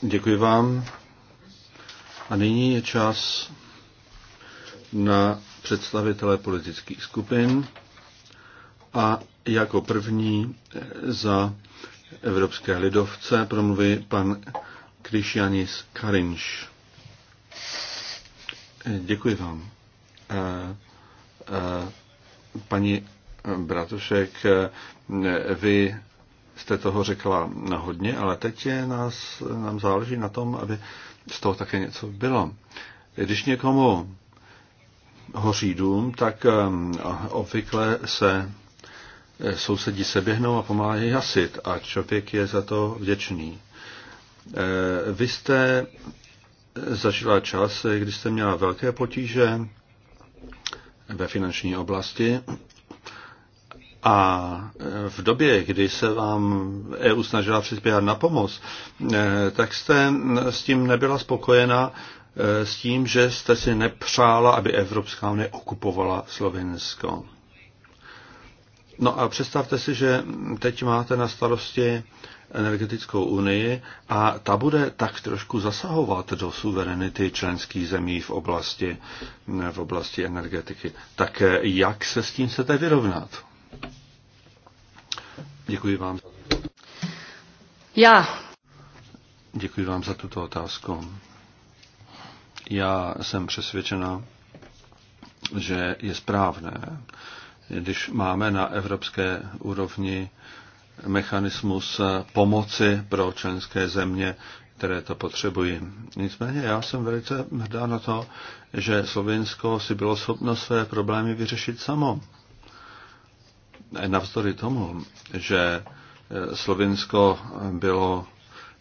Děkuji vám. A nyní je čas na představitele politických skupin a jako první za Evropské lidovce promluví pan Krišianis Karinš. Děkuji vám. Paní Bratošek, vy jste toho řekla hodně, ale teď je nás, nám záleží na tom, aby z toho také něco bylo. Když někomu hoří dům, tak ehm, obvykle se eh, sousedí se běhnou a pomáhají hasit a člověk je za to vděčný. Eh, vy jste zažila čas, kdy jste měla velké potíže ve finanční oblasti a e, v době, kdy se vám EU snažila přispěhat na pomoc, e, tak jste s tím nebyla spokojena, e, s tím, že jste si nepřála, aby Evropská unie okupovala Slovensko. No a představte si, že teď máte na starosti energetickou unii a ta bude tak trošku zasahovat do suverenity členských zemí v oblasti, v oblasti energetiky. Tak jak se s tím chcete vyrovnat? Děkuji vám. Já. Děkuji vám za tuto otázku. Já jsem přesvědčena, že je správné, když máme na evropské úrovni mechanismus pomoci pro členské země, které to potřebují. Nicméně já jsem velice hrdá na to, že Slovensko si bylo schopno své problémy vyřešit samo navzdory tomu, že eh, Slovinsko bylo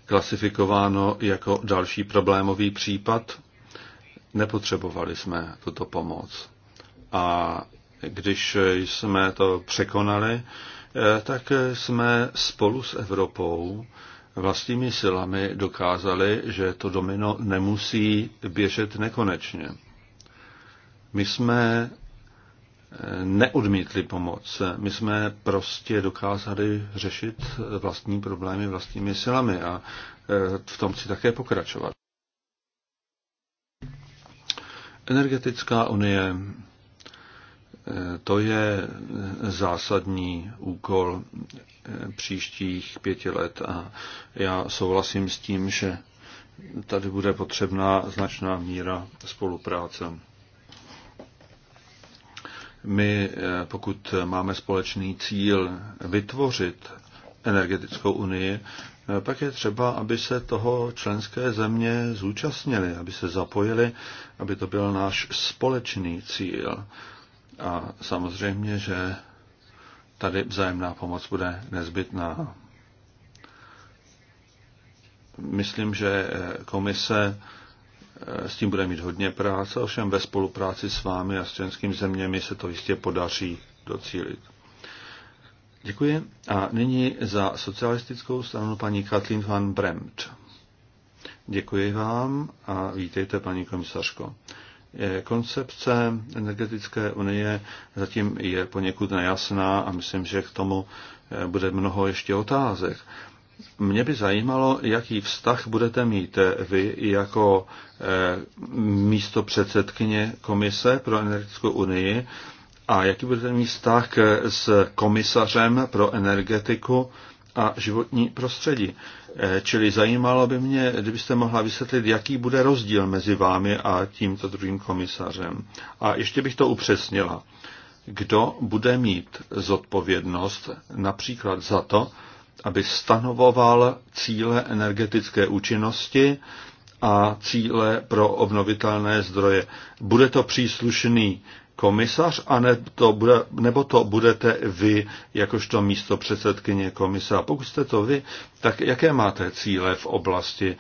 klasifikováno jako další problémový případ, nepotřebovali jsme tuto pomoc. A když jsme to překonali, eh, tak jsme spolu s Evropou vlastními silami dokázali, že to domino nemusí běžet nekonečně. My jsme neodmítli pomoc. My jsme prostě dokázali řešit vlastní problémy vlastními silami a e, v tom si také pokračovat. Energetická unie, e, to je zásadní úkol e, příštích pěti let a já souhlasím s tím, že tady bude potřebná značná míra spolupráce. My, eh, pokud máme společný cíl vytvořit energetickou unii, eh, pak je třeba, aby se toho členské země zúčastnily, aby se zapojili, aby to byl náš společný cíl. A samozřejmě, že tady vzájemná pomoc bude nezbytná. Myslím, že eh, komise Eh, s tím bude mít hodně práce, ovšem ve spolupráci s vámi a s členskými zeměmi se to jistě podaří docílit. Děkuji. A nyní za socialistickou stranu paní Katlin van Bremt. Děkuji vám a vítejte, paní komisařko. Eh, koncepce energetické unie zatím je poněkud nejasná a myslím, že k tomu eh, bude mnoho ještě otázek. Mě by zajímalo, jaký vztah budete mít vy jako eh, místo předsedkyně Komise pro energetickou unii a jaký budete mít vztah s komisařem pro energetiku a životní prostředí. Eh, čili zajímalo by mě, kdybyste mohla vysvětlit, jaký bude rozdíl mezi vámi a tímto druhým komisařem. A ještě bych to upřesnila. Kdo bude mít zodpovědnost například za to, aby stanovoval cíle energetické účinnosti a cíle pro obnovitelné zdroje. Bude to příslušný komisař, a ne to bude, nebo to budete vy, jakožto místo předsedkyně komisa. Pokud jste to vy, tak jaké máte cíle v oblasti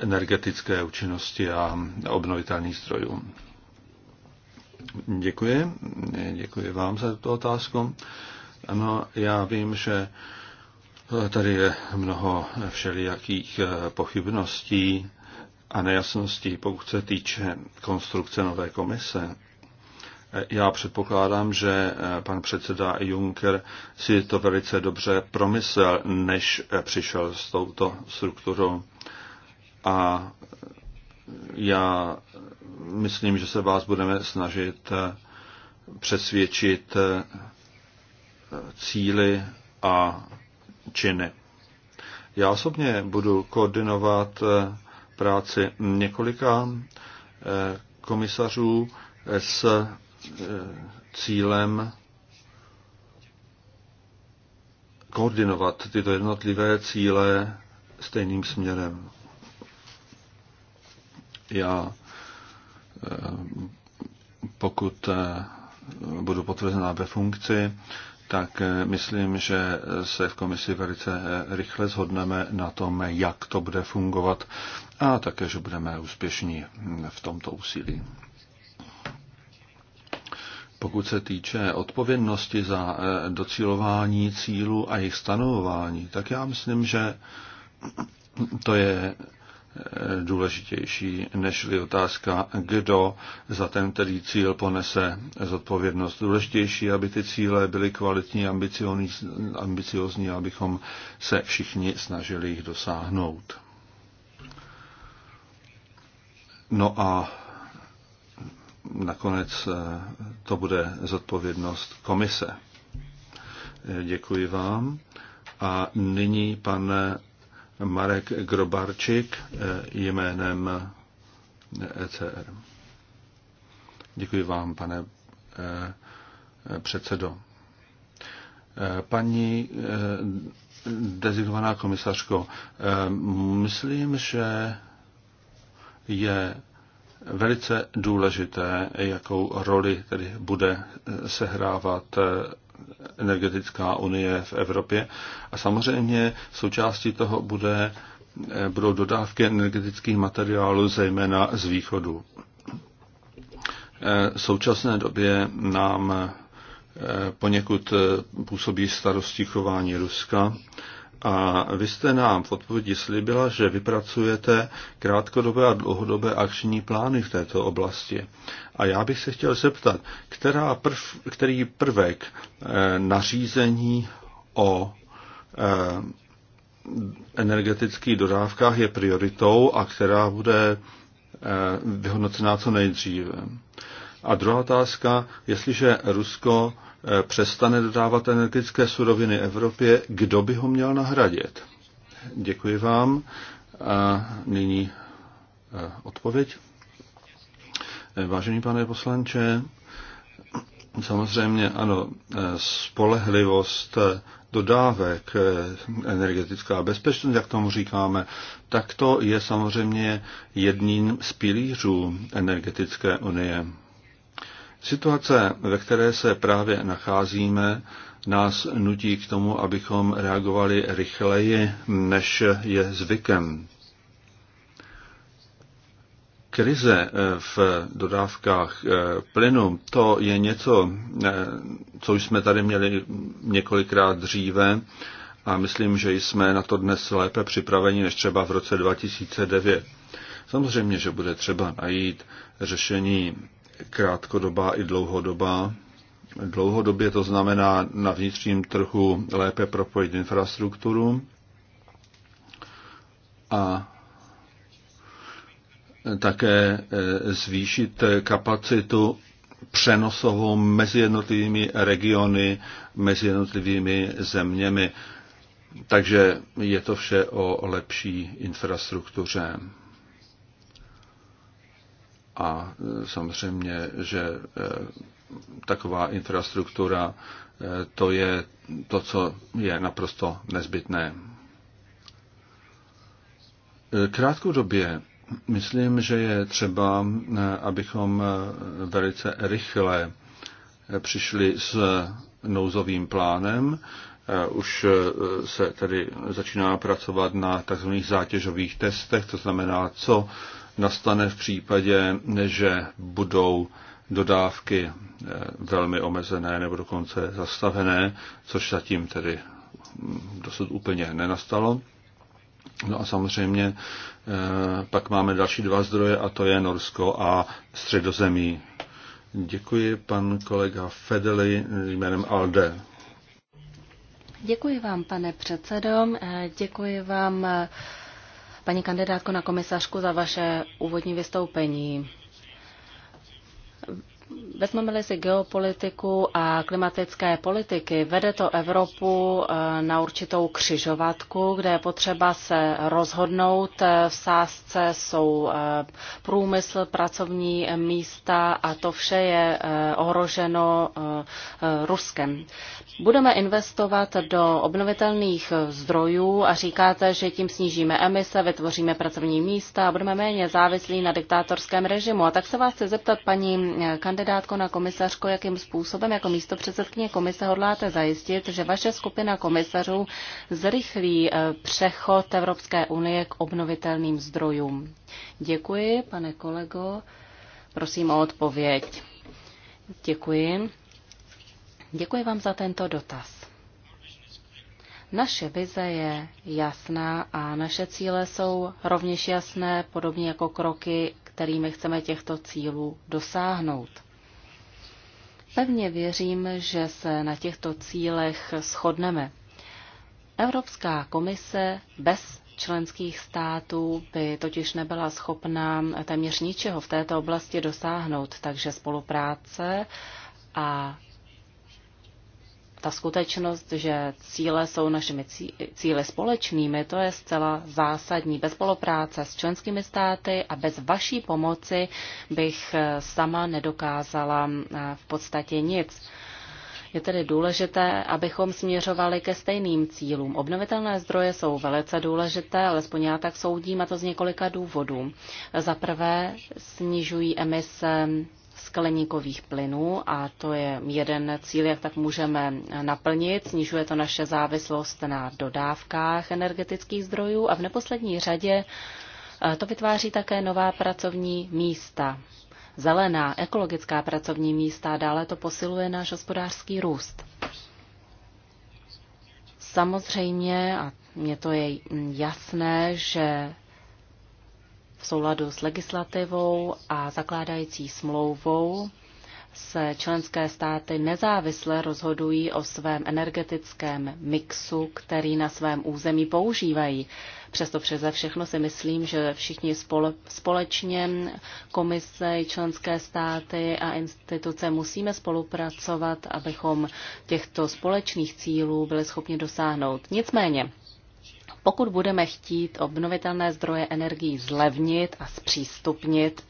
energetické účinnosti a obnovitelných zdrojů? Děkuji. Děkuji vám za tuto otázku. Ano, já vím, že tady je mnoho všelijakých eh, pochybností a nejasností, pokud se týče konstrukce nové komise. Eh, já předpokládám, že eh, pan předseda Juncker si to velice dobře promyslel, než přišel s touto strukturou. A já myslím, že se vás budeme snažit přesvědčit cíly a činy. Já osobně budu koordinovat eh, práci několika eh, komisařů s eh, cílem koordinovat tyto jednotlivé cíle stejným směrem. Já, pokud budu potvrzená ve funkci, tak eh, myslím, že se v komisi velice eh, rychle zhodneme na tom, jak to bude fungovat a také, že budeme úspěšní hm, v tomto úsilí. Pokud se týče odpovědnosti za eh, docílování cílu a jejich stanovování, tak já myslím, že to je důležitější nežli otázka, kdo za ten který cíl ponese zodpovědnost. Důležitější, aby ty cíle byly kvalitní, ambiciozní, abychom se všichni snažili jich dosáhnout. No a nakonec eh, to bude zodpovědnost komise. Děkuji vám. A nyní pane. Marek Grobarčik eh, jménem ECR. Eh, e Děkuji vám, pane eh, předsedo. Paní designovaná komisařko, myslím, že je velice důležité, jakou roli tedy bude sehrávat energetická unie v Evropě. A samozřejmě součástí toho bude, eh, budou dodávky energetických materiálů, zejména z východu. Eh, v současné době nám eh, poněkud působí starosti chování Ruska a vy jste nám v odpovědi slibila, že vypracujete krátkodobé a dlouhodobé akční plány v této oblasti. A já bych se chtěl zeptat, která prv, který prvek eh, nařízení o eh, energetických dodávkách je prioritou a která bude eh, vyhodnocená co nejdříve. A druhá otázka, jestliže Rusko eh, Eh, přestane dodávat energetické suroviny Evropě, kdo by ho měl nahradit? Děkuji vám. A nyní eh, odpověď. Eh, vážený pane poslanče, samozřejmě ano, spolehlivost dodávek, energetická bezpečnost, jak tomu říkáme, tak to je samozřejmě jedním z pilířů energetické unie. Situace, ve které se právě nacházíme, nás nutí k tomu, abychom reagovali rychleji, než je zvykem. Krize eh, v dodávkách eh, plynu, to je něco, eh, co jsme tady měli několikrát dříve a myslím, že jsme na to dnes lépe připraveni než třeba v roce 2009. Samozřejmě, že bude třeba najít řešení krátkodobá i dlouhodobá. Dlouhodobě to znamená na vnitřním trhu lépe propojit infrastrukturu a také eh, zvýšit kapacitu přenosovou mezi jednotlivými regiony, mezi jednotlivými zeměmi. Takže je to vše o lepší infrastruktuře a e, samozřejmě, že e, taková infrastruktura, e, to je to, co je naprosto nezbytné. Krátkou době myslím, že je třeba, abychom velice rychle přišli s nouzovým plánem. Už se tedy začíná pracovat na takzvaných zátěžových testech, to znamená, co nastane v případě, že budou dodávky eh, velmi omezené nebo dokonce zastavené, což zatím tedy mm, dosud úplně nenastalo. No a samozřejmě eh, pak máme další dva zdroje a to je Norsko a Středozemí. Děkuji pan kolega Fedeli jménem Alde. Děkuji vám, pane předsedo. Eh, děkuji vám paní kandidátko na komisařku, za vaše úvodní vystoupení. Vezmeme-li si geopolitiku a klimatické politiky, vede to Evropu eh, na určitou křižovatku, kde je potřeba se rozhodnout. Eh, v sázce jsou eh, průmysl, pracovní místa a to vše je ohroženo Ruskem. Budeme investovat do obnovitelných zdrojů a říkáte, že tím snížíme emise, vytvoříme pracovní místa a budeme méně závislí na diktátorském režimu. A tak se vás chci zeptat, paní kandidátka, kandidátko na komisařko, jakým způsobem jako místo předsedkyně komise hodláte zajistit, že vaše skupina komisařů zrychlí eh, přechod Evropské unie k obnovitelným zdrojům. Děkuji, pane kolego. Prosím o odpověď. Děkuji. Děkuji vám za tento dotaz. Naše vize je jasná a naše cíle jsou rovněž jasné, podobně jako kroky, kterými chceme těchto cílů dosáhnout. Pevně věřím, že se na těchto cílech shodneme. Evropská komise bez členských států by totiž nebyla schopná téměř ničeho v této oblasti dosáhnout, takže spolupráce a ta skutečnost, že cíle jsou našimi cíly společnými, to je zcela zásadní. Bez spolupráce s členskými státy a bez vaší pomoci bych eh, sama nedokázala eh, v podstatě nic. Je tedy důležité, abychom směřovali ke stejným cílům. Obnovitelné zdroje jsou velice důležité, alespoň já tak soudím, a to z několika důvodů. Za prvé snižují emise skleníkových plynů a to je jeden cíl, jak tak můžeme naplnit. Snižuje to naše závislost na dodávkách energetických zdrojů a v neposlední řadě eh, to vytváří také nová pracovní místa. Zelená, ekologická pracovní místa a dále to posiluje náš hospodářský růst. Samozřejmě, a mně to je jasné, že v souladu s legislativou a zakládající smlouvou se členské státy nezávisle rozhodují o svém energetickém mixu, který na svém území používají. Přesto přeze všechno si myslím, že všichni společně, komise, členské státy a instituce musíme spolupracovat, abychom těchto společných cílů byli schopni dosáhnout. Nicméně, pokud budeme chtít obnovitelné zdroje energií zlevnit a zpřístupnit,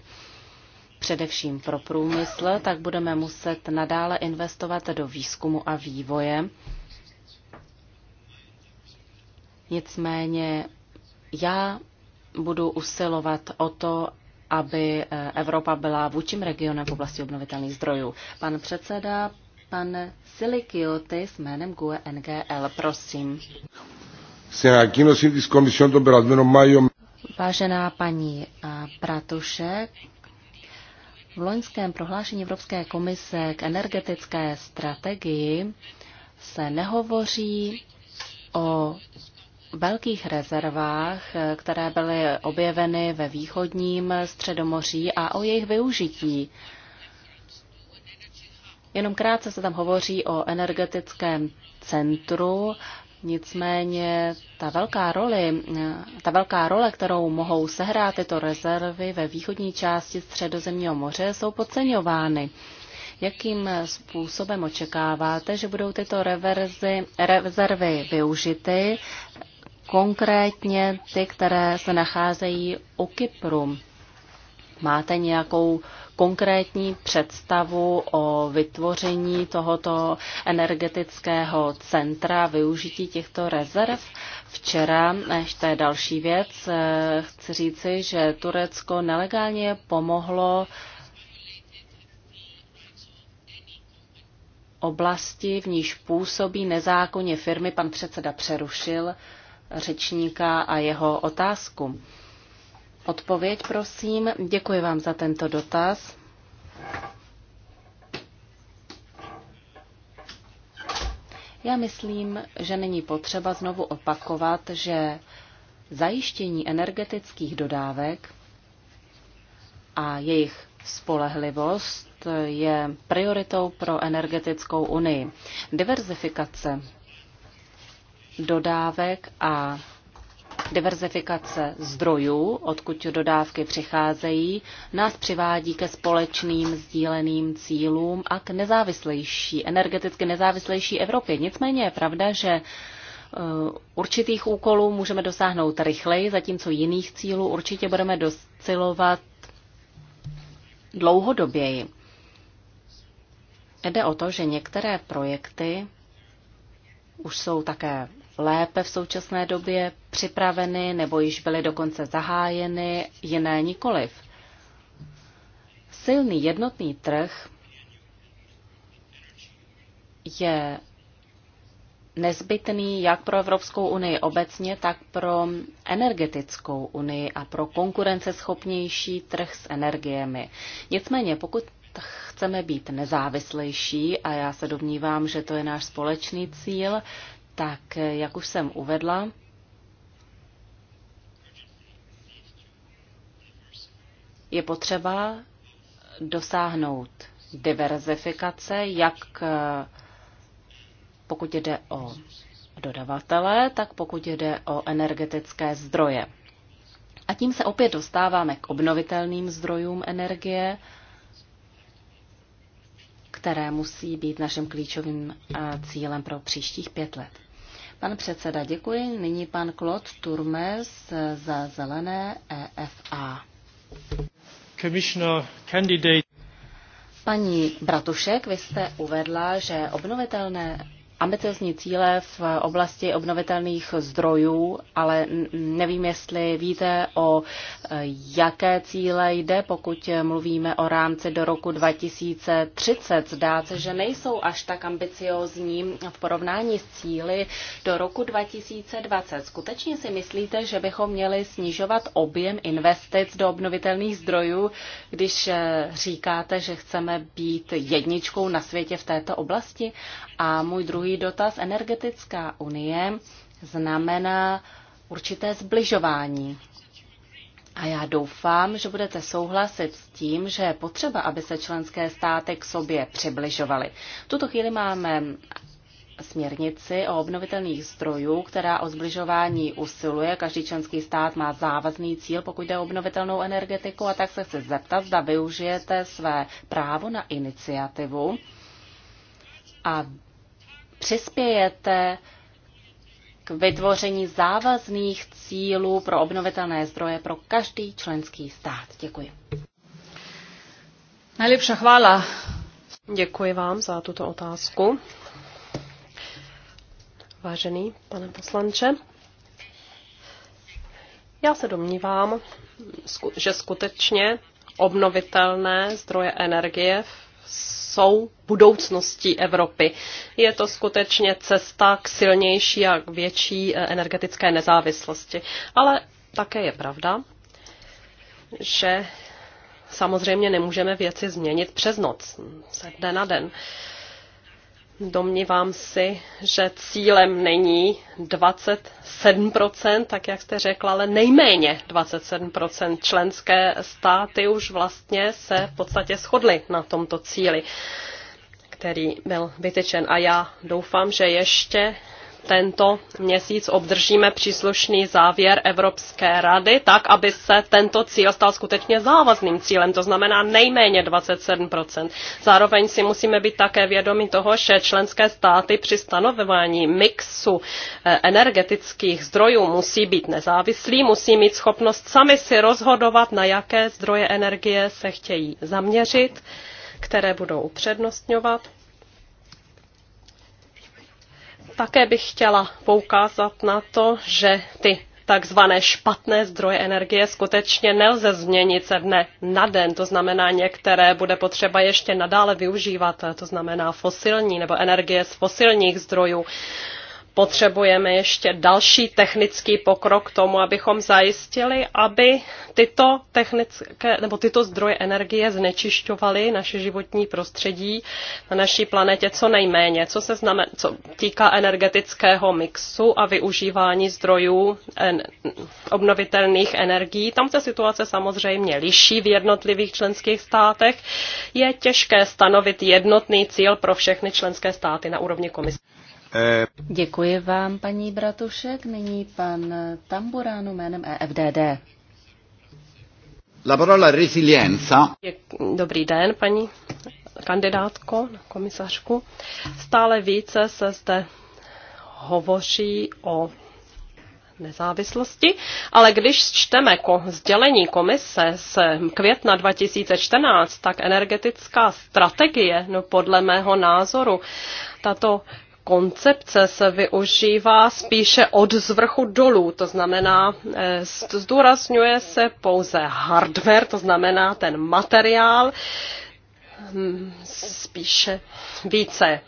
především pro průmysl, tak budeme muset nadále investovat do výzkumu a vývoje. Nicméně já budu usilovat o to, aby Evropa byla vůčím regionem v oblasti obnovitelných zdrojů. Pan předseda, pan s jménem GUE NGL, prosím στην Vážená paní Pratušek, eh, v loňském prohlášení Evropské komise k energetické strategii se nehovoří o velkých rezervách, eh, které byly objeveny ve východním středomoří a o jejich využití. Jenom krátce se tam hovoří o energetickém centru, Nicméně ta velká, roli, ta velká role, kterou mohou sehrát tyto rezervy ve východní části Středozemního moře, jsou podceňovány. Jakým způsobem očekáváte, že budou tyto reverzy, rezervy využity, konkrétně ty, které se nacházejí u Kypru? Máte nějakou konkrétní představu o vytvoření tohoto energetického centra, využití těchto rezerv? Včera, ještě je další věc, eh, chci říci, že Turecko nelegálně pomohlo oblasti, v níž působí nezákonně firmy. Pan předseda přerušil řečníka a jeho otázku odpověď, prosím. Děkuji vám za tento dotaz. Já myslím, že není potřeba znovu opakovat, že zajištění energetických dodávek a jejich spolehlivost je prioritou pro energetickou unii. Diverzifikace dodávek a Diverzifikace zdrojů, odkud dodávky přicházejí, nás přivádí ke společným sdíleným cílům a k nezávislejší, energeticky nezávislejší Evropě. Nicméně je pravda, že e, určitých úkolů můžeme dosáhnout rychleji, zatímco jiných cílů určitě budeme docilovat dlouhodoběji. Jde o to, že některé projekty už jsou také lépe v současné době připraveny nebo již byly dokonce zahájeny, jiné nikoliv. Silný jednotný trh je nezbytný jak pro Evropskou unii obecně, tak pro energetickou unii a pro konkurenceschopnější trh s energiemi. Nicméně, pokud chceme být nezávislejší, a já se domnívám, že to je náš společný cíl, tak jak už jsem uvedla, je potřeba dosáhnout diverzifikace, jak pokud jde o dodavatele, tak pokud jde o energetické zdroje. A tím se opět dostáváme k obnovitelným zdrojům energie, které musí být naším klíčovým eh, cílem pro příštích pět let. Pan předseda, děkuji. Nyní pan Claude Turmes za zelené EFA. Commissioner candidate. Paní Bratušek, vy jste uvedla, že obnovitelné ambiciozní cíle v oblasti obnovitelných zdrojů, ale nevím, jestli víte, o eh, jaké cíle jde, pokud mluvíme o rámci do roku 2030. Zdá se, že nejsou až tak ambiciozní v porovnání s cíly do roku 2020. Skutečně si myslíte, že bychom měli snižovat objem investic do obnovitelných zdrojů, když eh, říkáte, že chceme být jedničkou na světě v této oblasti? A můj druhý druhý dotaz. Energetická unie znamená určité zbližování. A já doufám, že budete souhlasit s tím, že je potřeba, aby se členské státy k sobě přibližovaly. V tuto chvíli máme směrnici o obnovitelných zdrojů, která o zbližování usiluje. Každý členský stát má závazný cíl, pokud jde o obnovitelnou energetiku, a tak se chci zeptat, zda využijete své právo na iniciativu a přispějete k vytvoření závazných cílů pro obnovitelné zdroje pro každý členský stát. Děkuji. Nejlepší chvála. Děkuji vám za tuto otázku. Vážený pane poslanče, já se domnívám, že skutečně obnovitelné zdroje energie v jsou budoucností Evropy. Je to skutečně cesta k silnější a k větší eh, energetické nezávislosti. Ale také je pravda, že samozřejmě nemůžeme věci změnit přes noc, se dne na den. Uh, Domnívám si, že cílem není 27%, tak jak jste řekla, ale nejméně 27%. Členské státy už vlastně se v podstatě shodly na tomto cíli, který byl vytyčen. A já doufám, že ještě tento měsíc obdržíme příslušný závěr Evropské rady, tak aby se tento cíl stal skutečně závazným cílem, to znamená nejméně 27 Zároveň si musíme být také vědomi toho, že členské státy při stanovování mixu eh, energetických zdrojů musí být nezávislí, musí mít schopnost sami si rozhodovat, na jaké zdroje energie se chtějí zaměřit, které budou upřednostňovat také bych chtěla poukázat na to, že ty takzvané špatné zdroje energie skutečně nelze změnit ze dne na den. To znamená, některé bude potřeba ještě nadále využívat, to znamená fosilní nebo energie z fosilních zdrojů potřebujeme ještě další technický pokrok k tomu, abychom zajistili, aby tyto, technické, nebo tyto zdroje energie znečišťovaly naše životní prostředí na naší planetě co nejméně. Co se znamen, co týká energetického mixu a využívání zdrojů en, obnovitelných energií, tam se situace samozřejmě liší v jednotlivých členských státech. Je těžké stanovit jednotný cíl pro všechny členské státy na úrovni komise. Eh, Děkuji vám, paní Bratušek. Nyní pan Tamburánu jménem EFDD. La parola resilienza. Dobrý den, paní kandidátko na komisařku. Stále více se zde hovoří o nezávislosti, ale když čteme ko- sdělení komise z května 2014, tak energetická strategie, no podle mého názoru, tato koncepce se využívá spíše od zvrchu dolů, to znamená, eh, zdůrazňuje se pouze hardware, to znamená ten materiál, hm, spíše více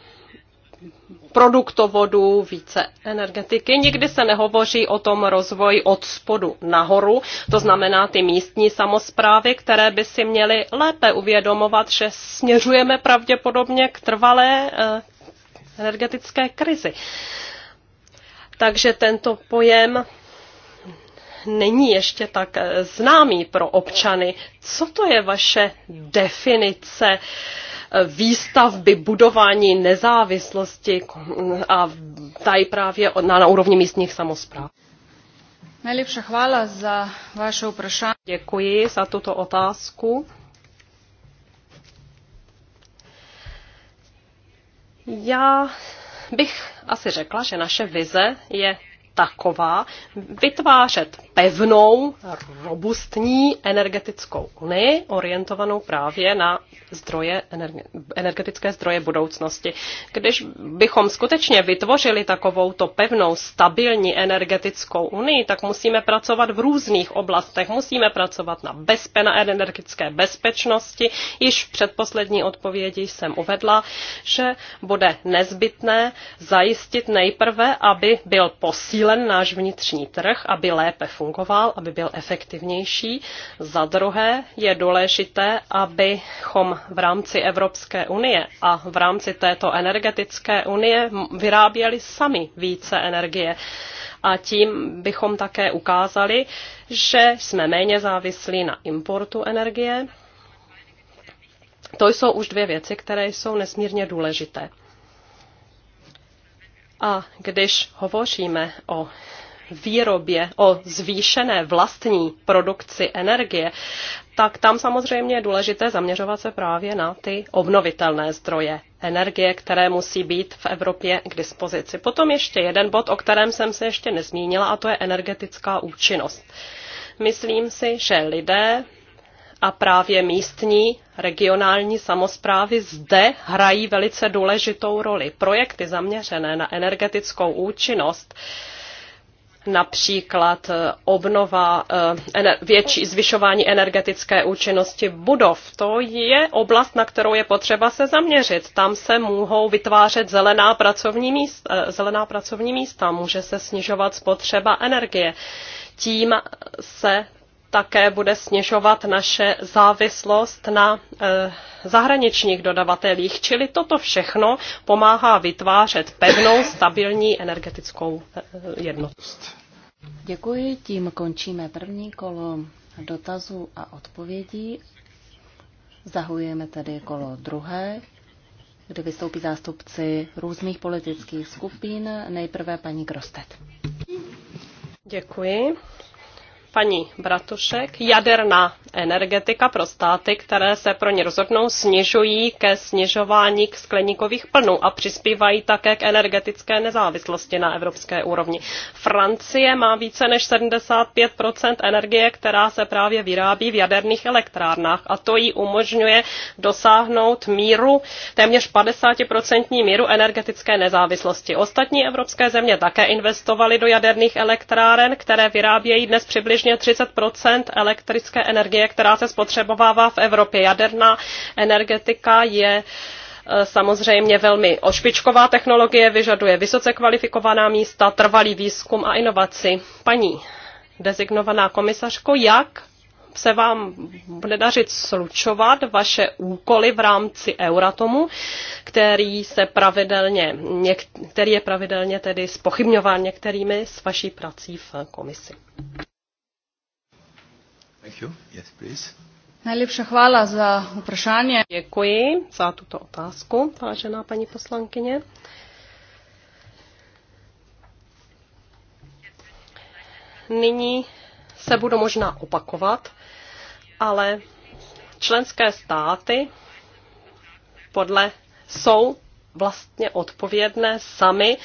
produktovodů, více energetiky. Nikdy se nehovoří o tom rozvoji od spodu nahoru, to znamená ty místní samozprávy, které by si měly lépe uvědomovat, že směřujeme pravděpodobně k trvalé eh, energetické krizi. Takže tento pojem není ještě tak eh, známý pro občany. Co to je vaše definice eh, výstavby, budování nezávislosti a tady právě na, na úrovni místních samozpráv? Nejlepší chvála za vaše vprašání. Děkuji za tuto otázku. Já bych asi řekla, že naše vize je taková vytvářet pevnou, robustní energetickou unii, orientovanou právě na zdroje, energetické zdroje budoucnosti. Když bychom skutečně vytvořili takovou to pevnou, stabilní energetickou unii, tak musíme pracovat v různých oblastech. Musíme pracovat na, bezpe, na energetické bezpečnosti. Již v předposlední odpovědi jsem uvedla, že bude nezbytné zajistit nejprve, aby byl posílen cílem náš vnitřní trh, aby lépe fungoval, aby byl efektivnější. Za druhé je důležité, abychom v rámci Evropské unie a v rámci této energetické unie vyráběli sami více energie. A tím bychom také ukázali, že jsme méně závislí na importu energie. To jsou už dvě věci, které jsou nesmírně důležité. A když hovoříme o výrobě, o zvýšené vlastní produkci energie, tak tam samozřejmě je důležité zaměřovat se právě na ty obnovitelné zdroje energie, které musí být v Evropě k dispozici. Potom ještě jeden bod, o kterém jsem se ještě nezmínila, a to je energetická účinnost. Myslím si, že lidé a právě místní regionální samozprávy zde hrají velice důležitou roli. Projekty zaměřené na energetickou účinnost například eh, obnova, eh, větší zvyšování energetické účinnosti budov. To je oblast, na kterou je potřeba se zaměřit. Tam se mohou vytvářet zelená pracovní místa, eh, zelená pracovní místa může se snižovat spotřeba energie. Tím se také bude snižovat naše závislost na eh, zahraničních dodavatelích. Čili toto všechno pomáhá vytvářet pevnou, stabilní energetickou eh, jednotu. Děkuji, tím končíme první kolo dotazů a odpovědí. Zahujeme tedy kolo druhé, kde vystoupí zástupci různých politických skupin. Nejprve paní Grostet. Děkuji paní Bratušek, jaderná energetika pro státy, které se pro ně rozhodnou, snižují ke snižování k skleníkových plnů a přispívají také k energetické nezávislosti na evropské úrovni. Francie má více než 75 energie, která se právě vyrábí v jaderných elektrárnách a to jí umožňuje dosáhnout míru, téměř 50 míru energetické nezávislosti. Ostatní evropské země také investovaly do jaderných elektráren, které vyrábějí dnes přibližně přibližně 30 elektrické energie, která se spotřebovává v Evropě. Jaderná energetika je e, samozřejmě velmi ošpičková technologie, vyžaduje vysoce kvalifikovaná místa, trvalý výzkum a inovaci. Paní dezignovaná komisařko, jak se vám bude dařit slučovat vaše úkoly v rámci Euratomu, který, se pravidelně, který je pravidelně tedy spochybňován některými s vaší prací v komisi. Thank you. Najlepša hvala za vprašanje. Děkuji za tuto otázku, vážená paní poslankyně. Nyní se budu možná opakovat, ale členské státy podle jsou vlastně odpovědné sami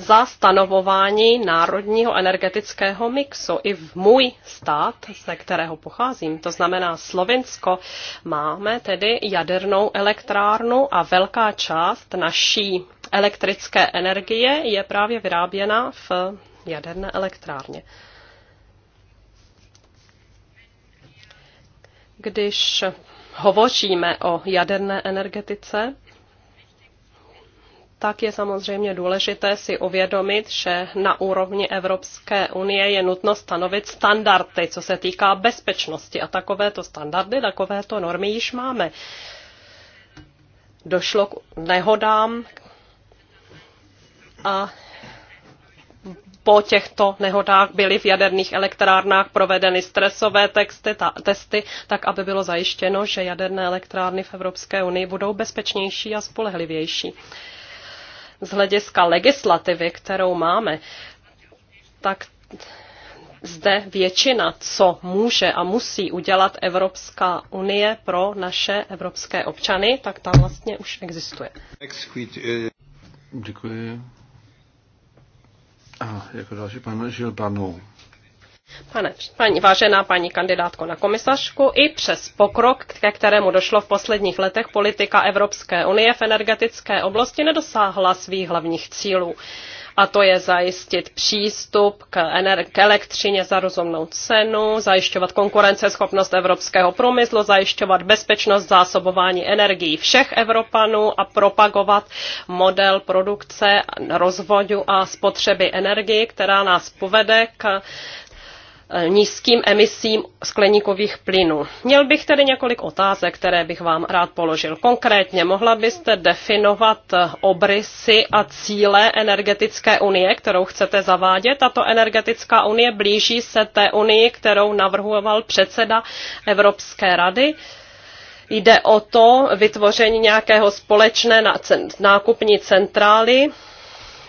za stanovování národního energetického mixu. I v můj stát, ze kterého pocházím, to znamená Slovinsko, máme tedy jadernou elektrárnu a velká část naší elektrické energie je právě vyráběna v jaderné elektrárně. Když hovoříme o jaderné energetice, tak je samozřejmě důležité si uvědomit, že na úrovni Evropské unie je nutno stanovit standardy, co se týká bezpečnosti. A takovéto standardy, takovéto normy již máme. Došlo k nehodám a po těchto nehodách byly v jaderných elektrárnách provedeny stresové texty, ta, testy, tak aby bylo zajištěno, že jaderné elektrárny v Evropské unii budou bezpečnější a spolehlivější. Uh, z hlediska legislativy, kterou máme, tak zde většina, co může a musí udělat Evropská unie pro naše evropské občany, tak tam vlastně už existuje. Děkuji. A jako další pan Žil Pane, paní, vážená paní kandidátko na komisařku, i přes pokrok, ke kterému došlo v posledních letech, politika Evropské unie v energetické oblasti nedosáhla svých hlavních cílů a to je zajistit přístup k, ener- k elektřině za rozumnou cenu, zajišťovat konkurenceschopnost evropského průmyslu, zajišťovat bezpečnost zásobování energií všech Evropanů a propagovat model produkce, rozvodu a spotřeby energii, která nás povede k Eh, nízkým emisím skleníkových plynů. Měl bych tedy několik otázek, které bych vám rád položil. Konkrétně, mohla byste definovat eh, obrysy a cíle energetické unie, kterou chcete zavádět? Tato energetická unie blíží se té unii, kterou navrhoval předseda Evropské rady jde o to vytvoření nějakého společné nákupní centrály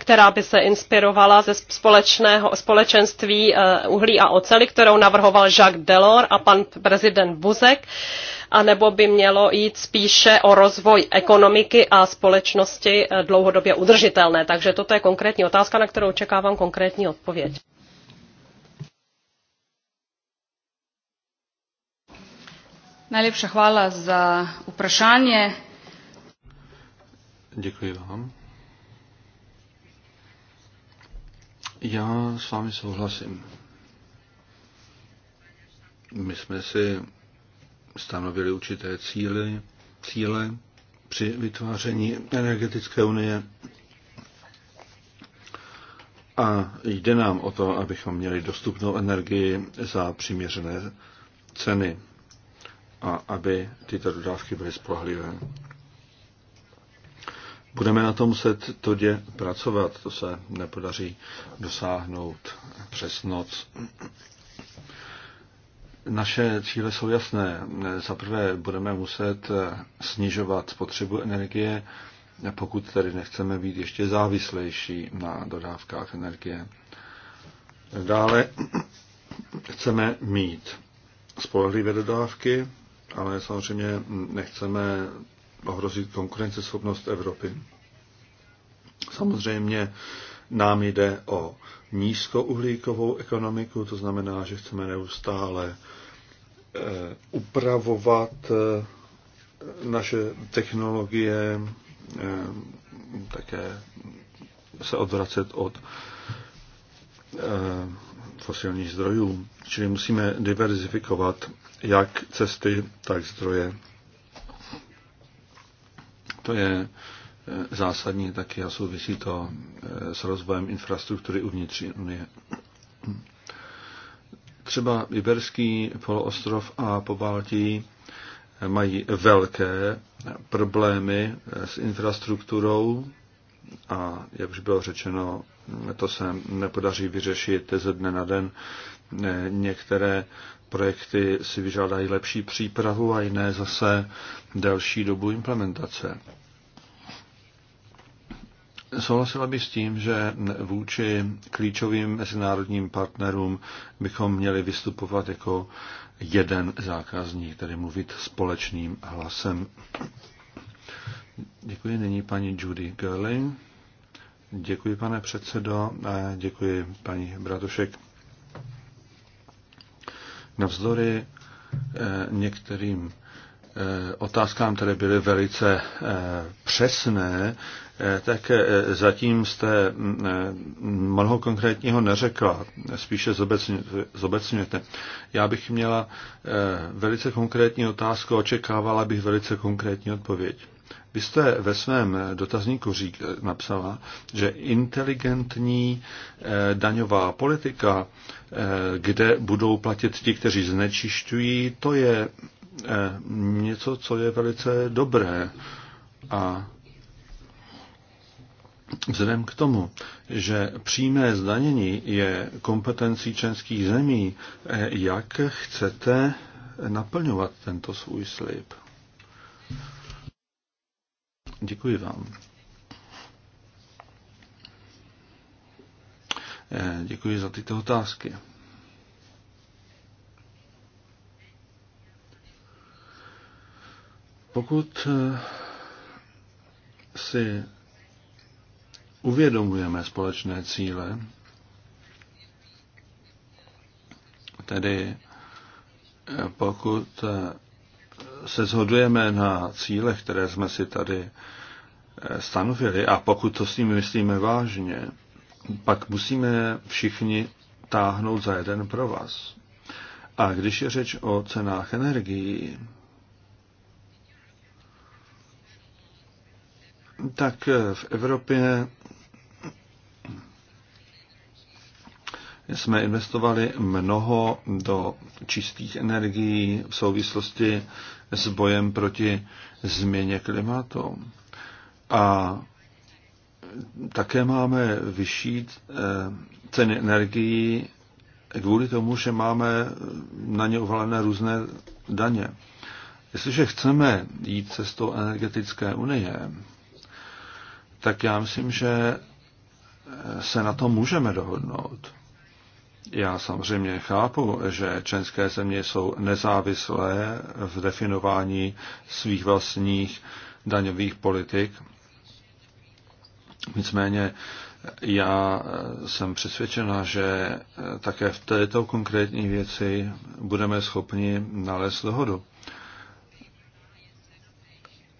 která by se inspirovala ze společného společenství eh, uhlí a oceli, kterou navrhoval Jacques Delors a pan prezident Buzek, anebo by mělo jít spíše o rozvoj ekonomiky a společnosti eh, dlouhodobě udržitelné. Takže toto je konkrétní otázka, na kterou očekávám konkrétní odpověď. Najlepša hvala za vprašanje. Děkuji vám. Já s vámi souhlasím. My jsme si stanovili určité cíly, cíle při vytváření energetické unie a jde nám o to, abychom měli dostupnou energii za přiměřené ceny a aby tyto dodávky byly spolehlivé. Budeme na tom muset todě pracovat, to se nepodaří dosáhnout přes noc. Naše cíle jsou jasné. Za prvé budeme muset snižovat spotřebu energie, pokud tedy nechceme být ještě závislejší na dodávkách energie. Dále chceme mít spolehlivé dodávky, ale samozřejmě nechceme ohrozit konkurenceschopnost Evropy. Samozřejmě nám jde o nízkouhlíkovou ekonomiku, to znamená, že chceme neustále eh, upravovat eh, naše technologie, eh, také se odvracet od fosilních zdrojů. Čili musíme diverzifikovat jak cesty, tak zdroje to je eh, zásadní taky a souvisí to eh, s rozvojem infrastruktury uvnitř Unie. Třeba Iberský poloostrov a Baltii eh, mají velké problémy s infrastrukturou a, jak už bylo řečeno, to se nepodaří vyřešit ze dne na den. Některé projekty si vyžádají lepší přípravu a jiné zase delší dobu implementace. Souhlasila bych s tím, že vůči klíčovým mezinárodním partnerům bychom měli vystupovat jako jeden zákazník, tedy mluvit společným hlasem. Děkuji nyní paní Judy Gerling. Děkuji, pane předsedo, a děkuji paní Bratušek Navzdory eh, některým eh, otázkám, které byly velice eh, přesné, tak zatím jste mm, mnoho konkrétního neřekla, spíše zobecňujete. Já bych měla velice konkrétní otázku, očekávala bych velice konkrétní odpověď. Vy jste ve svém dotazníku řík, napsala, že inteligentní e, daňová politika, e, kde budou platit ti, kteří znečišťují, to je e, něco, co je velice dobré. A Vzhledem k tomu, že přímé zdanění je kompetencí členských zemí, jak chcete naplňovat tento svůj slib? Děkuji vám. Eh, děkuji za tyto otázky. Pokud eh, si uvědomujeme společné cíle, tedy eh, pokud se shodujeme na cílech, které jsme si tady eh, stanovili, a pokud to s nimi myslíme vážně, pak musíme všichni táhnout za jeden provaz. A když je řeč o cenách energií, tak eh, v Evropě jsme investovali mnoho do čistých energií v souvislosti s bojem proti změně klimatu. A také máme vyšší eh, ceny energií kvůli tomu, že máme na ně uvalené různé daně. Jestliže chceme jít cestou energetické unie, tak já myslím, že se na to můžeme dohodnout. Já samozřejmě chápu, že členské země jsou nezávislé v definování svých vlastních daňových politik. Nicméně já jsem přesvědčena, že také v této konkrétní věci budeme schopni nalézt dohodu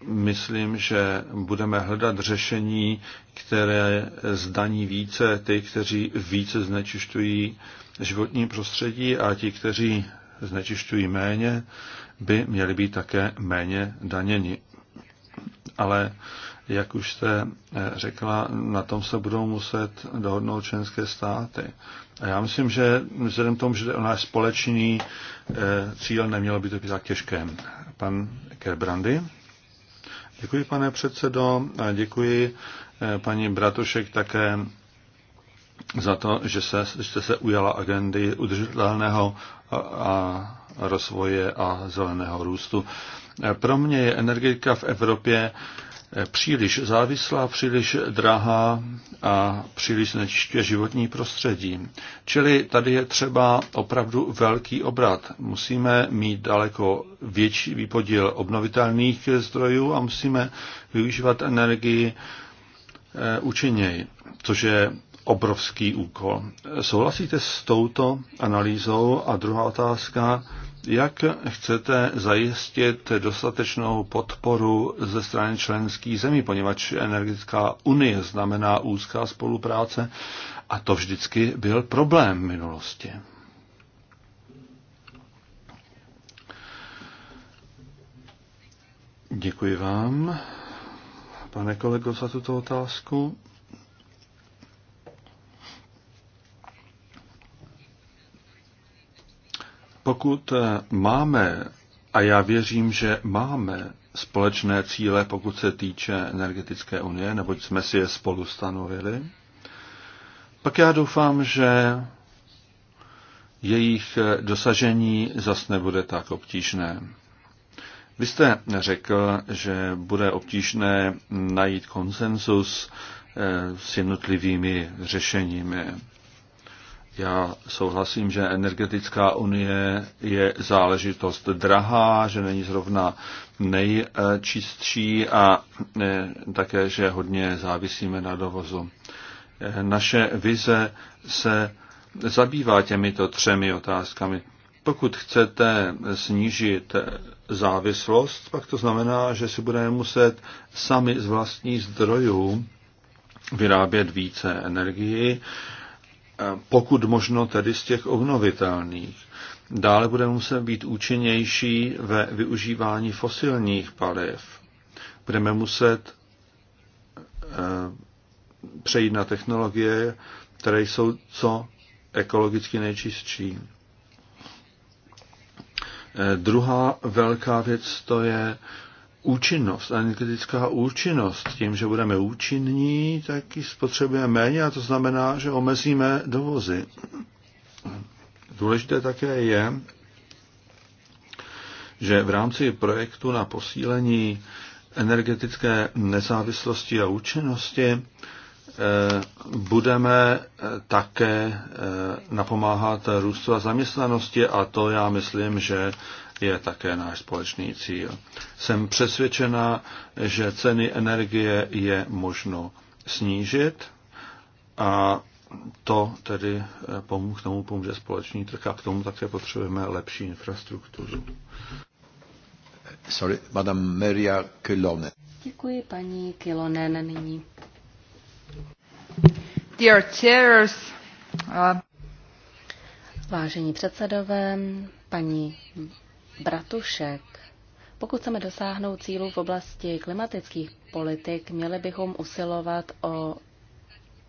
myslím, že budeme hledat řešení, které zdaní více ty, kteří více znečišťují životní prostředí a ti, kteří znečišťují méně, by měli být také méně daněni. Ale jak už jste eh, řekla, na tom se budou muset dohodnout členské státy. A já myslím, že vzhledem k tomu, že náš společný eh, cíl nemělo by to být tak těžké. Pan Kerbrandy. Děkuji, pane předsedo, a děkuji eh, paní Bratošek také za to, že, se, že jste se ujala agendy udržitelného a, a rozvoje a zeleného růstu. Eh, pro mě je energetika v Evropě příliš závislá, příliš drahá a příliš nečistě životní prostředí. Čili tady je třeba opravdu velký obrat. Musíme mít daleko větší výpodíl obnovitelných zdrojů a musíme využívat energii eh, účinněji, což je obrovský úkol. Souhlasíte s touto analýzou? A druhá otázka, jak chcete zajistit dostatečnou podporu ze strany členských zemí, poněvadž energetická unie znamená úzká spolupráce a to vždycky byl problém v minulosti. Děkuji vám, pane kolego, za tuto otázku. Pokud eh, máme, a já věřím, že máme společné cíle, pokud se týče energetické unie, neboť jsme si je spolu stanovili, pak já doufám, že jejich eh, dosažení zas nebude tak obtížné. Vy jste řekl, že bude obtížné najít konsenzus eh, s jednotlivými řešeními. Já souhlasím, že energetická unie je záležitost drahá, že není zrovna nejčistší a e, také, že hodně závisíme na dovozu. E, naše vize se zabývá těmito třemi otázkami. Pokud chcete snížit závislost, pak to znamená, že si budeme muset sami z vlastních zdrojů vyrábět více energii pokud možno tedy z těch obnovitelných. Dále bude muset být účinnější ve využívání fosilních paliv. Budeme muset eh, přejít na technologie, které jsou co ekologicky nejčistší. Eh, druhá velká věc to je účinnost, energetická účinnost. Tím, že budeme účinní, tak ji spotřebujeme méně a to znamená, že omezíme dovozy. Důležité také je, že v rámci projektu na posílení energetické nezávislosti a účinnosti eh, budeme eh, také eh, napomáhat růstu a zaměstnanosti a to já myslím, že je také náš společný cíl. Jsem přesvědčena, že ceny energie je možno snížit a to tedy eh, pomůže, k tomu pomůže společný trh a k tomu také potřebujeme lepší infrastrukturu. Sorry, Madame Maria Kilonen. Děkuji, paní Kilonen, nyní. Dear chairs, uh... Vážení předsedové, paní Bratušek. Pokud chceme dosáhnout cílů v oblasti klimatických politik, měli bychom usilovat o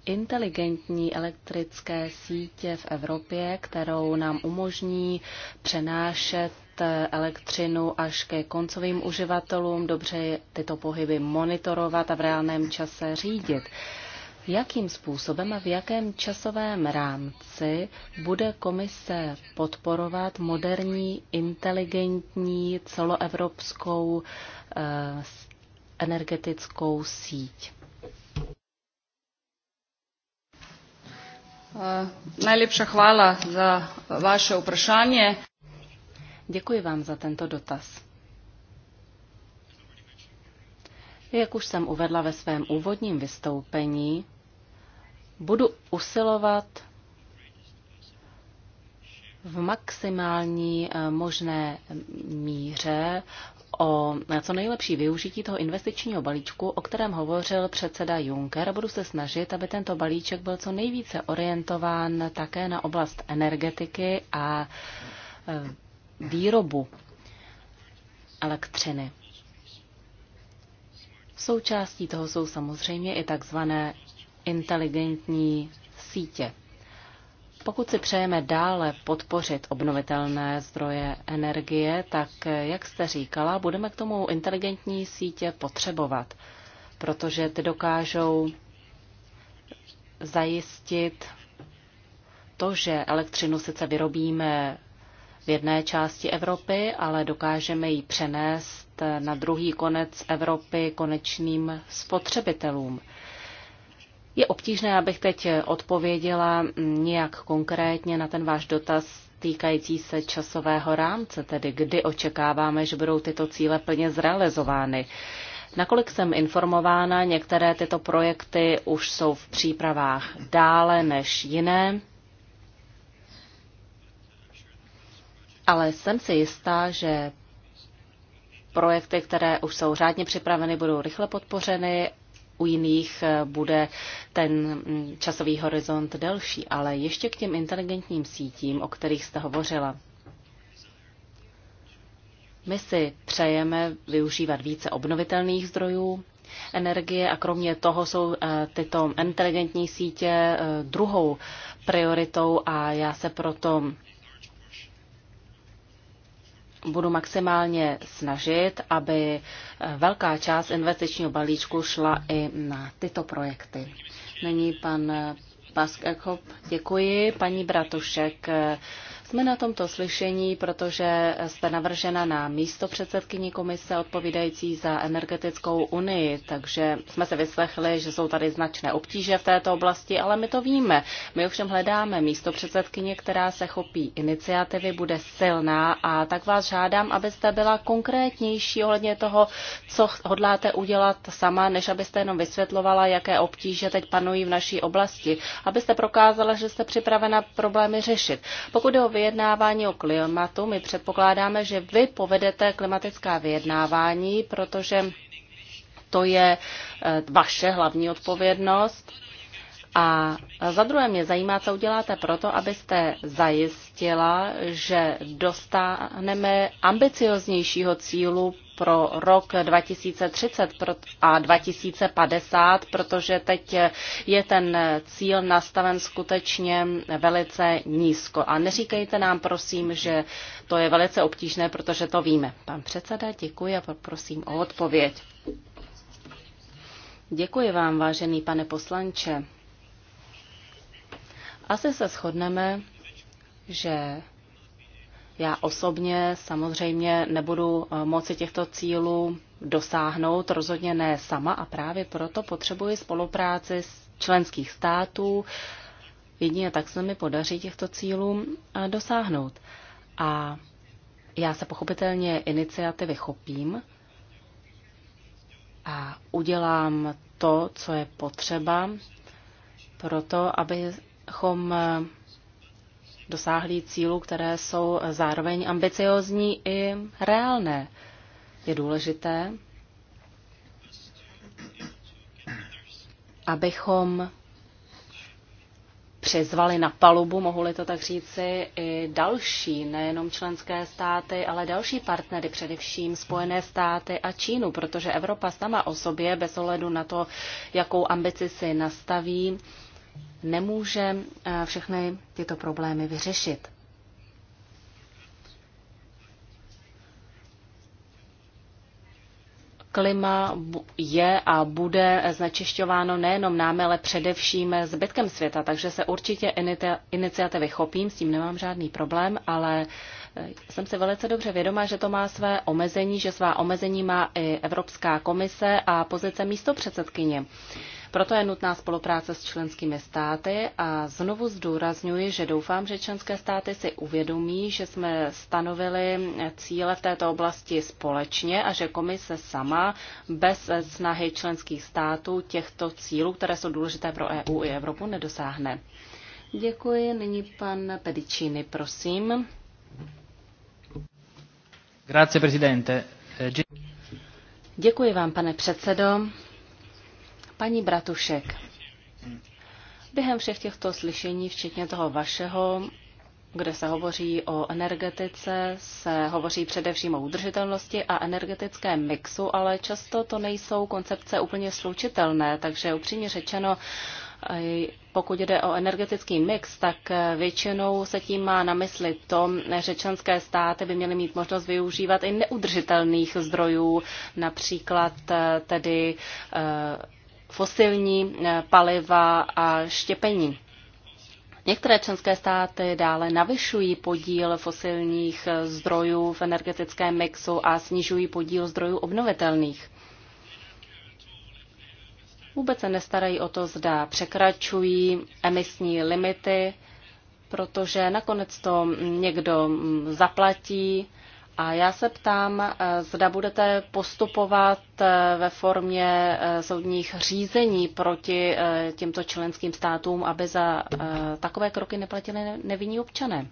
inteligentní elektrické sítě v Evropě, kterou nám umožní přenášet elektřinu až ke koncovým uživatelům, dobře tyto pohyby monitorovat a v reálném čase řídit jakým způsobem a v jakém časovém rámci bude komise podporovat moderní, inteligentní, celoevropskou eh, energetickou síť. Eh, Nejlepší chvála za vaše uprašání. Děkuji vám za tento dotaz. Jak už jsem uvedla ve svém úvodním vystoupení, budu usilovat v maximální eh, možné míře o co nejlepší využití toho investičního balíčku, o kterém hovořil předseda Juncker. Budu se snažit, aby tento balíček byl co nejvíce orientován také na oblast energetiky a eh, výrobu elektřiny. Součástí toho jsou samozřejmě i takzvané inteligentní sítě. Pokud si přejeme dále podpořit obnovitelné zdroje energie, tak, jak jste říkala, budeme k tomu inteligentní sítě potřebovat, protože ty dokážou zajistit to, že elektřinu sice vyrobíme v jedné části Evropy, ale dokážeme ji přenést na druhý konec Evropy konečným spotřebitelům. Je obtížné, abych teď odpověděla nějak konkrétně na ten váš dotaz týkající se časového rámce, tedy kdy očekáváme, že budou tyto cíle plně zrealizovány. Nakolik jsem informována, některé tyto projekty už jsou v přípravách dále než jiné, ale jsem si jistá, že projekty, které už jsou řádně připraveny, budou rychle podpořeny u jiných eh, bude ten mm, časový horizont delší. Ale ještě k těm inteligentním sítím, o kterých jste hovořila. My si přejeme využívat více obnovitelných zdrojů energie a kromě toho jsou eh, tyto inteligentní sítě eh, druhou prioritou a já se proto budu maximálně snažit, aby velká část investičního balíčku šla i na tyto projekty. Není pan Pask děkuji. Paní Bratušek jsme na tomto slyšení, protože jste navržena na místo předsedkyní komise odpovídající za energetickou unii, takže jsme se vyslechli, že jsou tady značné obtíže v této oblasti, ale my to víme. My ovšem hledáme místo předsedkyně, která se chopí iniciativy, bude silná a tak vás žádám, abyste byla konkrétnější ohledně toho, co hodláte udělat sama, než abyste jenom vysvětlovala, jaké obtíže teď panují v naší oblasti, abyste prokázala, že jste připravena problémy řešit. Pokud jde o vyjednávání o klimatu. My předpokládáme, že vy povedete klimatická vyjednávání, protože to je eh, vaše hlavní odpovědnost. A za druhé mě zajímá, co uděláte proto, abyste zajistila, že dostaneme ambicioznějšího cílu pro rok 2030 a 2050, protože teď je ten cíl nastaven skutečně velice nízko. A neříkejte nám, prosím, že to je velice obtížné, protože to víme. Pan předseda, děkuji a poprosím o odpověď. Děkuji vám, vážený pane poslanče. Asi se shodneme, že já osobně samozřejmě nebudu eh, moci těchto cílů dosáhnout, rozhodně ne sama a právě proto potřebuji spolupráci s členských států. Jedině tak se mi podaří těchto cílů eh, dosáhnout. A já se pochopitelně iniciativy chopím a udělám to, co je potřeba pro to, aby abychom eh, dosáhli cílů, které jsou zároveň ambiciozní i reálné. Je důležité, abychom přizvali na palubu, mohu-li to tak říci, i další, nejenom členské státy, ale další partnery, především Spojené státy a Čínu, protože Evropa sama o sobě, bez ohledu na to, jakou ambici si nastaví, nemůže eh, všechny tyto problémy vyřešit. klima je a bude znečišťováno nejenom námi, ale především zbytkem světa. Takže se určitě iniciativy chopím, s tím nemám žádný problém, ale eh, jsem si velice dobře vědomá, že to má své omezení, že svá omezení má i Evropská komise a pozice místo předsedkyně. Proto je nutná spolupráce s členskými státy a znovu zdůrazňuji, že doufám, že členské státy si uvědomí, že jsme stanovili cíle v této oblasti společně a že komise sama bez snahy členských států těchto cílů, které jsou důležité pro EU i Evropu, nedosáhne. Děkuji. Nyní pan Pedicini, prosím. Grazie, eh, Děkuji vám, pane předsedo. Paní Bratušek, během všech těchto slyšení, včetně toho vašeho, kde se hovoří o energetice, se hovoří především o udržitelnosti a energetickém mixu, ale často to nejsou koncepce úplně slučitelné, takže upřímně řečeno, eh, pokud jde o energetický mix, tak eh, většinou se tím má na mysli to, že členské státy by měly mít možnost využívat i neudržitelných zdrojů, například eh, tedy fosilní eh, paliva a štěpení. Některé členské státy dále navyšují podíl fosilních eh, zdrojů v energetickém mixu a snižují podíl zdrojů obnovitelných. Vůbec se nestarají o to, zda překračují emisní limity, protože nakonec to někdo mm, zaplatí, a já se ptám, eh, zda budete postupovat eh, ve formě eh, soudních řízení proti těmto členským státům, aby za takové kroky neplatili nevinní občané.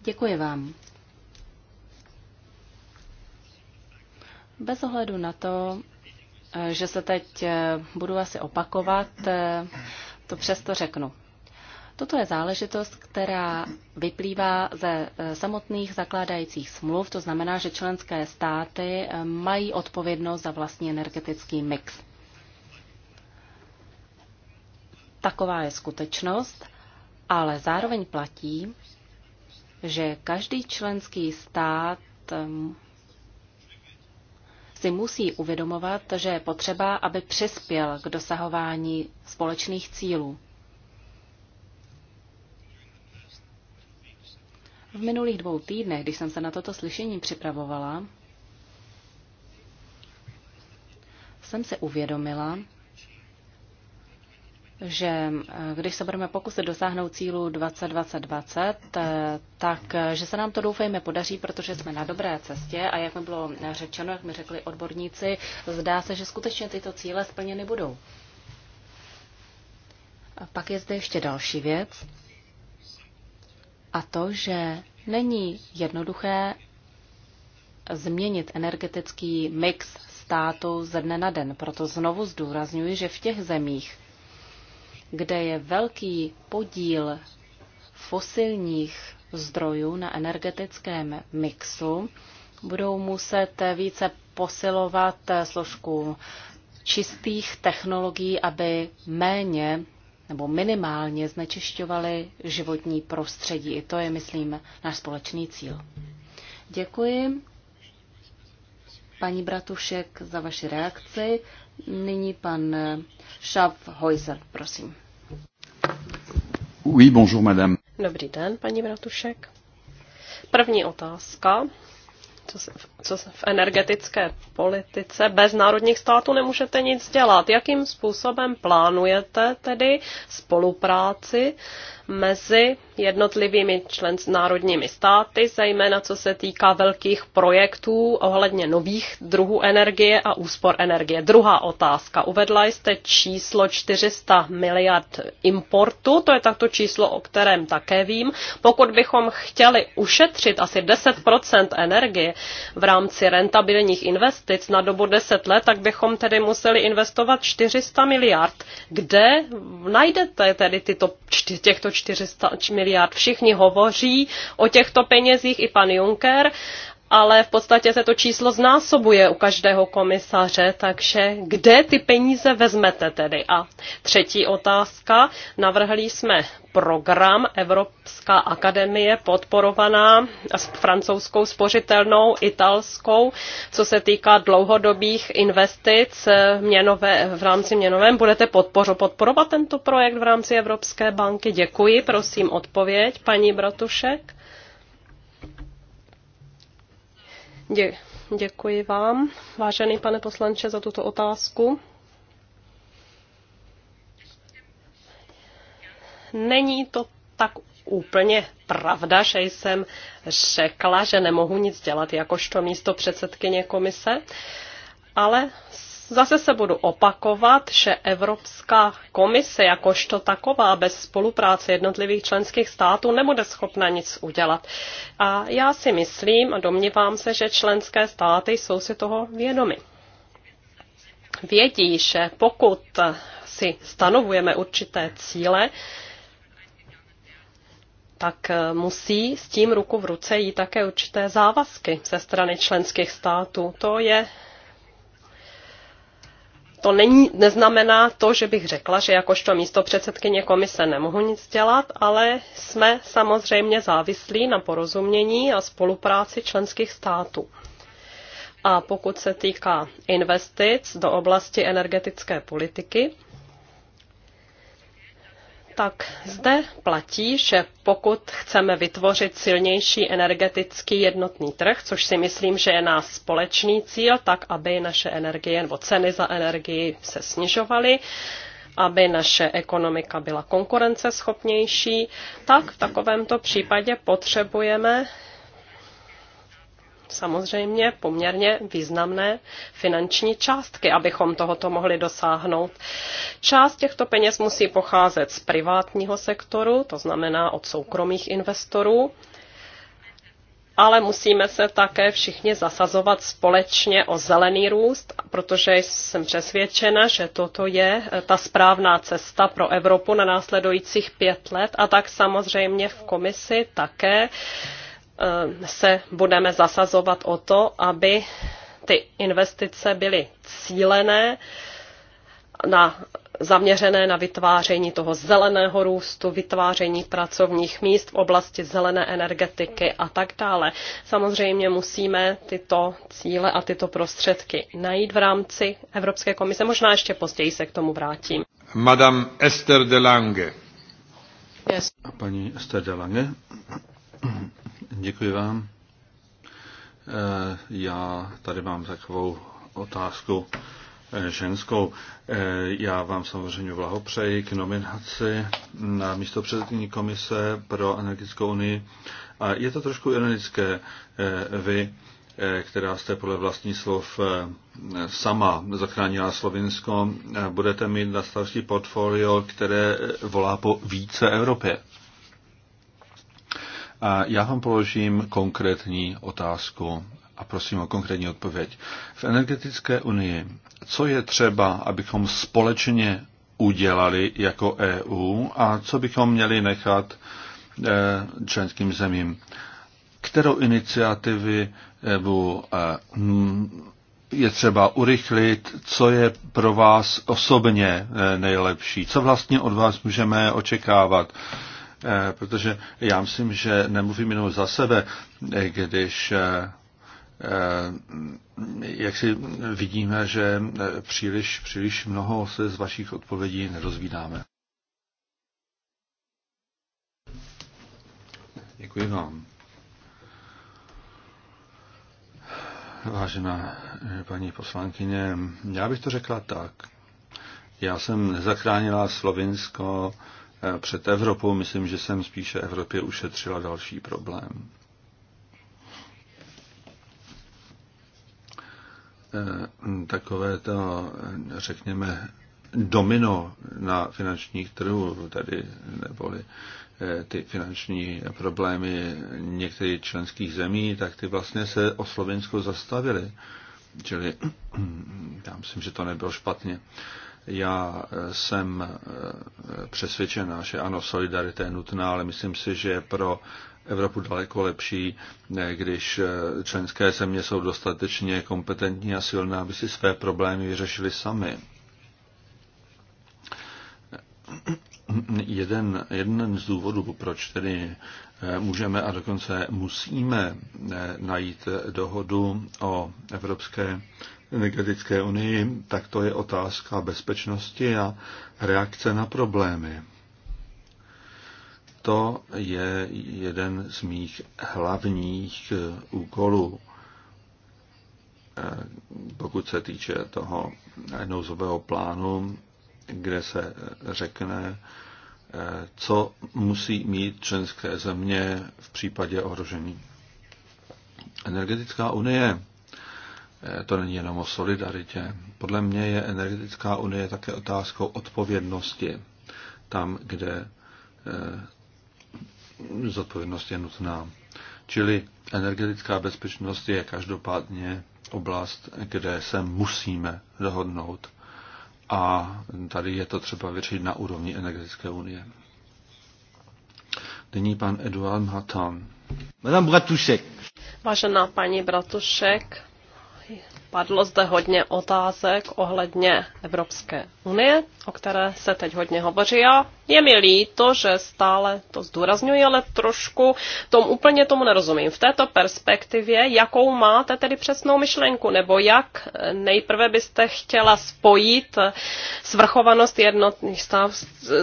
Děkuji vám. Bez ohledu na to, že se teď budu asi opakovat, to přesto řeknu. Toto je záležitost, která vyplývá ze e, samotných zakládajících smluv, to znamená, že členské státy e, mají odpovědnost za vlastní energetický mix. Taková je skutečnost, ale zároveň platí, že každý členský stát e, si musí uvědomovat, že je potřeba, aby přispěl k dosahování společných cílů. V minulých dvou týdnech, když jsem se na toto slyšení připravovala, jsem si uvědomila, že eh, když se budeme pokusit dosáhnout cílu 2020, eh, tak eh, že se nám to doufejme podaří, protože jsme na dobré cestě a jak mi bylo řečeno, jak mi řekli odborníci, zdá se, že skutečně tyto cíle splněny budou. A pak je zde ještě další věc a to, že není jednoduché změnit energetický mix státu ze dne na den. Proto znovu zdůrazňuji, že v těch zemích, kde je velký podíl fosilních zdrojů na energetickém mixu, budou muset více posilovat složku čistých technologií, aby méně nebo minimálně znečišťovaly životní prostředí. I to je, myslím, náš společný cíl. Děkuji, paní Bratušek, za vaši reakci. Nyní pan Schaffhäuser, prosím. Oui, bonjour, madame. Dobrý den, paní Bratušek. První otázka co se, co se v energetické politice bez národních států nemůžete nic dělat. Jakým způsobem plánujete tedy spolupráci mezi jednotlivými člen, národními státy, zejména co se týká velkých projektů ohledně nových druhů energie a úspor energie. Druhá otázka. Uvedla jste číslo 400 miliard importu, to je takto číslo, o kterém také vím. Pokud bychom chtěli ušetřit asi 10% energie, v rámci rentabilních investic na dobu 10 let, tak bychom tedy museli investovat 400 miliard. Kde najdete tedy tyto, těchto 400 miliard? Všichni hovoří o těchto penězích, i pan Juncker, ale v podstatě se to číslo znásobuje u každého komisaře, takže kde ty peníze vezmete tedy? A třetí otázka, navrhli jsme program Evropská akademie podporovaná s francouzskou spořitelnou, italskou, co se týká dlouhodobých investic eh, měnové, v rámci měnovém. Budete podporu, podporovat tento projekt v rámci Evropské banky? Děkuji, prosím odpověď, paní Bratušek. Dě- děkuji vám, vážený pane poslanče, za tuto otázku. Není to tak úplně pravda, že jsem řekla, že nemohu nic dělat jakožto místo předsedkyně komise, ale Zase se budu opakovat, že Evropská komise jakožto taková bez spolupráce jednotlivých členských států nebude schopna nic udělat. A já si myslím a domnívám se, že členské státy jsou si toho vědomi. Vědí, že pokud si stanovujeme určité cíle, tak musí s tím ruku v ruce jít také určité závazky ze strany členských států. To je to není, neznamená to, že bych řekla, že jakožto místo předsedkyně komise nemohu nic dělat, ale jsme samozřejmě závislí na porozumění a spolupráci členských států. A pokud se týká investic do oblasti energetické politiky, tak zde platí, že pokud chceme vytvořit silnější energetický jednotný trh, což si myslím, že je náš společný cíl, tak aby naše energie nebo ceny za energii se snižovaly, aby naše ekonomika byla konkurenceschopnější, tak v takovémto případě potřebujeme samozřejmě poměrně významné finanční částky, abychom tohoto mohli dosáhnout. Část těchto peněz musí pocházet z privátního sektoru, to znamená od soukromých investorů, ale musíme se také všichni zasazovat společně o zelený růst, protože jsem přesvědčena, že toto je eh, ta správná cesta pro Evropu na následujících pět let a tak samozřejmě v komisi také Eh, se budeme zasazovat o to, aby ty investice byly cílené, na, zaměřené na vytváření toho zeleného růstu, vytváření pracovních míst v oblasti zelené energetiky a tak dále. Samozřejmě musíme tyto cíle a tyto prostředky najít v rámci Evropské komise. Možná ještě později se k tomu vrátím. Madame Esther de Lange. Yes. A paní Esther de Lange. Děkuji vám. Eh, já tady mám takovou otázku eh, ženskou. Eh, já vám samozřejmě blahopřeji k nominaci na místo předsedkyní komise pro energetickou unii. A je to trošku ironické. Vy, která jste podle vlastní slov sama zachránila Slovinsko, budete mít na starší portfolio, které volá po více Evropě. Já vám položím konkrétní otázku a prosím o konkrétní odpověď. V energetické unii, co je třeba, abychom společně udělali jako EU a co bychom měli nechat eh, členským zemím? Kterou iniciativy e eh, je třeba urychlit, co je pro vás osobně eh, nejlepší, co vlastně od vás můžeme očekávat. Eh, protože já myslím, že nemluvím jenom za sebe, eh, když eh, jak si vidíme, že příliš, příliš mnoho se z vašich odpovědí nerozvídáme. Děkuji vám. Vážená paní poslankyně, já bych to řekla tak. Já jsem nezachránila Slovinsko před Evropou. Myslím, že jsem spíše Evropě ušetřila další problém. E, Takové to, řekněme, domino na finančních trhu, tady neboli e, ty finanční problémy některých členských zemí, tak ty vlastně se o Slovensku zastavily. Čili já myslím, že to nebylo špatně. Já eh, jsem eh, přesvědčená, že ano, solidarita je nutná, ale myslím si, že pro Evropu daleko lepší, když eh, členské země jsou dostatečně kompetentní a silné, aby si své problémy vyřešili sami. Jeden, jeden z důvodů, proč tedy můžeme a dokonce musíme najít dohodu o evropské energetické unii, tak to je otázka bezpečnosti a reakce na problémy. To je jeden z mých hlavních eh, úkolů, eh, pokud se týče toho nouzového plánu, kde se řekne, eh, co musí mít členské země v případě ohrožení. Energetická unie Eh, to není jenom o solidaritě. Podle mě je energetická unie také otázkou odpovědnosti. Tam, kde eh, zodpovědnost je nutná. Čili energetická bezpečnost je každopádně oblast, kde se musíme dohodnout. A tady je to třeba vyřešit na úrovni energetické unie. Nyní pan Eduard Matan. Madame Bratušek. Vážená paní Bratušek, Padlo zde hodně otázek ohledně Evropské unie, o které se teď hodně hovoří. Je mi líto, že stále to zdůrazňuji, ale trošku tom úplně tomu nerozumím. V této perspektivě, jakou máte tedy přesnou myšlenku, nebo jak eh, nejprve byste chtěla spojit eh, svrchovanost jednotných stáv,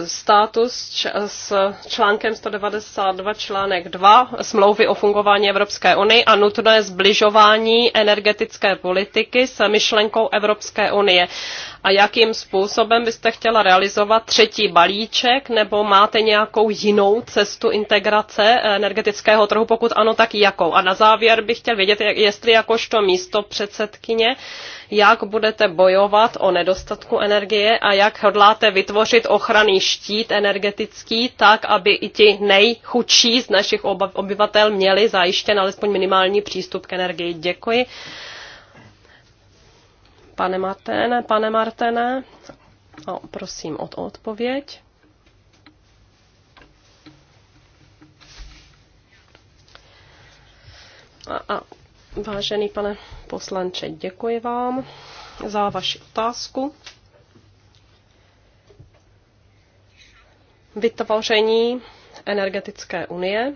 státu s, s článkem 192 článek 2 smlouvy o fungování Evropské unie a nutné zbližování energetické politiky s myšlenkou Evropské unie a jakým způsobem byste chtěla realizovat třetí balíček, prvek, nebo máte nějakou jinou cestu integrace eh, energetického trhu? Pokud ano, tak jakou? A na závěr bych chtěl vědět, jestli jakožto místo předsedkyně, jak budete bojovat o nedostatku energie a jak hodláte vytvořit ochranný štít energetický, tak aby i ti nejchudší z našich obyvatel měli zajištěn alespoň minimální přístup k energii. Děkuji. Pane Martene, pane Martene, a no, prosím o odpověď. A, a vážený pane poslanče, děkuji vám za vaši otázku. Vytvoření energetické unie.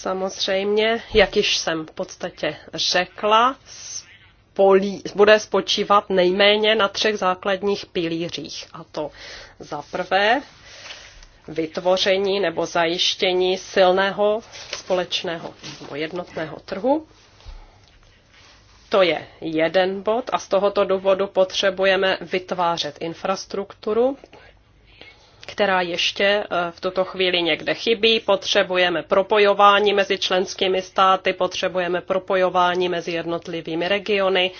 Samozřejmě, jak již jsem v podstatě řekla, spolí, bude spočívat nejméně na třech základních pilířích. A to za prvé vytvoření nebo zajištění silného společného nebo jednotného trhu. To je jeden bod a z tohoto důvodu potřebujeme vytvářet infrastrukturu, která ještě eh, v tuto chvíli někde chybí. Potřebujeme propojování mezi členskými státy, potřebujeme propojování mezi jednotlivými regiony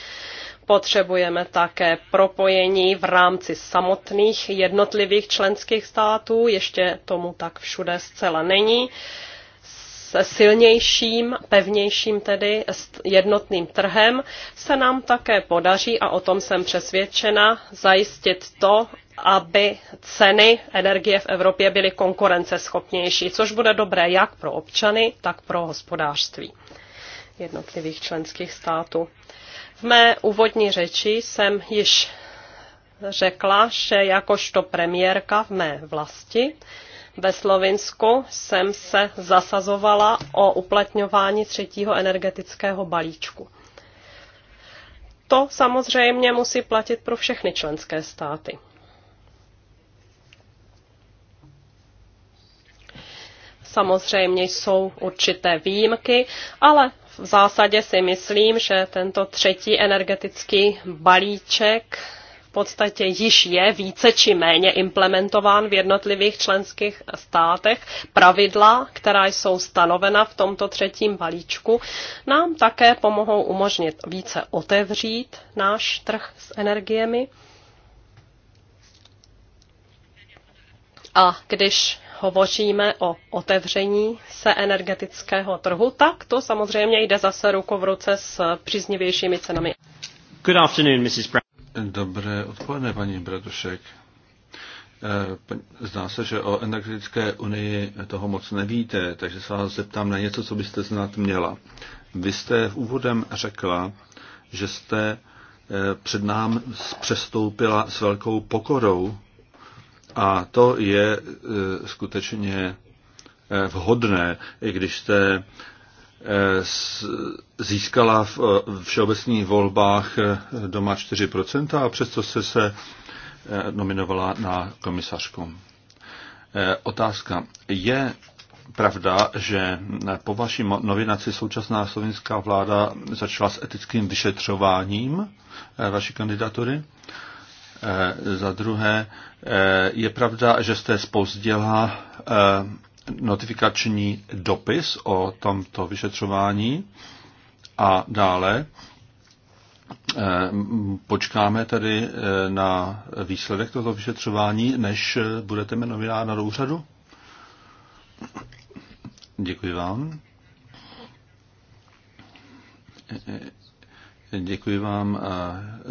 Potřebujeme také propojení v rámci samotných jednotlivých členských států, ještě tomu tak všude zcela není, se silnějším, pevnějším tedy jednotným trhem se nám také podaří, a o tom jsem přesvědčena, zajistit to, aby ceny energie v Evropě byly konkurenceschopnější, což bude dobré jak pro občany, tak pro hospodářství jednotlivých členských států. V mé úvodní řeči jsem již řekla, že jakožto premiérka v mé vlasti ve Slovinsku jsem se zasazovala o uplatňování třetího energetického balíčku. To samozřejmě musí platit pro všechny členské státy. Samozřejmě jsou určité výjimky, ale v zásadě si myslím, že tento třetí energetický balíček v podstatě již je více či méně implementován v jednotlivých členských státech. Pravidla, která jsou stanovena v tomto třetím balíčku, nám také pomohou umožnit více otevřít náš trh s energiemi. A když hovoříme o otevření se energetického trhu, tak to samozřejmě jde zase ruku v ruce s příznivějšími cenami. Good afternoon, Mrs. Brown. Dobré odpoledne, paní Bratušek. Eh, Zdá se, že o energetické unii toho moc nevíte, takže se vás zeptám na něco, co byste znát měla. Vy jste v úvodem řekla, že jste eh, před nám přestoupila s velkou pokorou a to je e, skutečně e, vhodné, i když jste e, získala v všeobecných volbách doma 4% a přesto se se nominovala na komisařku. Otázka. Je pravda, že po vaší novinaci současná slovinská vláda začala s etickým vyšetřováním vaší kandidatury? Eh, za druhé, eh, je pravda, že jste spozděla eh, notifikační dopis o tomto vyšetřování a dále počkáme tedy na výsledek tohoto vyšetřování, než budete jmenována na úřadu? Děkuji vám. Děkuji vám eh,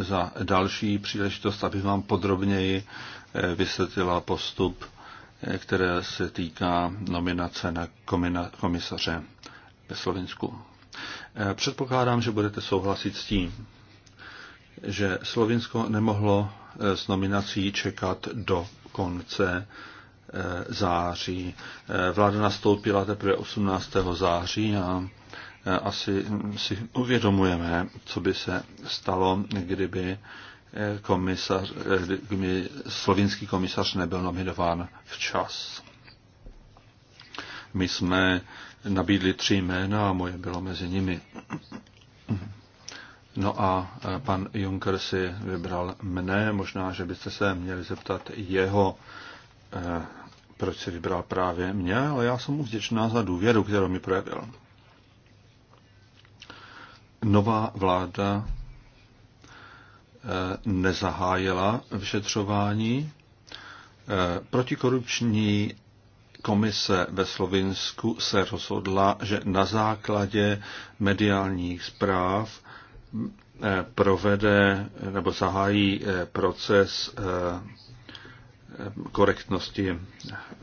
za další příležitost, abych vám podrobněji eh, vysvětlila postup, eh, které se týká nominace na komisaře ve Slovensku. Předpokládám, že budete souhlasit s tím, že Slovinsko nemohlo s nominací čekat do konce září. Vláda nastoupila teprve 18. září a Eh, asi si uvědomujeme, co by se stalo, kdyby eh, komisař, eh, kdyby slovinský komisař nebyl nominován včas. My jsme nabídli tři jména a moje bylo mezi nimi. No a pan Juncker si vybral mne, možná, že byste se měli zeptat jeho, proč si vybral právě mě, ale já jsem mu vděčná za důvěru, kterou mi projevil nová vláda eh, nezahájila vyšetřování. Eh, protikorupční komise ve Slovinsku se rozhodla, že na základě mediálních zpráv eh, provede nebo zahájí proces korektnosti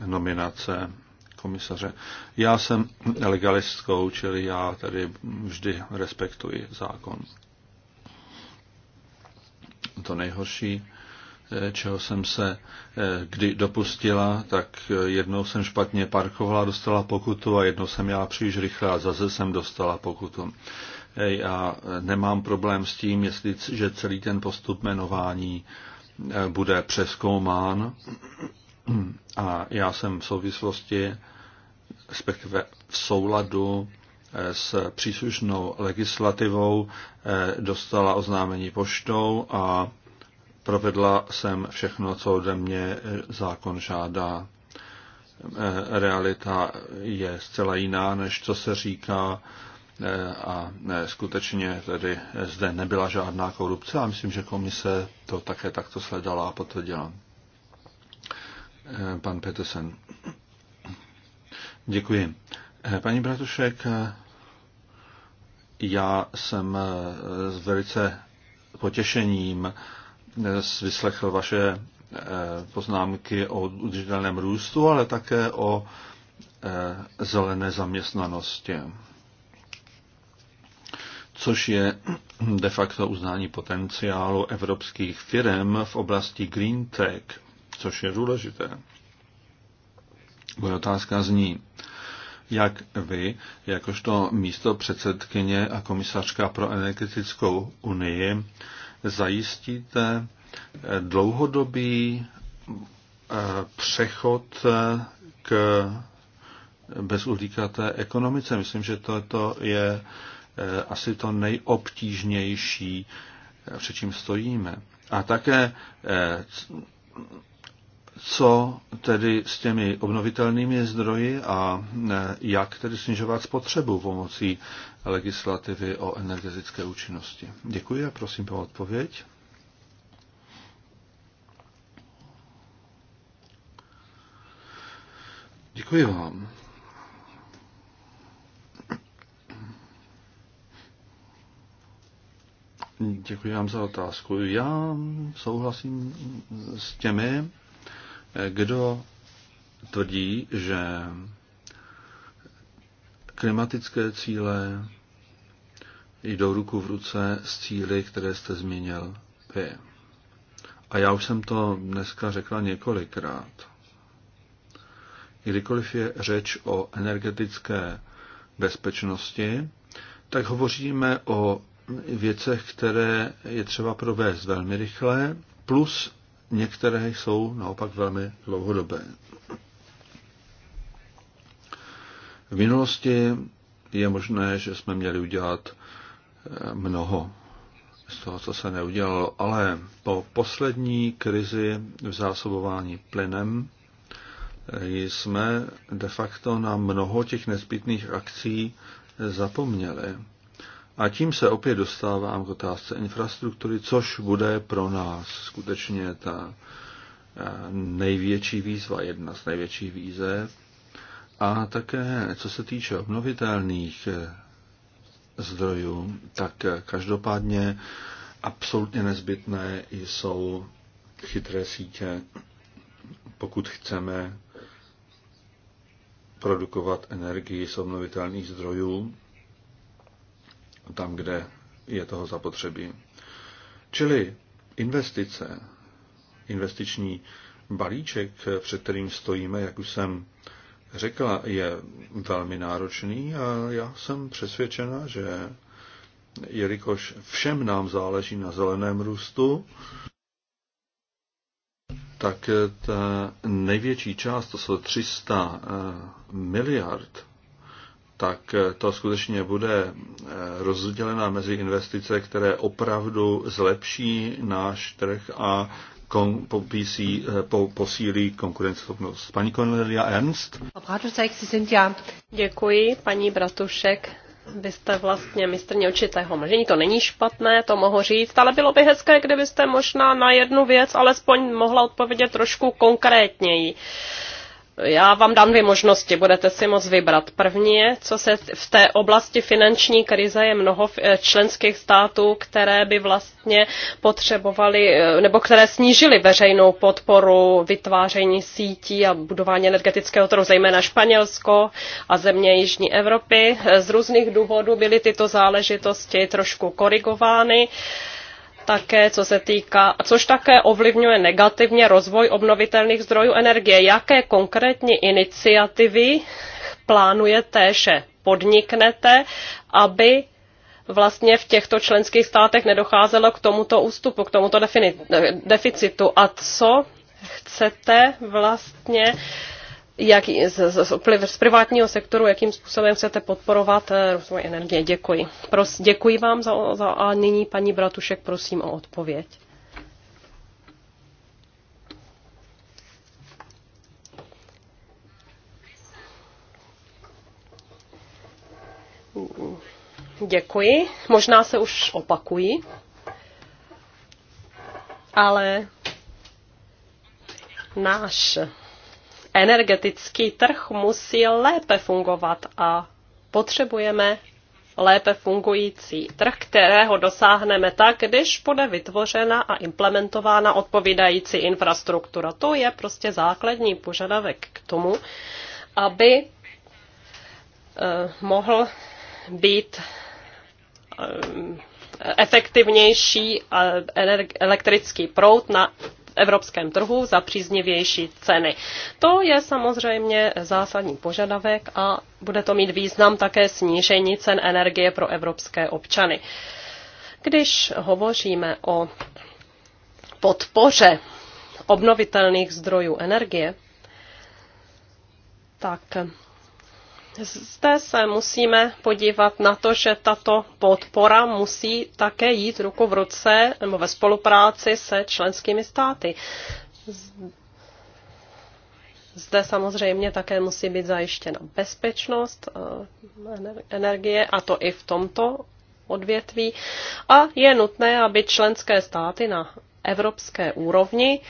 nominace komisaře. Já jsem legalistkou, čili já tady vždy respektuji zákon. To nejhorší, eh, čeho jsem se eh, kdy dopustila, tak eh, jednou jsem špatně parkovala, dostala pokutu a jednou jsem jela příliš rychle a zase jsem dostala pokutu. Já nemám problém s tím, jestli, že celý ten postup jmenování bude přeskoumán a já jsem v souvislosti, respektive v souladu eh, s příslušnou legislativou eh, dostala oznámení poštou a provedla jsem všechno, co ode mě eh, zákon žádá. Realita je zcela jiná, než co se říká a skutečně tedy zde nebyla žádná korupce a myslím, že komise to také takto sledala a potvrdila. Eh, pan Petersen. Děkuji. Eh, paní Bratušek, eh, já jsem s velice potěšením vyslechl vaše poznámky o udržitelném růstu, ale také o zelené zaměstnanosti, což je de facto uznání potenciálu evropských firm v oblasti green tech což je důležité. Moje otázka zní, jak vy, jakožto místo předsedkyně a komisařka pro energetickou unii, zajistíte eh, dlouhodobý eh, přechod eh, k bezuhlíkaté ekonomice. Myslím, že toto je asi to nejobtížnější, před čím stojíme. A také co tedy s těmi obnovitelnými zdroji a e, jak tedy snižovat spotřebu pomocí legislativy o energetické účinnosti. Děkuji a prosím o odpověď. Děkuji vám. Děkuji vám za otázku. Já souhlasím s těmi, kdo tvrdí, že klimatické cíle jdou ruku v ruce s cíly, které jste zmínil vy. A já už jsem to dneska řekla několikrát. Kdykoliv je řeč o energetické bezpečnosti, tak hovoříme o věcech, které je třeba provést velmi rychle, plus některé jsou naopak velmi dlouhodobé. V minulosti je možné, že jsme měli udělat eh, mnoho z toho, co se neudělalo, ale po poslední krizi v zásobování plynem eh, jsme de facto na mnoho těch nezbytných akcí zapomněli. A tím se opět dostávám k otázce infrastruktury, což bude pro nás skutečně ta eh, největší výzva, jedna z největších výzev. A také, co se týče obnovitelných eh, zdrojů, tak eh, každopádně absolutně nezbytné jsou chytré sítě, pokud chceme produkovat energii z obnovitelných zdrojů tam, kde je toho zapotřebí. Čili investice, investiční balíček, před kterým stojíme, jak už jsem řekla, je velmi náročný a já jsem přesvědčena, že jelikož všem nám záleží na zeleném růstu, tak ta největší část, to jsou 300 eh, miliard, tak eh, to skutečně bude eh, rozdělena mezi investice, které opravdu zlepší náš trh a kon, po, eh, posílí konkurenceschopnost. Paní Cornelia Ernst. Děkuji, paní Bratušek. Vy jste vlastně mistrně určitého mlžení, to není špatné, to mohu říct, ale bylo by hezké, kdybyste možná na jednu věc alespoň mohla odpovědět trošku konkrétněji. Uh, já vám dám dvě možnosti, budete si moc vybrat. První je, co se v té oblasti finanční krize je mnoho eh, členských států, které by vlastně potřebovaly, eh, nebo které snížily veřejnou podporu vytváření sítí a budování energetického trhu, zejména Španělsko a země Jižní Evropy. Eh, z různých důvodů byly tyto záležitosti trošku korigovány také, co se týká, což také ovlivňuje negativně rozvoj obnovitelných zdrojů energie. Jaké konkrétní iniciativy plánujete, že podniknete, aby vlastně v těchto členských státech nedocházelo k tomuto ústupu, k tomuto deficitu. A co chcete vlastně jak, z, z, z, z privátního sektoru, jakým způsobem chcete podporovat eh, rozvoj energie. Děkuji. Pros, děkuji vám za, za a nyní paní Bratušek, prosím o odpověď. Děkuji. Možná se už opakuji, ale náš energetický trh musí lépe fungovat a potřebujeme lépe fungující trh, kterého dosáhneme tak, když bude vytvořena a implementována odpovídající infrastruktura. To je prostě základní požadavek k tomu, aby eh, mohl být eh, efektivnější eh, elektrický proud na evropském trhu za příznivější ceny. To je samozřejmě zásadní požadavek a bude to mít význam také snížení cen energie pro evropské občany. Když hovoříme o podpoře obnovitelných zdrojů energie, tak zde se musíme podívat na to, že tato podpora musí také jít ruku v ruce nebo ve spolupráci se členskými státy. Zde samozřejmě také musí být zajištěna bezpečnost eh, energie, a to i v tomto odvětví. A je nutné, aby členské státy na evropské úrovni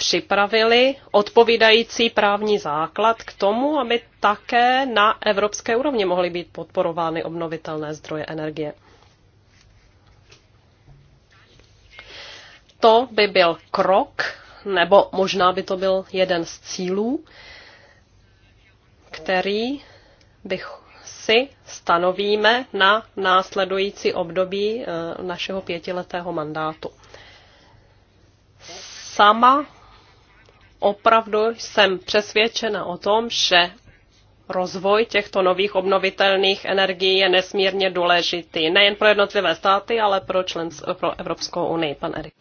připravili odpovídající právní základ k tomu, aby také na evropské úrovni mohly být podporovány obnovitelné zdroje energie. To by byl krok, nebo možná by to byl jeden z cílů, který bych si stanovíme na následující období eh, našeho pětiletého mandátu. Sama opravdu jsem přesvědčena o tom, že rozvoj těchto nových obnovitelných energií je nesmírně důležitý. Nejen pro jednotlivé státy, ale pro, člen, pro Evropskou unii. Pan Erik.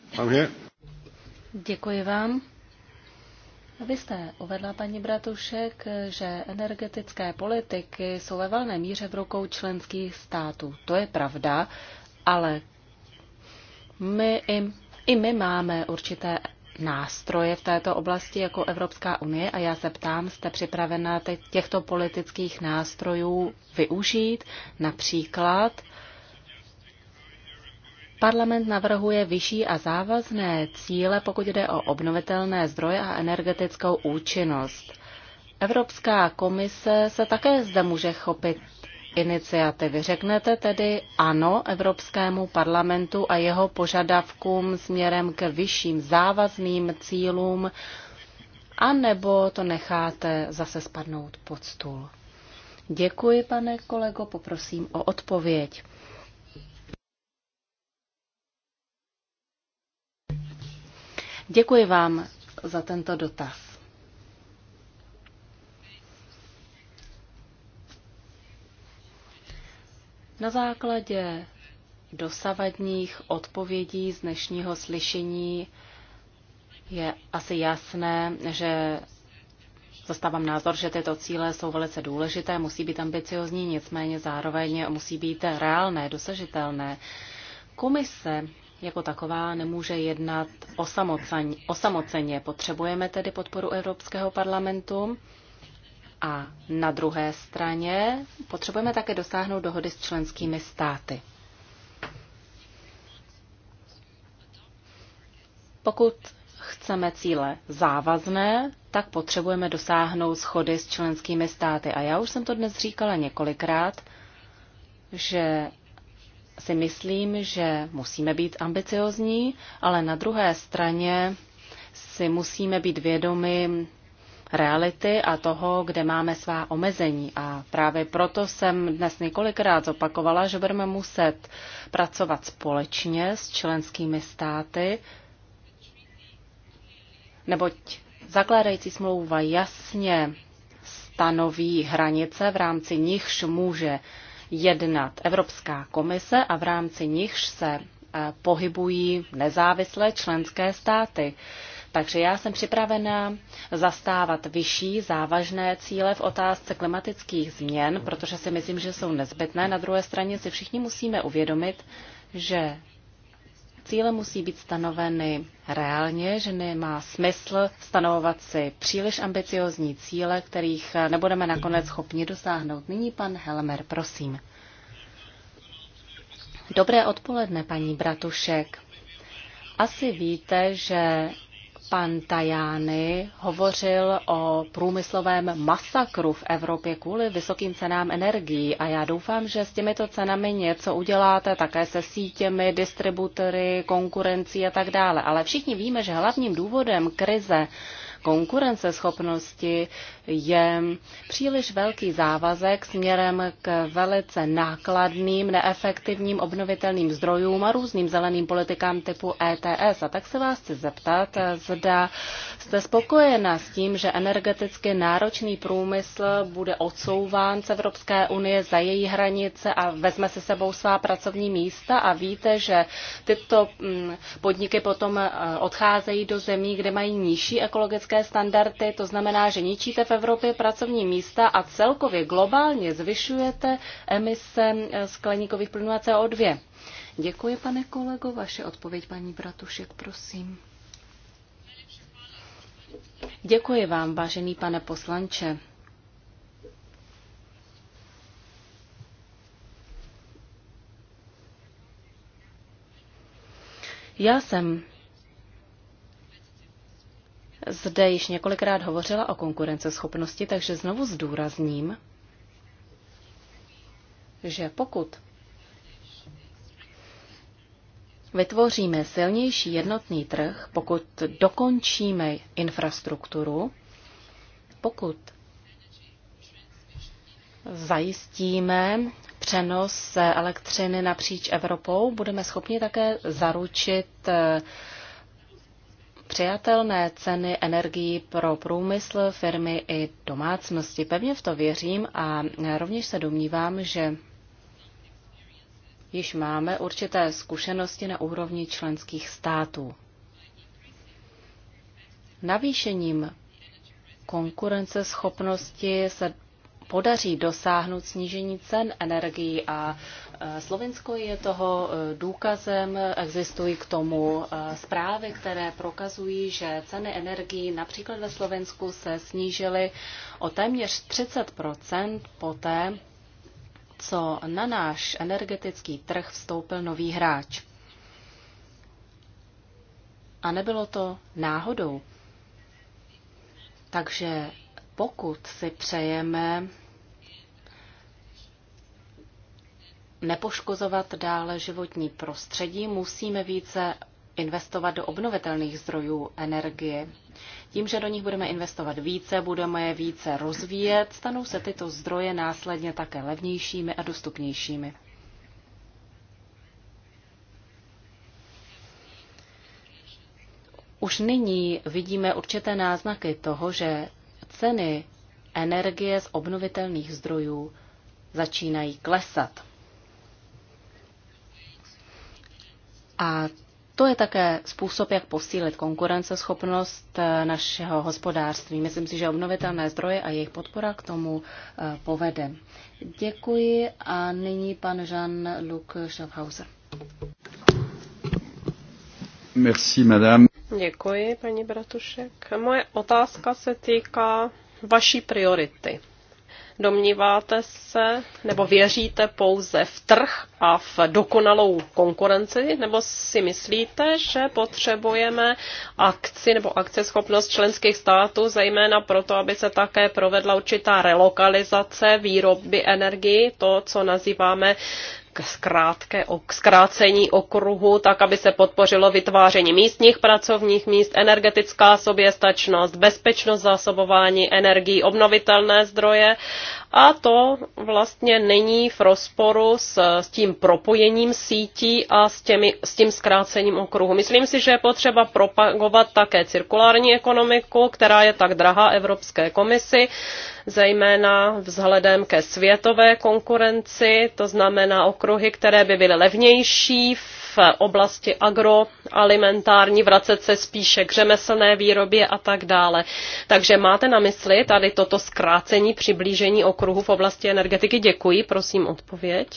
Děkuji vám. Vy jste uvedla, paní Bratušek, že energetické politiky jsou ve valné míře v rukou členských států. To je pravda, ale my i, i my máme určité nástroje v této oblasti jako Evropská unie a já se ptám, jste připravena těchto politických nástrojů využít? Například Parlament navrhuje vyšší a závazné cíle, pokud jde o obnovitelné zdroje a energetickou účinnost. Evropská komise se také zde může chopit iniciativy. Řeknete tedy ano Evropskému parlamentu a jeho požadavkům směrem k vyšším závazným cílům, anebo to necháte zase spadnout pod stůl? Děkuji, pane kolego, poprosím o odpověď. Děkuji vám za tento dotaz. Na základě dosavadních odpovědí z dnešního slyšení je asi jasné, že zastávám názor, že tyto cíle jsou velice důležité, musí být ambiciozní, nicméně zároveň musí být reálné, dosažitelné. Komise jako taková nemůže jednat osamoceně. Potřebujeme tedy podporu Evropského parlamentu a na druhé straně potřebujeme také dosáhnout dohody s členskými státy. Pokud chceme cíle závazné, tak potřebujeme dosáhnout schody s členskými státy. A já už jsem to dnes říkala několikrát, že si myslím, že musíme být ambiciozní, ale na druhé straně si musíme být vědomi reality a toho, kde máme svá omezení. A právě proto jsem dnes několikrát zopakovala, že budeme muset pracovat společně s členskými státy, neboť zakládající smlouva jasně stanoví hranice, v rámci nichž může jednat Evropská komise a v rámci nichž se eh, pohybují nezávislé členské státy. Takže já jsem připravena zastávat vyšší závažné cíle v otázce klimatických změn, protože si myslím, že jsou nezbytné. Na druhé straně si všichni musíme uvědomit, že cíle musí být stanoveny reálně, že nemá smysl stanovovat si příliš ambiciozní cíle, kterých nebudeme nakonec schopni dosáhnout. Nyní pan Helmer, prosím. Dobré odpoledne, paní Bratušek. Asi víte, že pan Tajány hovořil o průmyslovém masakru v Evropě kvůli vysokým cenám energií a já doufám, že s těmito cenami něco uděláte také se sítěmi, distributory, konkurencí a tak dále. Ale všichni víme, že hlavním důvodem krize konkurenceschopnosti je příliš velký závazek směrem k velice nákladným, neefektivním obnovitelným zdrojům a různým zeleným politikám typu ETS. A tak se vás chci zeptat, zda jste spokojena s tím, že energeticky náročný průmysl bude odsouván z Evropské unie za její hranice a vezme se sebou svá pracovní místa a víte, že tyto mm, podniky potom eh, odcházejí do zemí, kde mají nižší ekologické evropské standardy, to znamená, že ničíte v Evropě pracovní místa a celkově globálně zvyšujete emise eh, skleníkových plynů a CO2. Děkuji, pane kolego. Vaše odpověď, paní Bratušek, prosím. Děkuji vám, vážený pane poslanče. Já jsem zde již několikrát hovořila o konkurenceschopnosti, takže znovu zdůrazním, že pokud vytvoříme silnější jednotný trh, pokud dokončíme infrastrukturu, pokud zajistíme přenos elektřiny napříč Evropou, budeme schopni také zaručit eh, přijatelné ceny energií pro průmysl, firmy i domácnosti. Pevně v to věřím a rovněž se domnívám, že již máme určité zkušenosti na úrovni členských států. Navýšením konkurenceschopnosti se podaří dosáhnout snížení cen energií a e, Slovensko je toho e, důkazem, existují k tomu e, zprávy, které prokazují, že ceny energií například ve Slovensku se snížily o téměř 30 poté, co na náš energetický trh vstoupil nový hráč. A nebylo to náhodou. Takže pokud si přejeme nepoškozovat dále životní prostředí, musíme více investovat do obnovitelných zdrojů energie. Tím, že do nich budeme investovat více, budeme je více rozvíjet, stanou se tyto zdroje následně také levnějšími a dostupnějšími. Už nyní vidíme určité náznaky toho, že ceny energie z obnovitelných zdrojů začínají klesat. A to je také způsob, jak posílit konkurenceschopnost eh, našeho hospodářství. Myslím si, že obnovitelné zdroje a jejich podpora k tomu eh, povede. Děkuji a nyní pan Jean-Luc Schaffhauser. Merci, madame. Děkuji, paní Bratušek. Moje otázka se týká vaší priority. Domníváte se nebo věříte pouze v trh a v dokonalou konkurenci, nebo si myslíte, že potřebujeme akci nebo akceschopnost členských států, zejména proto, aby se také provedla určitá relokalizace výroby energii, to, co nazýváme zkrátké, k zkrácení okruhu, tak aby se podpořilo vytváření místních pracovních míst, energetická soběstačnost, bezpečnost zásobování energií, obnovitelné zdroje. A to vlastně není v rozporu s, s tím propojením sítí a s, těmi, s tím zkrácením okruhu. Myslím si, že je potřeba propagovat také cirkulární ekonomiku, která je tak drahá Evropské komisi zejména vzhledem ke světové konkurenci, to znamená okruhy, které by byly levnější v oblasti agroalimentární, vracet se spíše k řemeslné výrobě a tak dále. Takže máte na mysli tady toto zkrácení, přiblížení okruhu v oblasti energetiky? Děkuji, prosím odpověď.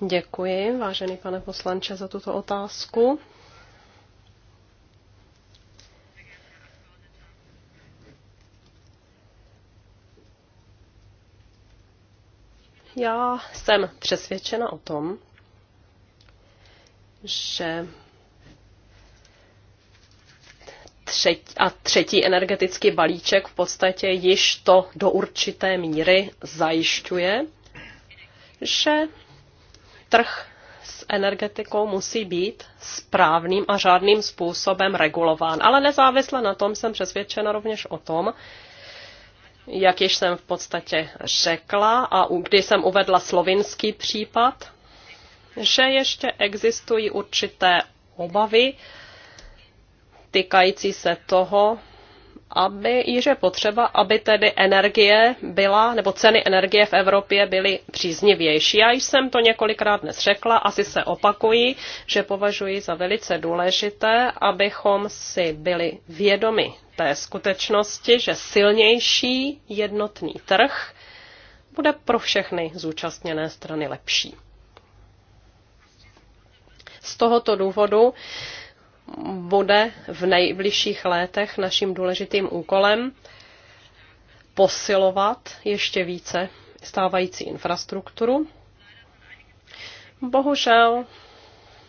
Děkuji, vážený pane poslanče, za tuto otázku. Já jsem přesvědčena o tom, že třetí, a třetí energetický balíček v podstatě již to do určité míry zajišťuje, že trh s energetikou musí být správným a řádným způsobem regulován. Ale nezávisle na tom jsem přesvědčena rovněž o tom, jak již jsem v podstatě řekla a když jsem uvedla slovinský případ, že ještě existují určité obavy týkající se toho, aby, že potřeba, aby tedy energie byla, nebo ceny energie v Evropě byly příznivější. Já jsem to několikrát dnes řekla, asi se opakují, že považuji za velice důležité, abychom si byli vědomi té skutečnosti, že silnější jednotný trh bude pro všechny zúčastněné strany lepší. Z tohoto důvodu bude v nejbližších létech naším důležitým úkolem posilovat ještě více stávající infrastrukturu. Bohužel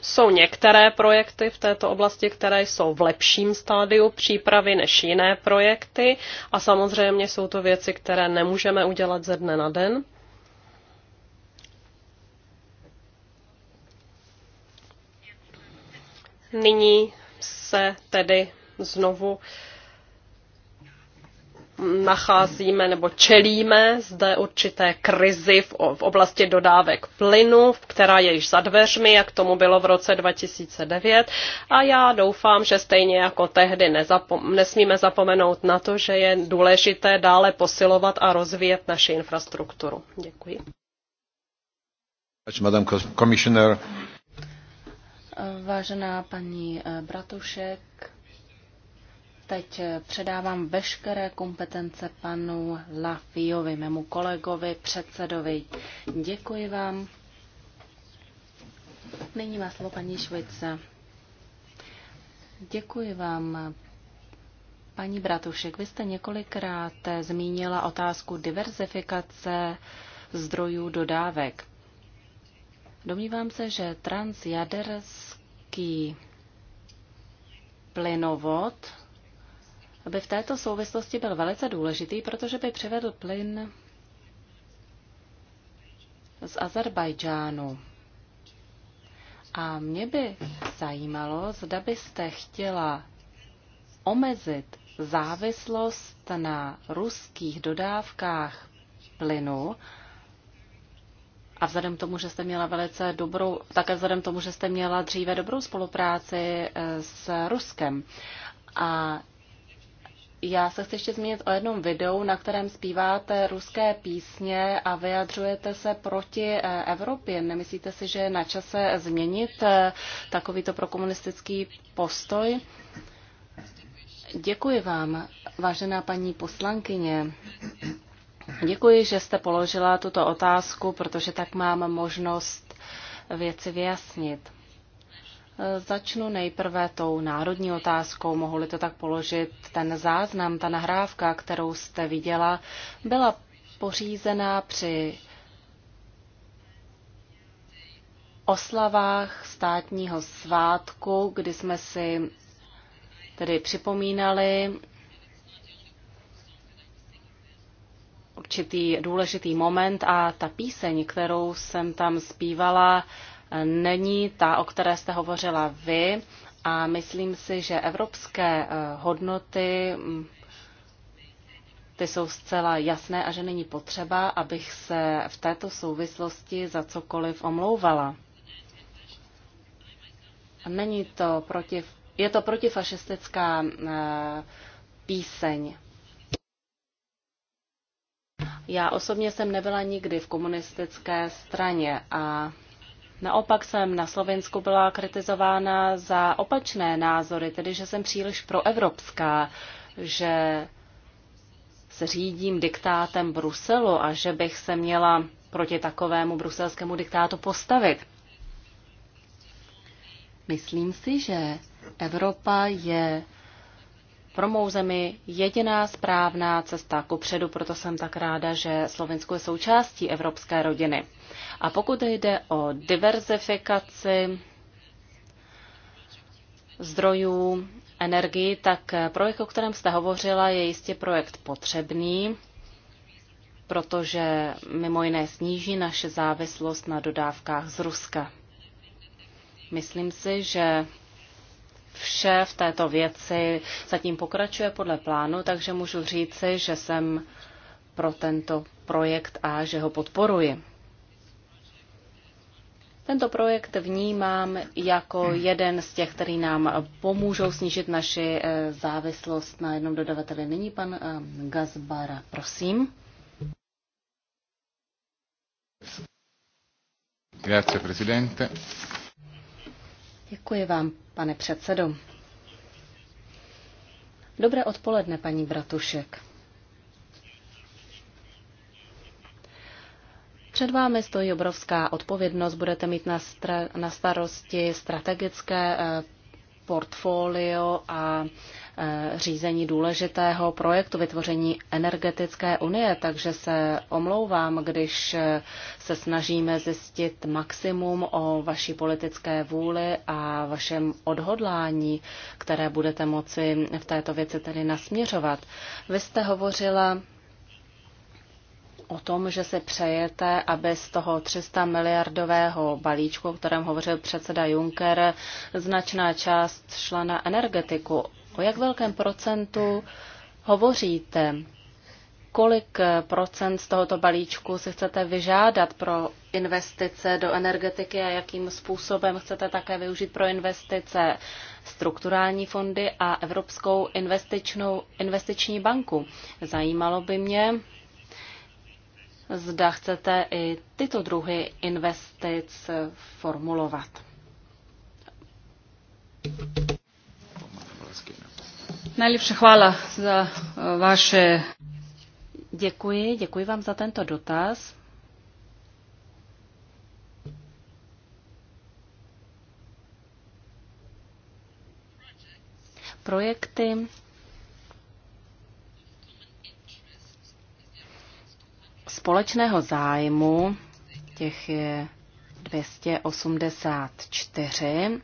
jsou některé projekty v této oblasti, které jsou v lepším stádiu přípravy než jiné projekty a samozřejmě jsou to věci, které nemůžeme udělat ze dne na den. Nyní se tedy znovu nacházíme nebo čelíme zde určité krizi v, oblasti dodávek plynu, která je již za dveřmi, jak tomu bylo v roce 2009. A já doufám, že stejně jako tehdy nezapom- nesmíme zapomenout na to, že je důležité dále posilovat a rozvíjet naši infrastrukturu. Děkuji. Madam Commissioner. Vážená paní eh, Bratušek, teď eh, předávám veškeré kompetence panu Lafiovi, mému kolegovi, předsedovi. Děkuji vám. Nyní má slovo paní Švice. Děkuji vám. Paní Bratušek, vy jste několikrát eh, zmínila otázku diverzifikace zdrojů dodávek. Domnívám se, že transjader Nabucký plynovod by v této souvislosti byl velice důležitý, protože by přivedl plyn z Azerbajdžánu. A mě by zajímalo, zda byste chtěla omezit závislost na ruských dodávkách plynu a vzhledem k tomu, že jste měla velice dobrou, také vzhledem k tomu, že jste měla dříve dobrou spolupráci e, s Ruskem. A já se chci ještě zmínit o jednom videu, na kterém zpíváte ruské písně a vyjadřujete se proti e, Evropě. Nemyslíte si, že je na čase změnit e, takovýto prokomunistický postoj? Děkuji vám, vážená paní poslankyně. Děkuji, že jste položila tuto otázku, protože tak mám možnost věci vyjasnit. Začnu nejprve tou národní otázkou, Mohli li to tak položit. Ten záznam, ta nahrávka, kterou jste viděla, byla pořízená při oslavách státního svátku, kdy jsme si tedy připomínali určitý důležitý moment a ta píseň, kterou jsem tam zpívala, není ta, o které jste hovořila vy a myslím si, že evropské eh, hodnoty mm, ty jsou zcela jasné a že není potřeba, abych se v této souvislosti za cokoliv omlouvala. Není to proti, je to protifašistická eh, píseň. Já osobně jsem nebyla nikdy v komunistické straně a naopak jsem na Slovensku byla kritizována za opačné názory, tedy že jsem příliš proevropská, že se řídím diktátem Bruselu a že bych se měla proti takovému bruselskému diktátu postavit. Myslím si, že Evropa je pro mou zemi jediná správná cesta ku předu, proto jsem tak ráda, že Slovensko je součástí evropské rodiny. A pokud jde o diverzifikaci zdrojů energii, tak projekt, o kterém jste hovořila, je jistě projekt potřebný, protože mimo jiné sníží naše závislost na dodávkách z Ruska. Myslím si, že Vše v této věci zatím pokračuje podle plánu, takže můžu říci, že jsem pro tento projekt a že ho podporuji. Tento projekt vnímám jako jeden z těch, který nám pomůžou snížit naši eh, závislost na jednom dodavateli. Nyní pan eh, Gazbara, prosím. Grazie, presidente. Děkuji vám, pane předsedo. Dobré odpoledne, paní Bratušek. Před vámi stojí obrovská odpovědnost. Budete mít na, stra- na starosti strategické eh, portfolio a e, řízení důležitého projektu vytvoření energetické unie, takže se omlouvám, když e, se snažíme zjistit maximum o vaší politické vůli a vašem odhodlání, které budete moci v této věci tedy nasměřovat. Vy jste hovořila o tom, že si přejete, aby z toho 300 miliardového balíčku, o kterém hovořil předseda Juncker, značná část šla na energetiku. O jak velkém procentu hovoříte? Kolik procent z tohoto balíčku si chcete vyžádat pro investice do energetiky a jakým způsobem chcete také využít pro investice strukturální fondy a Evropskou investičnou, investiční banku? Zajímalo by mě, zda chcete i tyto druhy investic formulovat. Nejlepší. chvála za eh, vaše. Děkuji, děkuji vám za tento dotaz. Projekty společného zájmu, těch je 284,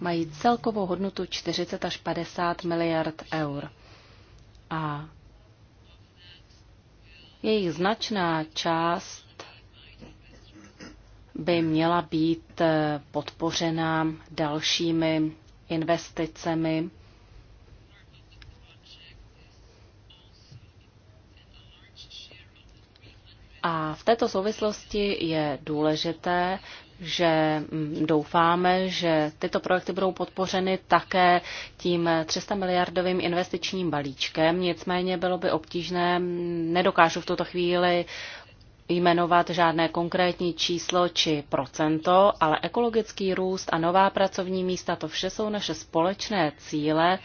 mají celkovou hodnotu 40 až 50 miliard eur. A jejich značná část by měla být podpořena dalšími investicemi A v této souvislosti je důležité, že mm, doufáme, že tyto projekty budou podpořeny také tím 300 miliardovým investičním balíčkem. Nicméně bylo by obtížné, mm, nedokážu v tuto chvíli jmenovat žádné konkrétní číslo či procento, ale ekologický růst a nová pracovní místa, to vše jsou naše společné cíle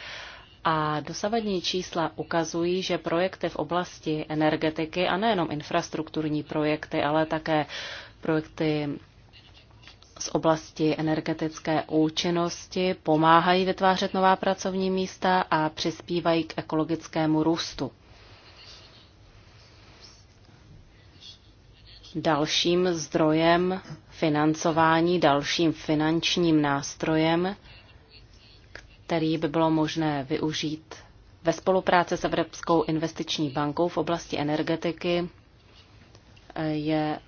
a dosavadní čísla ukazují, že projekty v oblasti energetiky a nejenom infrastrukturní projekty, ale také projekty z oblasti energetické účinnosti pomáhají vytvářet nová pracovní místa a přispívají k ekologickému růstu. Dalším zdrojem financování, dalším finančním nástrojem který by bylo možné využít ve spolupráci s Evropskou investiční bankou v oblasti energetiky, je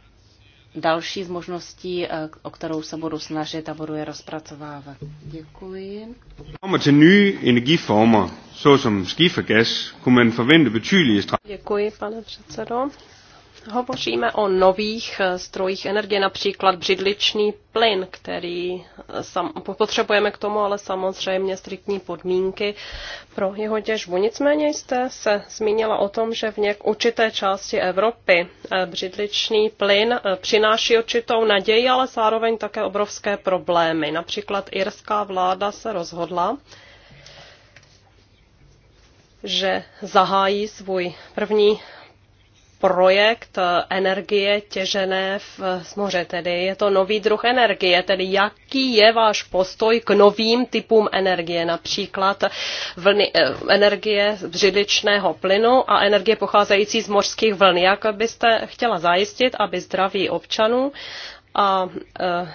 další z možností, eh, o kterou se budu snažit a budu je rozpracovávat. Děkuji. Děkuji, pane předsedo. Hovoříme o nových eh, strojích energie, například břidličný plyn, který eh, sam, potřebujeme k tomu, ale samozřejmě striktní podmínky pro jeho těžbu. Nicméně jste se zmínila o tom, že v něk určité části Evropy eh, břidličný plyn přináší určitou naději, ale zároveň také obrovské problémy. Například irská vláda se rozhodla, že zahájí svůj první projekt eh, energie těžené v, z moře, tedy je to nový druh energie, tedy jaký je váš postoj k novým typům energie, například vlny, eh, energie břidličného plynu a energie pocházející z mořských vln. Jak byste chtěla zajistit, aby zdraví občanů a eh,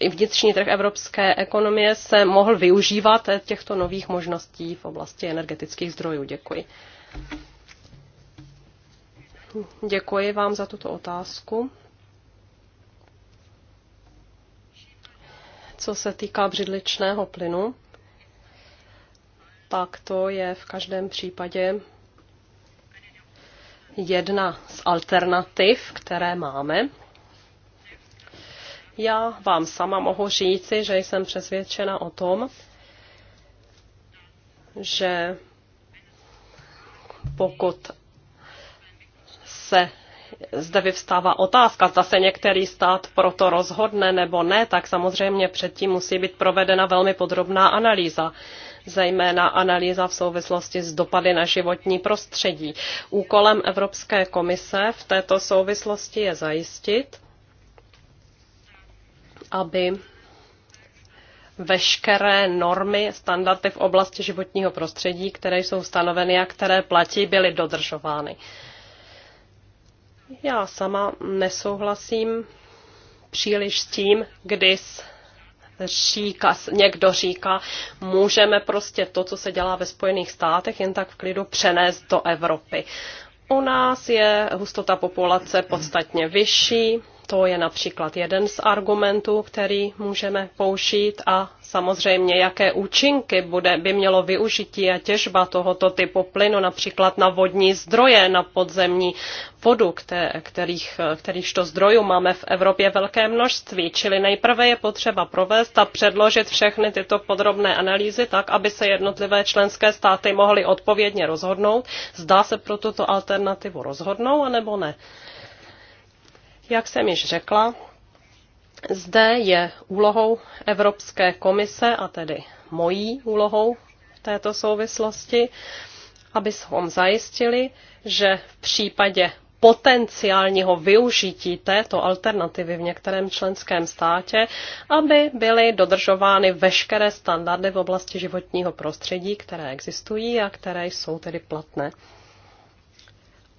i vnitřní trh evropské ekonomie se mohl využívat těchto nových možností v oblasti energetických zdrojů? Děkuji. Děkuji vám za tuto otázku. Co se týká břidličného plynu, tak to je v každém případě jedna z alternativ, které máme. Já vám sama mohu říci, že jsem přesvědčena o tom, že pokud se zde vyvstává otázka, zda se některý stát proto rozhodne nebo ne, tak samozřejmě předtím musí být provedena velmi podrobná analýza zejména analýza v souvislosti s dopady na životní prostředí. Úkolem Evropské komise v této souvislosti je zajistit, aby veškeré normy, standardy v oblasti životního prostředí, které jsou stanoveny a které platí, byly dodržovány. Uh, já sama nesouhlasím příliš s tím, když říká, někdo říká, můžeme prostě to, co se dělá ve Spojených státech, jen tak v klidu přenést do Evropy. U nás je hustota populace podstatně vyšší, to je například jeden z argumentů, který můžeme použít a samozřejmě jaké účinky bude, by mělo využití a těžba tohoto typu plynu například na vodní zdroje, na podzemní vodu, kterých, kterýchto zdrojů máme v Evropě velké množství. Čili nejprve je potřeba provést a předložit všechny tyto podrobné analýzy tak, aby se jednotlivé členské státy mohly odpovědně rozhodnout. Zdá se pro tuto alternativu rozhodnou, anebo ne? Jak jsem již řekla, zde je úlohou Evropské komise, a tedy mojí úlohou v této souvislosti, abychom zajistili, že v případě potenciálního využití této alternativy v některém členském státě, aby byly dodržovány veškeré standardy v oblasti životního prostředí, které existují a které jsou tedy platné.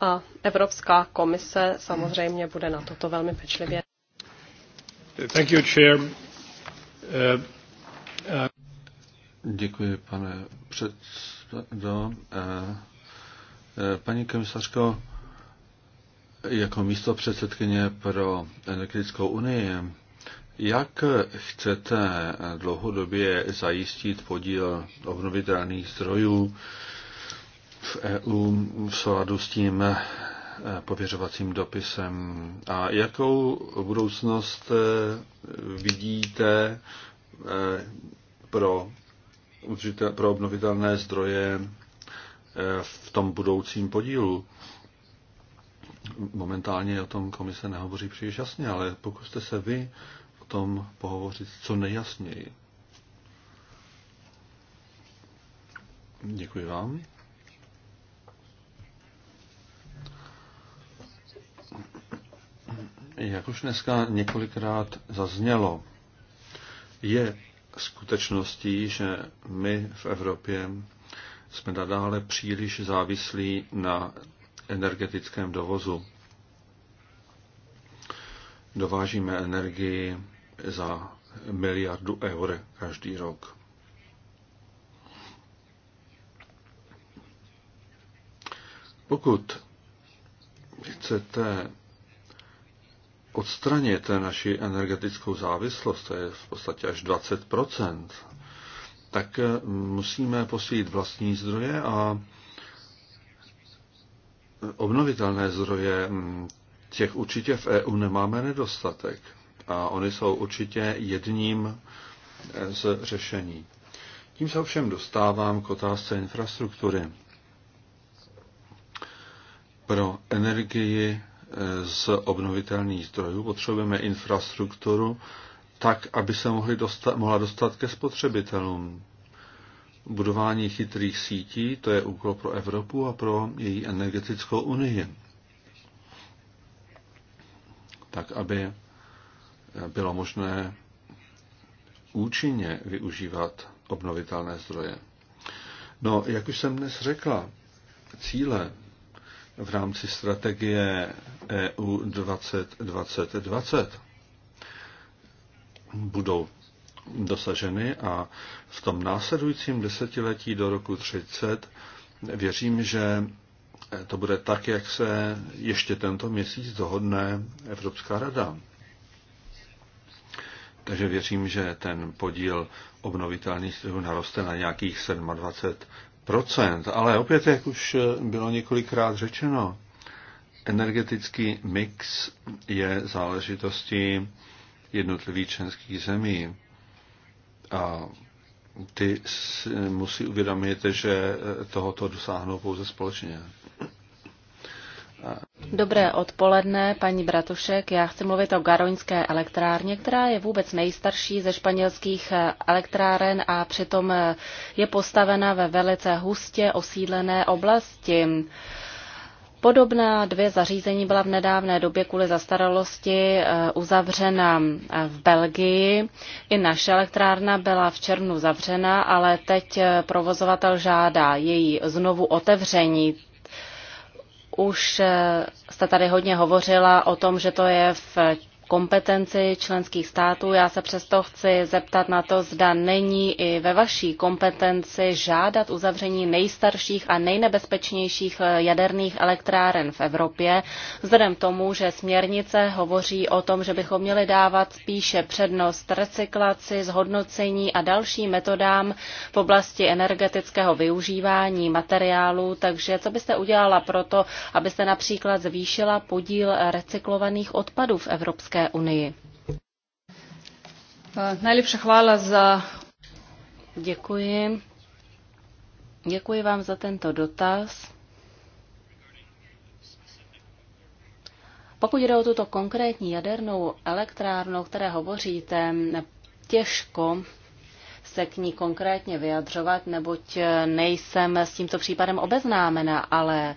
A Evropská komise samozřejmě bude na toto velmi pečlivě. Thank you, chair. Uh, uh... Děkuji, pane předsedo. Uh, paní komisařko, jako místo předsedkyně pro energetickou unii, jak chcete dlouhodobě zajistit podíl obnovitelných zdrojů v EU v souladu s tím eh, pověřovacím dopisem. A jakou budoucnost eh, vidíte eh, pro, pro obnovitelné zdroje v tom budoucím podílu? Momentálně o tom komise nehovoří příliš jasně, ale pokuste se vy o tom pohovořit co nejjasněji. Děkuji vám. Jak už dneska několikrát zaznělo, je skutečností, že my v Evropě jsme nadále příliš závislí na energetickém dovozu. Dovážíme energii za miliardu eur každý rok. Pokud chcete odstranit naši energetickou závislost, to je v podstatě až 20 tak eh, musíme posílit vlastní zdroje a obnovitelné zdroje hm, těch určitě v EU nemáme nedostatek. A oni jsou určitě jedním eh, z řešení. Tím se ovšem dostávám k otázce infrastruktury. Pro energii z obnovitelných zdrojů, potřebujeme infrastrukturu tak, aby se mohli dostat, mohla dostat ke spotřebitelům. Budování chytrých sítí, to je úkol pro Evropu a pro její energetickou unii. Tak, aby bylo možné účinně využívat obnovitelné zdroje. No, jak už jsem dnes řekla, cíle v rámci strategie EU 2020 budou dosaženy a v tom následujícím desetiletí do roku 30 věřím, že to bude tak, jak se ještě tento měsíc dohodne Evropská rada. Takže věřím, že ten podíl obnovitelných zdrojů naroste na nějakých Procent, ale opět, jak už eh, bylo několikrát řečeno, energetický mix je záležitostí jednotlivých členských zemí. A ty musí uvědomit, že eh, tohoto dosáhnou pouze společně. Dobré odpoledne, paní Bratušek. Já chci mluvit o Garoňské elektrárně, která je vůbec nejstarší ze španělských elektráren a přitom je postavena ve velice hustě osídlené oblasti. Podobná dvě zařízení byla v nedávné době kvůli zastaralosti eh, uzavřena eh, v Belgii. I naše elektrárna byla v červnu zavřena, ale teď eh, provozovatel žádá její znovu otevření. Už eh, jste tady hodně hovořila o tom, že to je v kompetenci členských států. Já se přesto chci zeptat na to, zda není i ve vaší kompetenci žádat uzavření nejstarších a nejnebezpečnějších jaderných elektráren v Evropě, vzhledem tomu, že směrnice hovoří o tom, že bychom měli dávat spíše přednost recyklaci, zhodnocení a dalším metodám v oblasti energetického využívání materiálů. Takže co byste udělala proto, abyste například zvýšila podíl recyklovaných odpadů v Evropské Evropské unii. Eh, Najlepší chvála za... Děkuji. Děkuji vám za tento dotaz. Pokud jde o tuto konkrétní jadernou elektrárnu, o které hovoříte, těžko se k ní konkrétně vyjadřovat, neboť nejsem s tímto případem obeznámena, ale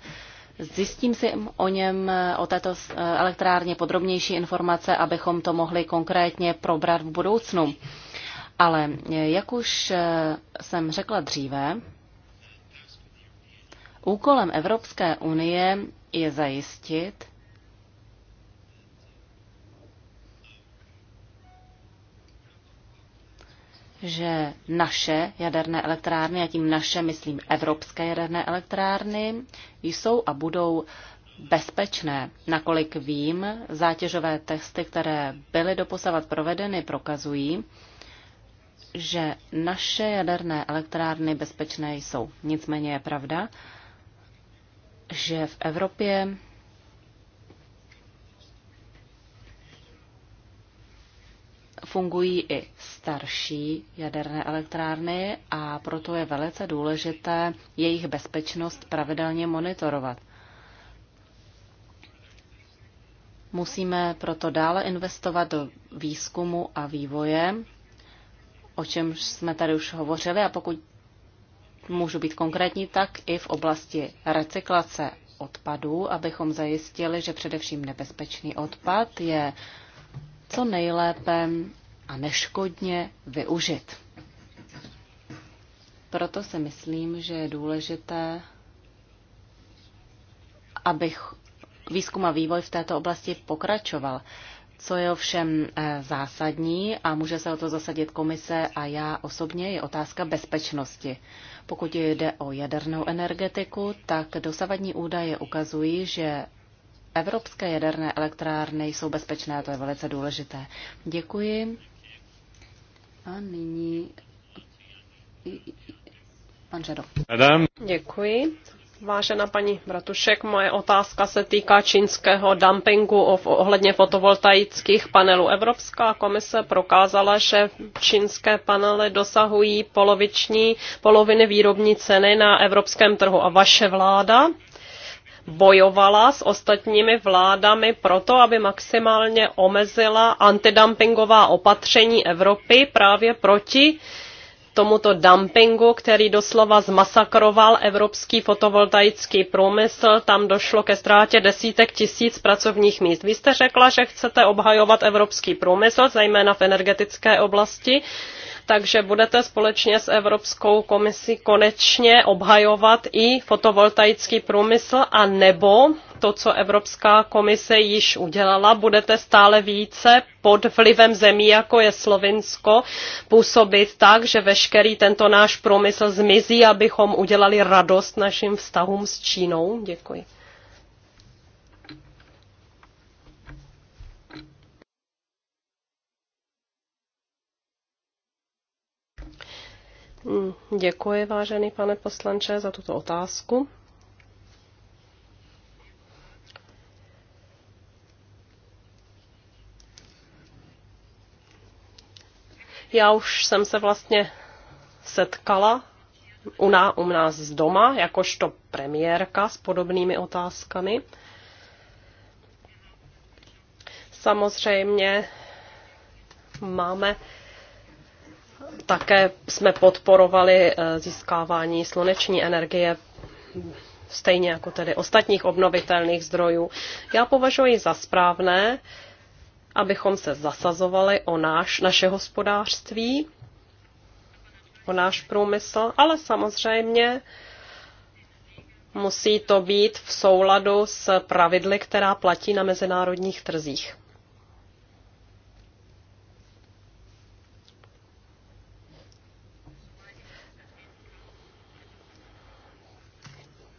Zjistím si o něm, eh, o této eh, elektrárně podrobnější informace, abychom to mohli konkrétně probrat v budoucnu. Ale eh, jak už jsem řekla dříve, úkolem Evropské unie je zajistit, že naše jaderné elektrárny, a tím naše, myslím, evropské jaderné elektrárny, jsou a budou bezpečné. Nakolik vím, zátěžové testy, které byly doposavat provedeny, prokazují, že naše jaderné elektrárny bezpečné jsou. Nicméně je pravda, že v Evropě fungují i starší jaderné elektrárny a proto je velice důležité jejich bezpečnost pravidelně monitorovat. Musíme proto dále investovat do výzkumu a vývoje, o čem jsme tady už hovořili a pokud můžu být konkrétní, tak i v oblasti recyklace odpadů, abychom zajistili, že především nebezpečný odpad je co nejlépe a neškodně využit. Proto si myslím, že je důležité, abych výzkum a vývoj v této oblasti pokračoval. Co je ovšem eh, zásadní a může se o to zasadit komise a já osobně, je otázka bezpečnosti. Pokud jde o jadernou energetiku, tak dosavadní údaje ukazují, že evropské jaderné elektrárny jsou bezpečné to je velice důležité. Děkuji. A nyní pan Žado. Děkuji. Vážená paní Bratušek, moje otázka se týká čínského dumpingu ohledně fotovoltaických panelů. Evropská komise prokázala, že čínské panely dosahují poloviční, poloviny výrobní ceny na evropském trhu a vaše vláda bojovala s ostatními vládami proto, aby maximálně omezila antidumpingová opatření Evropy právě proti tomuto dumpingu, který doslova zmasakroval evropský fotovoltaický průmysl. Tam došlo ke ztrátě desítek tisíc pracovních míst. Vy jste řekla, že chcete obhajovat evropský průmysl, zejména v energetické oblasti takže budete společně s Evropskou komisí konečně obhajovat i fotovoltaický průmysl a nebo to, co Evropská komise již udělala, budete stále více pod vlivem zemí, jako je Slovinsko, působit tak, že veškerý tento náš průmysl zmizí, abychom udělali radost našim vztahům s Čínou? Děkuji. Děkuji, vážený pane poslanče, za tuto otázku. Já už jsem se vlastně setkala u nás, u nás z doma, jakožto premiérka s podobnými otázkami. Samozřejmě máme také jsme podporovali eh, získávání sluneční energie stejně jako tedy ostatních obnovitelných zdrojů. Já považuji za správné, abychom se zasazovali o náš, naše hospodářství, o náš průmysl, ale samozřejmě musí to být v souladu s pravidly, která platí na mezinárodních trzích.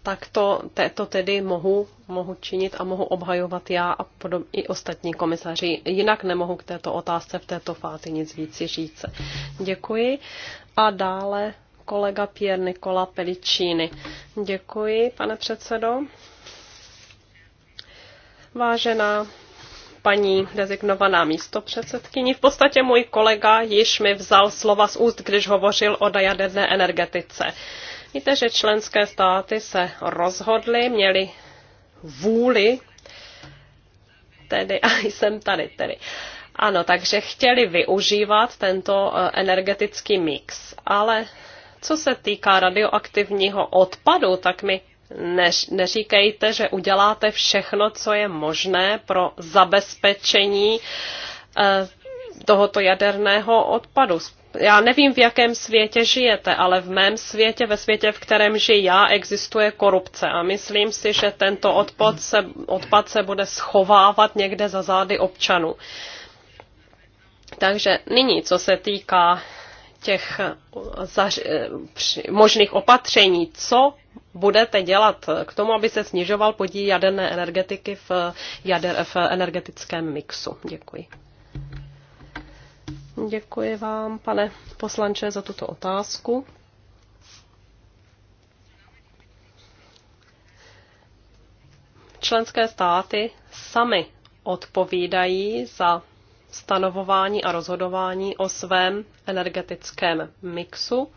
tak to, to tedy mohu, mohu činit a mohu obhajovat já a podob, i ostatní komisaři. Jinak nemohu k této otázce v této fázi nic víc říct. Děkuji. A dále kolega Pier Nikola Pelicini. Děkuji, pane předsedo. Vážená paní rezignovaná místo předsedkyni. V podstatě můj kolega již mi vzal slova z úst, když hovořil o jaderné energetice. Víte, že členské státy se rozhodly, měly vůli, tedy a jsem tady, tedy. Ano, takže chtěli využívat tento eh, energetický mix, ale co se týká radioaktivního odpadu, tak mi než, neříkejte, že uděláte všechno, co je možné pro zabezpečení eh, tohoto jaderného odpadu já nevím, v jakém světě žijete, ale v mém světě, ve světě, v kterém žiji já, existuje korupce. A myslím si, že tento odpad se, odpad se bude schovávat někde za zády občanů. Takže nyní, co se týká těch eh, zaři- eh, možných opatření, co budete dělat k tomu, aby se snižoval podíl jaderné energetiky v, jader- v energetickém mixu? Děkuji. Děkuji vám, pane poslanče, za tuto otázku. Členské státy sami odpovídají za stanovování a rozhodování o svém energetickém mixu.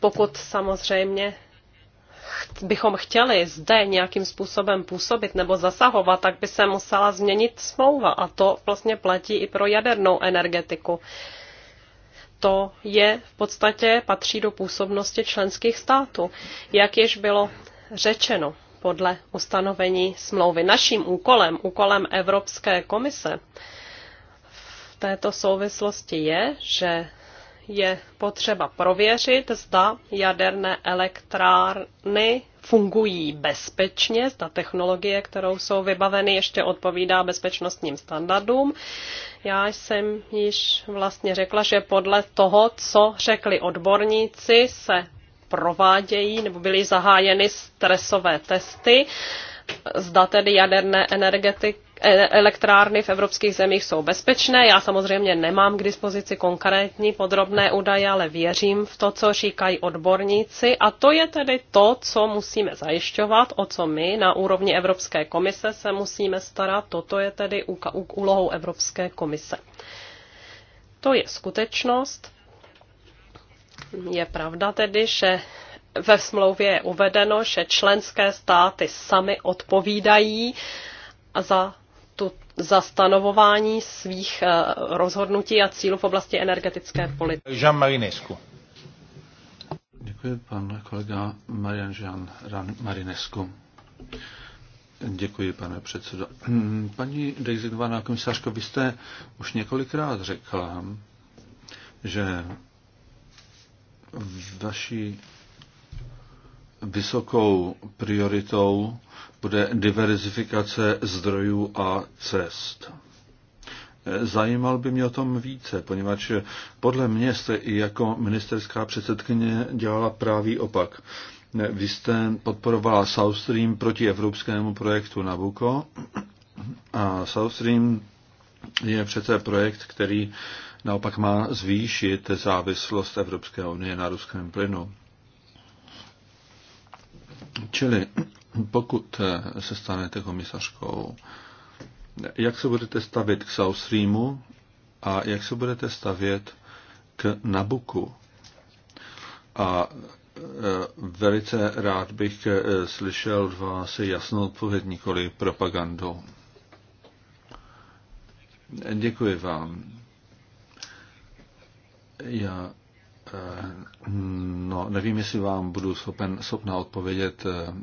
Pokud samozřejmě bychom chtěli zde nějakým způsobem působit nebo zasahovat, tak by se musela změnit smlouva a to vlastně platí i pro jadernou energetiku. To je v podstatě patří do působnosti členských států, jak již bylo řečeno podle ustanovení smlouvy. Naším úkolem, úkolem Evropské komise v této souvislosti je, že je potřeba prověřit, zda jaderné elektrárny fungují bezpečně, zda technologie, kterou jsou vybaveny, ještě odpovídá bezpečnostním standardům. Já jsem již vlastně řekla, že podle toho, co řekli odborníci, se provádějí nebo byly zahájeny stresové testy, zda tedy jaderné energetiky E, elektrárny v evropských zemích jsou bezpečné. Já samozřejmě nemám k dispozici konkrétní podrobné údaje, ale věřím v to, co říkají odborníci. A to je tedy to, co musíme zajišťovat, o co my na úrovni Evropské komise se musíme starat. Toto je tedy úlohou Evropské komise. To je skutečnost. Je pravda tedy, že ve smlouvě je uvedeno, že členské státy sami odpovídají za tu, za stanovování svých eh, rozhodnutí a cílů v oblasti energetické politiky. Jean Marinescu. Děkuji, pan kolega Marian Jean Marinescu. Děkuji, pane předsedo. Paní designovaná komisářko, vy jste už několikrát řekla, že vaší vysokou prioritou bude diverzifikace zdrojů a cest. Zajímal by mě o tom více, poněvadž podle mě jste i jako ministerská předsedkyně dělala právý opak. Vy jste podporovala South Stream proti evropskému projektu Nabucco a South Stream je přece projekt, který naopak má zvýšit závislost Evropské unie na ruském plynu. Čili pokud eh, se stanete komisařkou, jak se budete stavět k South Streamu a jak se budete stavět k Nabuku? A eh, velice rád bych eh, slyšel od vás jasnou odpověď, nikoli propagandu. Děkuji vám. Já Eh, no, nevím, jestli vám budu schopen, schopna odpovědět eh,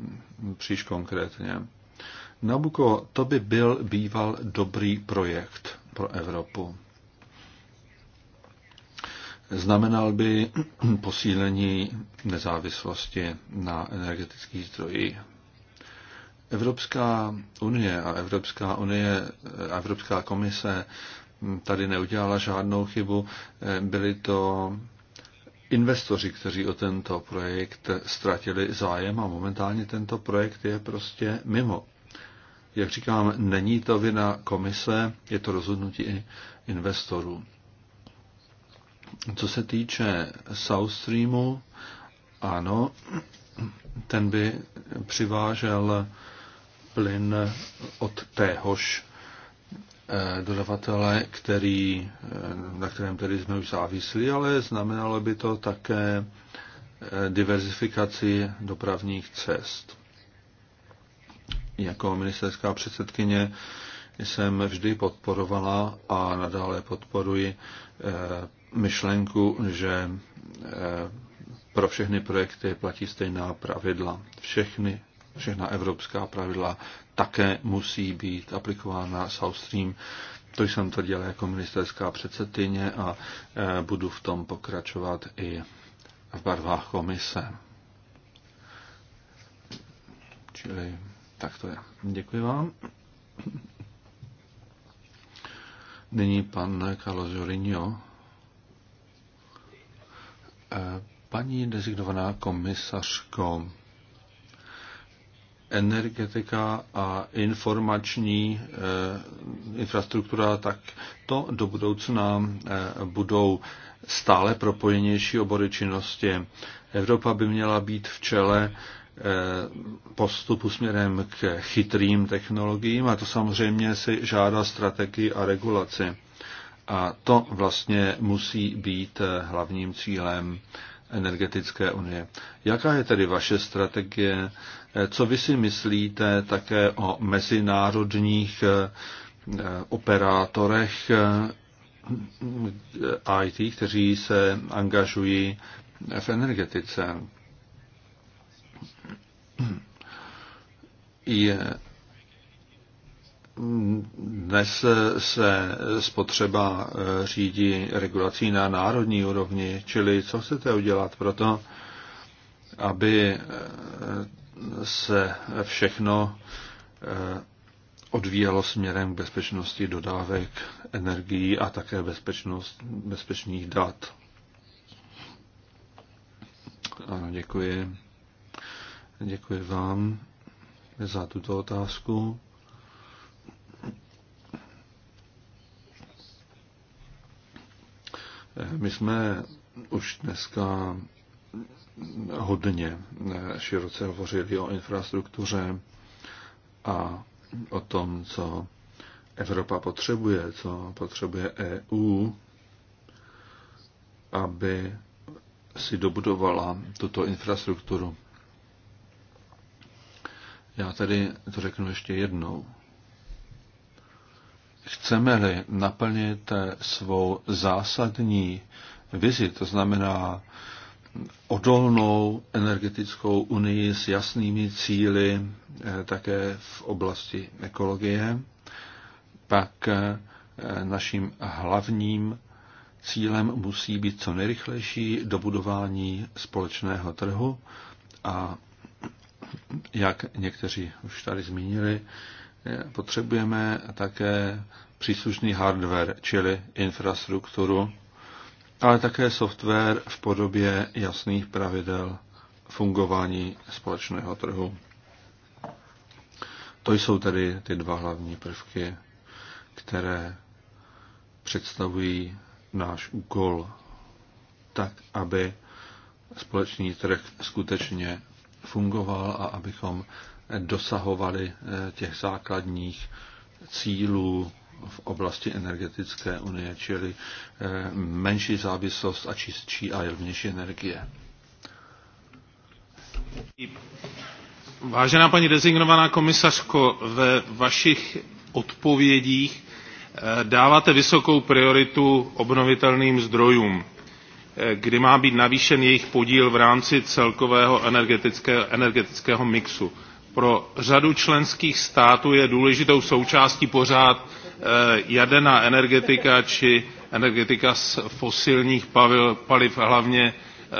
příliš konkrétně. Nabuko, to by byl býval dobrý projekt pro Evropu. Znamenal by posílení nezávislosti na energetických zdrojích. Evropská unie a Evropská unie a eh, Evropská komise hm, tady neudělala žádnou chybu. Byly to investoři, kteří o tento projekt ztratili zájem a momentálně tento projekt je prostě mimo. Jak říkám, není to vina komise, je to rozhodnutí investorů. Co se týče South Streamu, ano, ten by přivážel plyn od téhož Eh, dodavatele, který, eh, na kterém tedy jsme už závislí, ale znamenalo by to také eh, diverzifikaci dopravních cest. Jako ministerská předsedkyně jsem vždy podporovala a nadále podporuji myšlenku, že pro všechny projekty platí stejná pravidla. Všechny, všechna evropská pravidla také musí být aplikována South Stream. To jsem to dělal jako ministerská předsedkyně a e, budu v tom pokračovat i v barvách komise. Čili tak to je. Děkuji vám. Nyní pan Carlos Jorinho. E, paní designovaná komisařko, energetika a informační eh, infrastruktura, tak to do budoucna eh, budou stále propojenější obory činnosti. Evropa by měla být v čele eh, postupu směrem k chytrým technologiím a to samozřejmě si žádá strategii a regulaci. A to vlastně musí být hlavním cílem energetické unie. Jaká je tedy vaše strategie? Eh, co vy si myslíte také o mezinárodních eh, operátorech eh, IT, kteří se angažují v energetice? Je dnes se spotřeba eh, řídí regulací na národní úrovni, čili co chcete udělat pro to, aby eh, se všechno eh, odvíjelo směrem k bezpečnosti dodávek energií a také bezpečnost bezpečných dat. Ano, děkuji. Děkuji vám za tuto otázku. My jsme už dneska hodně široce hovořili o infrastruktuře a o tom, co Evropa potřebuje, co potřebuje EU, aby si dobudovala tuto infrastrukturu. Já tady to řeknu ještě jednou. Chceme-li naplnit svou zásadní vizi, to znamená odolnou energetickou unii s jasnými cíly eh, také v oblasti ekologie, pak eh, naším hlavním cílem musí být co nejrychlejší dobudování společného trhu a jak někteří už tady zmínili, potřebujeme také příslušný hardware, čili infrastrukturu, ale také software v podobě jasných pravidel fungování společného trhu. To jsou tedy ty dva hlavní prvky, které představují náš úkol tak, aby společný trh skutečně fungoval a abychom dosahovali eh, těch základních cílů v oblasti energetické unie, čili eh, menší závislost a čistší a levnější energie. Vážená paní rezignovaná komisařko, ve vašich odpovědích eh, dáváte vysokou prioritu obnovitelným zdrojům, kdy má být navýšen jejich podíl v rámci celkového energetického, energetického mixu pro řadu členských států je důležitou součástí pořád eh, jaderná energetika či energetika z fosilních paliv, hlavně eh,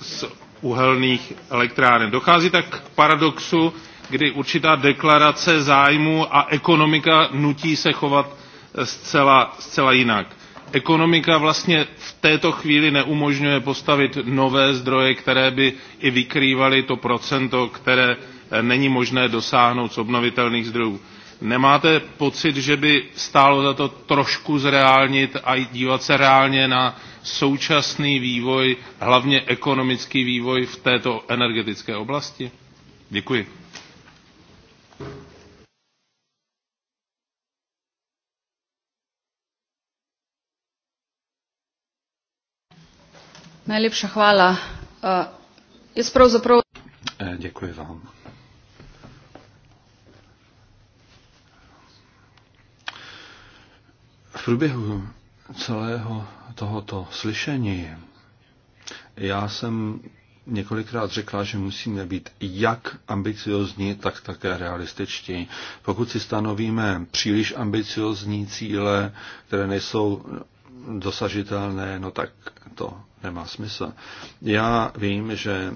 z uhelných elektráren. Dochází tak k paradoxu, kdy určitá deklarace zájmu a ekonomika nutí se chovat eh, zcela, zcela jinak. Ekonomika vlastně v této chvíli neumožňuje postavit nové zdroje, které by i vykrývaly to procento, které není možné dosáhnout z obnovitelných zdrojů. Nemáte pocit, že by stálo za to trošku zreálnit a dívat se reálně na současný vývoj, hlavně ekonomický vývoj v této energetické oblasti? Děkuji. Najlepša hvala. Uh, jaz pravzaprav. Eh, děkuji vám. V průběhu celého tohoto slyšení já jsem několikrát řekla, že musíme být jak ambiciozní, tak také realističtí. Pokud si stanovíme příliš ambiciozní cíle, které nejsou dosažitelné, no tak to nemá smysl. Já vím, že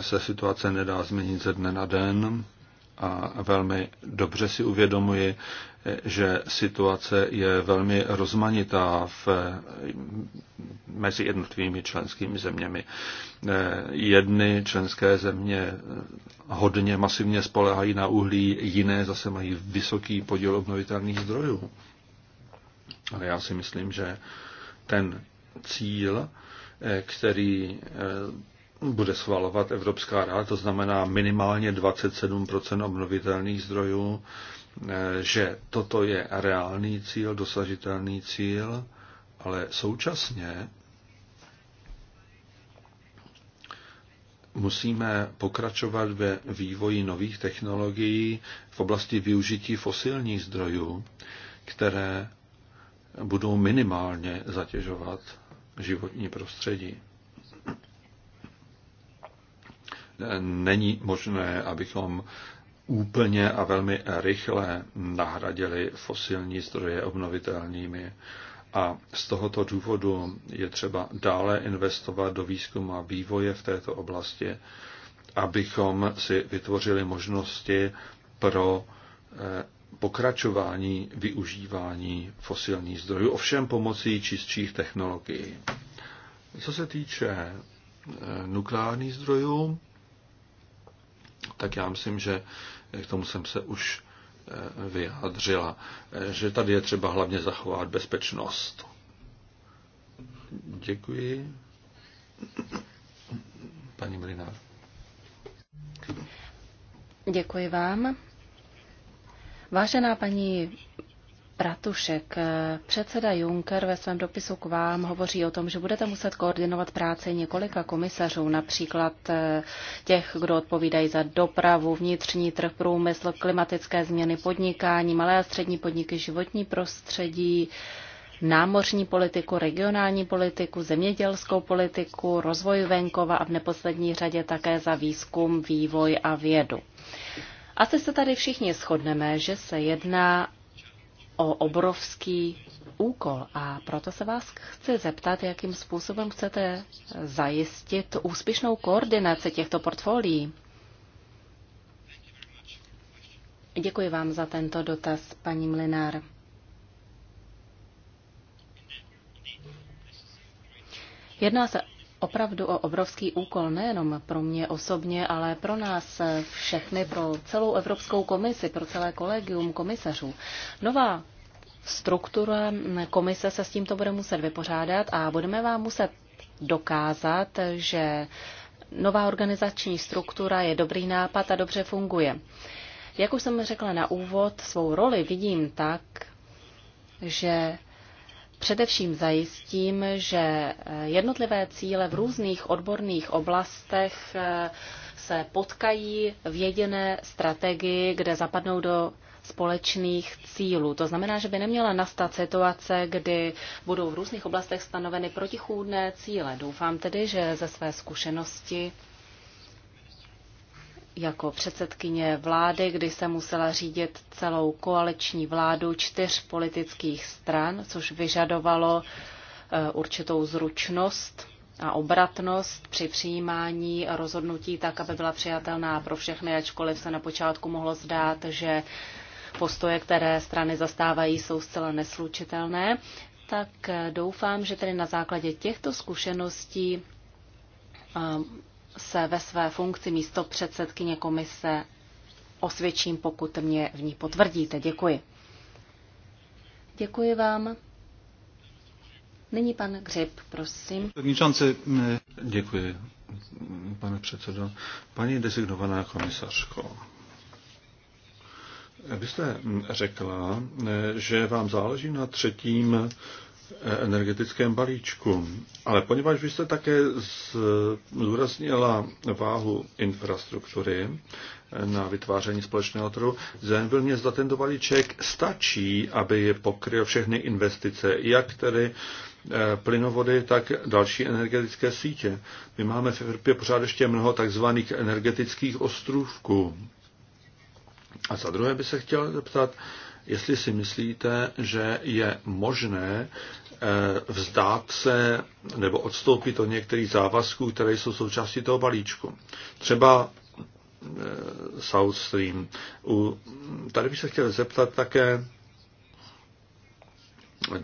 se situace nedá změnit ze dne na den, a velmi dobře si uvědomuji, že situace je velmi rozmanitá v, mezi jednotlivými členskými zeměmi. Jedny členské země hodně masivně spolehají na uhlí, jiné zase mají vysoký podíl obnovitelných zdrojů. Ale já si myslím, že ten cíl, který bude schvalovat Evropská rada, to znamená minimálně 27 obnovitelných zdrojů, eh, že toto je reálný cíl, dosažitelný cíl, ale současně musíme pokračovat ve vývoji nových technologií v oblasti využití fosilních zdrojů, které budou minimálně zatěžovat životní prostředí. není možné, abychom úplně a velmi rychle nahradili fosilní zdroje obnovitelnými. A z tohoto důvodu je třeba dále investovat do výzkumu a vývoje v této oblasti, abychom si vytvořili možnosti pro eh, pokračování využívání fosilních zdrojů, ovšem pomocí čistších technologií. Co se týče eh, nukleárních zdrojů, tak já myslím, že k tomu jsem se už eh, vyjádřila, eh, že tady je třeba hlavně zachovat bezpečnost. Děkuji. Paní Mlinár. Děkuji vám. Vážená paní Pratušek, eh, Předseda Juncker ve svém dopisu k vám hovoří o tom, že budete muset koordinovat práci několika komisařů, například eh, těch, kdo odpovídají za dopravu, vnitřní trh, průmysl, klimatické změny, podnikání, malé a střední podniky, životní prostředí, námořní politiku, regionální politiku, zemědělskou politiku, rozvoj venkova a v neposlední řadě také za výzkum, vývoj a vědu. Asi se tady všichni shodneme, že se jedná o obrovský úkol a proto se vás chci zeptat, jakým způsobem chcete zajistit úspěšnou koordinaci těchto portfolií. Děkuji vám za tento dotaz, paní Mlinár. Jedná se opravdu o obrovský úkol nejenom pro mě osobně, ale pro nás všechny, pro celou Evropskou komisi, pro celé kolegium komisařů. Nová struktura komise se s tímto bude muset vypořádat a budeme vám muset dokázat, že nová organizační struktura je dobrý nápad a dobře funguje. Jak už jsem řekla na úvod, svou roli vidím tak, že Především zajistím, že eh, jednotlivé cíle v různých odborných oblastech eh, se potkají v jediné strategii, kde zapadnou do společných cílů. To znamená, že by neměla nastat situace, kdy budou v různých oblastech stanoveny protichůdné cíle. Doufám tedy, že ze své zkušenosti jako předsedkyně vlády, kdy se musela řídit celou koaliční vládu čtyř politických stran, což vyžadovalo eh, určitou zručnost a obratnost při přijímání rozhodnutí tak, aby byla přijatelná pro všechny, ačkoliv se na počátku mohlo zdát, že postoje, které strany zastávají, jsou zcela neslučitelné, tak eh, doufám, že tedy na základě těchto zkušeností eh, se ve své funkci místo předsedkyně komise osvědčím, pokud mě v ní potvrdíte. Děkuji. Děkuji vám. Nyní pan Gřib, prosím. Děkuji, pane předsedo. Paní designovaná komisařko, vy jste řekla, že vám záleží na třetím energetickém balíčku. Ale poněvadž vy jste také zdůraznila váhu infrastruktury na vytváření společného trhu, zajímavil mě, zda tento balíček stačí, aby je pokryl všechny investice, jak tedy eh, plynovody, tak další energetické sítě. My máme v Evropě pořád ještě mnoho takzvaných energetických ostrůvků. A za druhé by se chtěl zeptat, jestli si myslíte, že je možné eh, vzdát se nebo odstoupit od některých závazků, které jsou součástí toho balíčku. Třeba eh, South Stream. U, tady bych se chtěl zeptat také,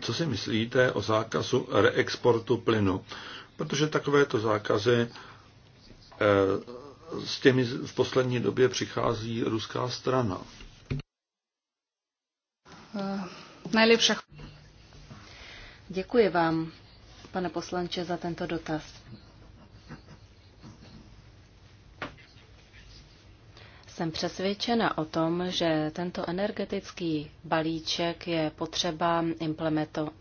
co si myslíte o zákazu reexportu plynu? Protože takovéto zákazy eh, s těmi v poslední době přichází ruská strana. Eh, najlepša. Děkuji vám, pane poslanče, za tento dotaz. Jsem přesvědčena o tom, že tento energetický balíček je potřeba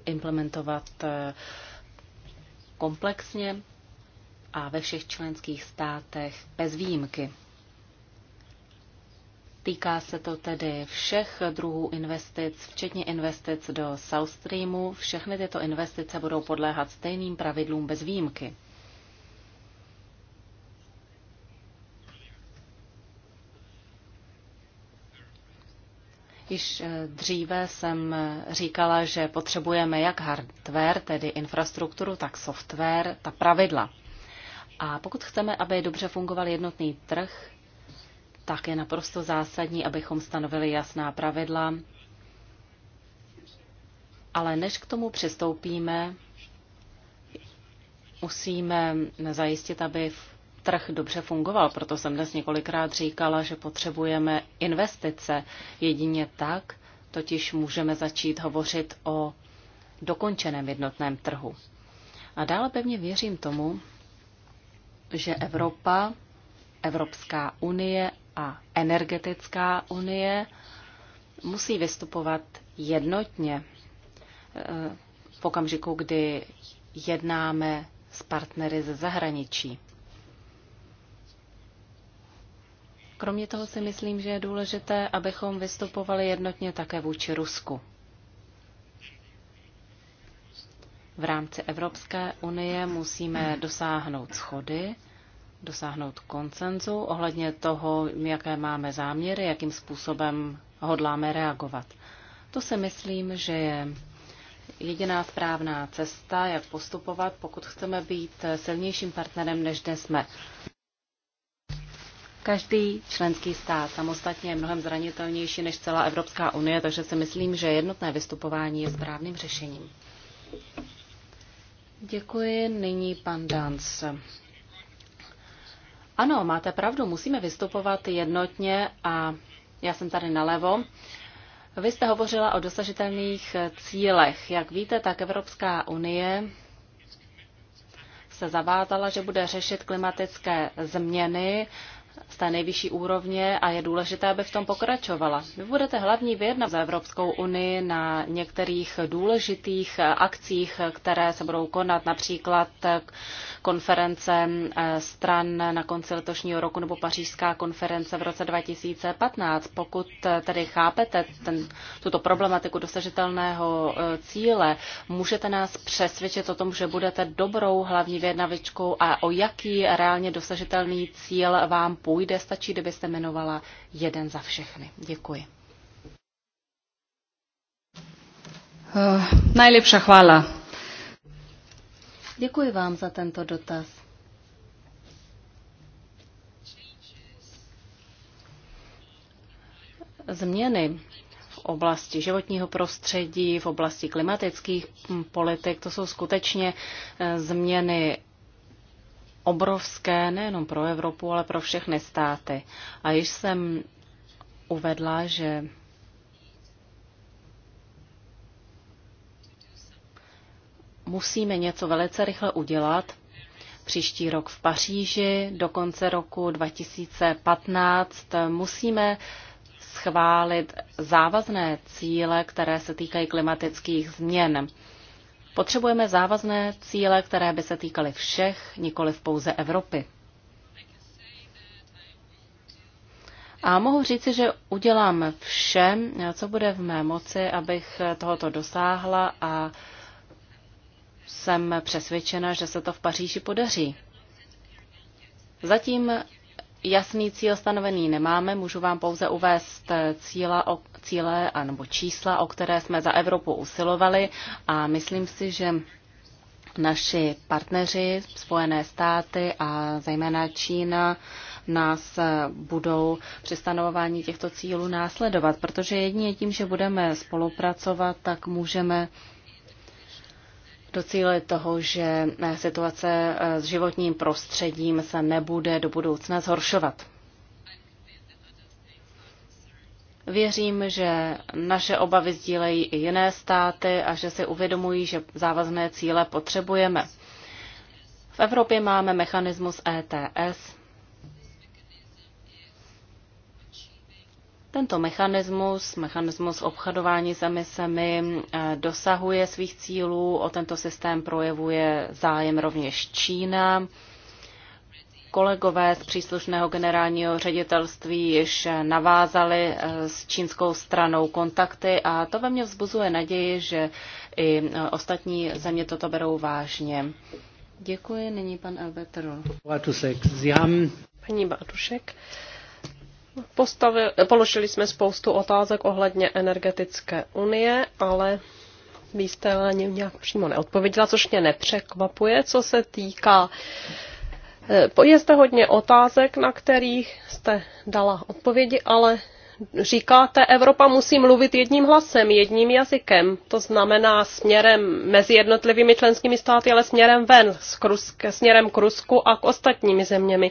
implementovat eh, komplexně a ve všech členských státech bez výjimky. Týká se to tedy všech druhů investic, včetně investic do South Streamu. Všechny tyto investice budou podléhat stejným pravidlům bez výjimky. Již eh, dříve jsem říkala, že potřebujeme jak hardware, tedy infrastrukturu, tak software, ta pravidla. A pokud chceme, aby dobře fungoval jednotný trh, tak je naprosto zásadní, abychom stanovili jasná pravidla. Ale než k tomu přistoupíme, musíme zajistit, aby trh dobře fungoval. Proto jsem dnes několikrát říkala, že potřebujeme investice. Jedině tak totiž můžeme začít hovořit o dokončeném jednotném trhu. A dále pevně věřím tomu, že Evropa, Evropská unie a energetická unie musí vystupovat jednotně e, v okamžiku, kdy jednáme s partnery ze zahraničí. Kromě toho si myslím, že je důležité, abychom vystupovali jednotně také vůči Rusku. V rámci Evropské unie musíme dosáhnout schody dosáhnout koncenzu ohledně toho, jaké máme záměry, jakým způsobem hodláme reagovat. To si myslím, že je jediná správná cesta, jak postupovat, pokud chceme být silnějším partnerem, než dnes jsme. Každý členský stát samostatně je mnohem zranitelnější než celá Evropská unie, takže si myslím, že jednotné vystupování je správným řešením. Děkuji. Nyní pan Dance. Ano, máte pravdu, musíme vystupovat jednotně a já jsem tady nalevo. Vy jste hovořila o dosažitelných cílech. Jak víte, tak Evropská unie se zavázala, že bude řešit klimatické změny z té nejvyšší úrovně a je důležité, aby v tom pokračovala. Vy budete hlavní vědna za Evropskou unii na některých důležitých akcích, které se budou konat, například konference eh, stran na konci letošního roku nebo pařížská konference v roce 2015. Pokud eh, tedy chápete ten, tuto problematiku dosažitelného eh, cíle, můžete nás přesvědčit o tom, že budete dobrou hlavní vědnavičkou a o jaký reálně dosažitelný cíl vám půjde. Stačí, kdybyste jmenovala jeden za všechny. Děkuji. Uh, eh, Nejlepší chvála. Děkuji vám za tento dotaz. Změny v oblasti životního prostředí, v oblasti klimatických hm, politik, to jsou skutečně eh, změny obrovské nejenom pro Evropu, ale pro všechny státy. A již jsem uvedla, že musíme něco velice rychle udělat. Příští rok v Paříži, do konce roku 2015 musíme schválit závazné cíle, které se týkají klimatických změn. Potřebujeme závazné cíle, které by se týkaly všech, nikoli v pouze Evropy. A mohu říci, že udělám vše, co bude v mé moci, abych tohoto dosáhla a jsem přesvědčena, že se to v Paříži podaří. Zatím jasný cíl stanovený nemáme, můžu vám pouze uvést cíla, o cíle anebo čísla, o které jsme za Evropu usilovali a myslím si, že naši partneři, Spojené státy a zejména Čína, nás budou při stanovování těchto cílů následovat, protože jedině tím, že budeme spolupracovat, tak můžeme docílit toho, že situace s životním prostředím se nebude do budoucna zhoršovat. Věřím, že naše obavy sdílejí i jiné státy a že si uvědomují, že závazné cíle potřebujeme. V Evropě máme mechanismus ETS. Tento mechanismus, mechanismus obchodování s emisemi, eh, dosahuje svých cílů. O tento systém projevuje zájem rovněž Čína kolegové z příslušného generálního ředitelství již navázali eh, s čínskou stranou kontakty a to ve mně vzbuzuje naději, že i eh, ostatní země toto berou vážně. Děkuji, nyní pan Albertero. Paní Bartušek, postavil, položili jsme spoustu otázek ohledně energetické unie, ale vy jste ani nějak přímo neodpověděla, což mě nepřekvapuje, co se týká uh, Eh, je zde hodně otázek, na kterých jste dala odpovědi, ale říkáte, Evropa musí mluvit jedním hlasem, jedním jazykem, to znamená směrem mezi jednotlivými členskými státy, ale směrem ven, směrem k Rusku a k ostatními zeměmi.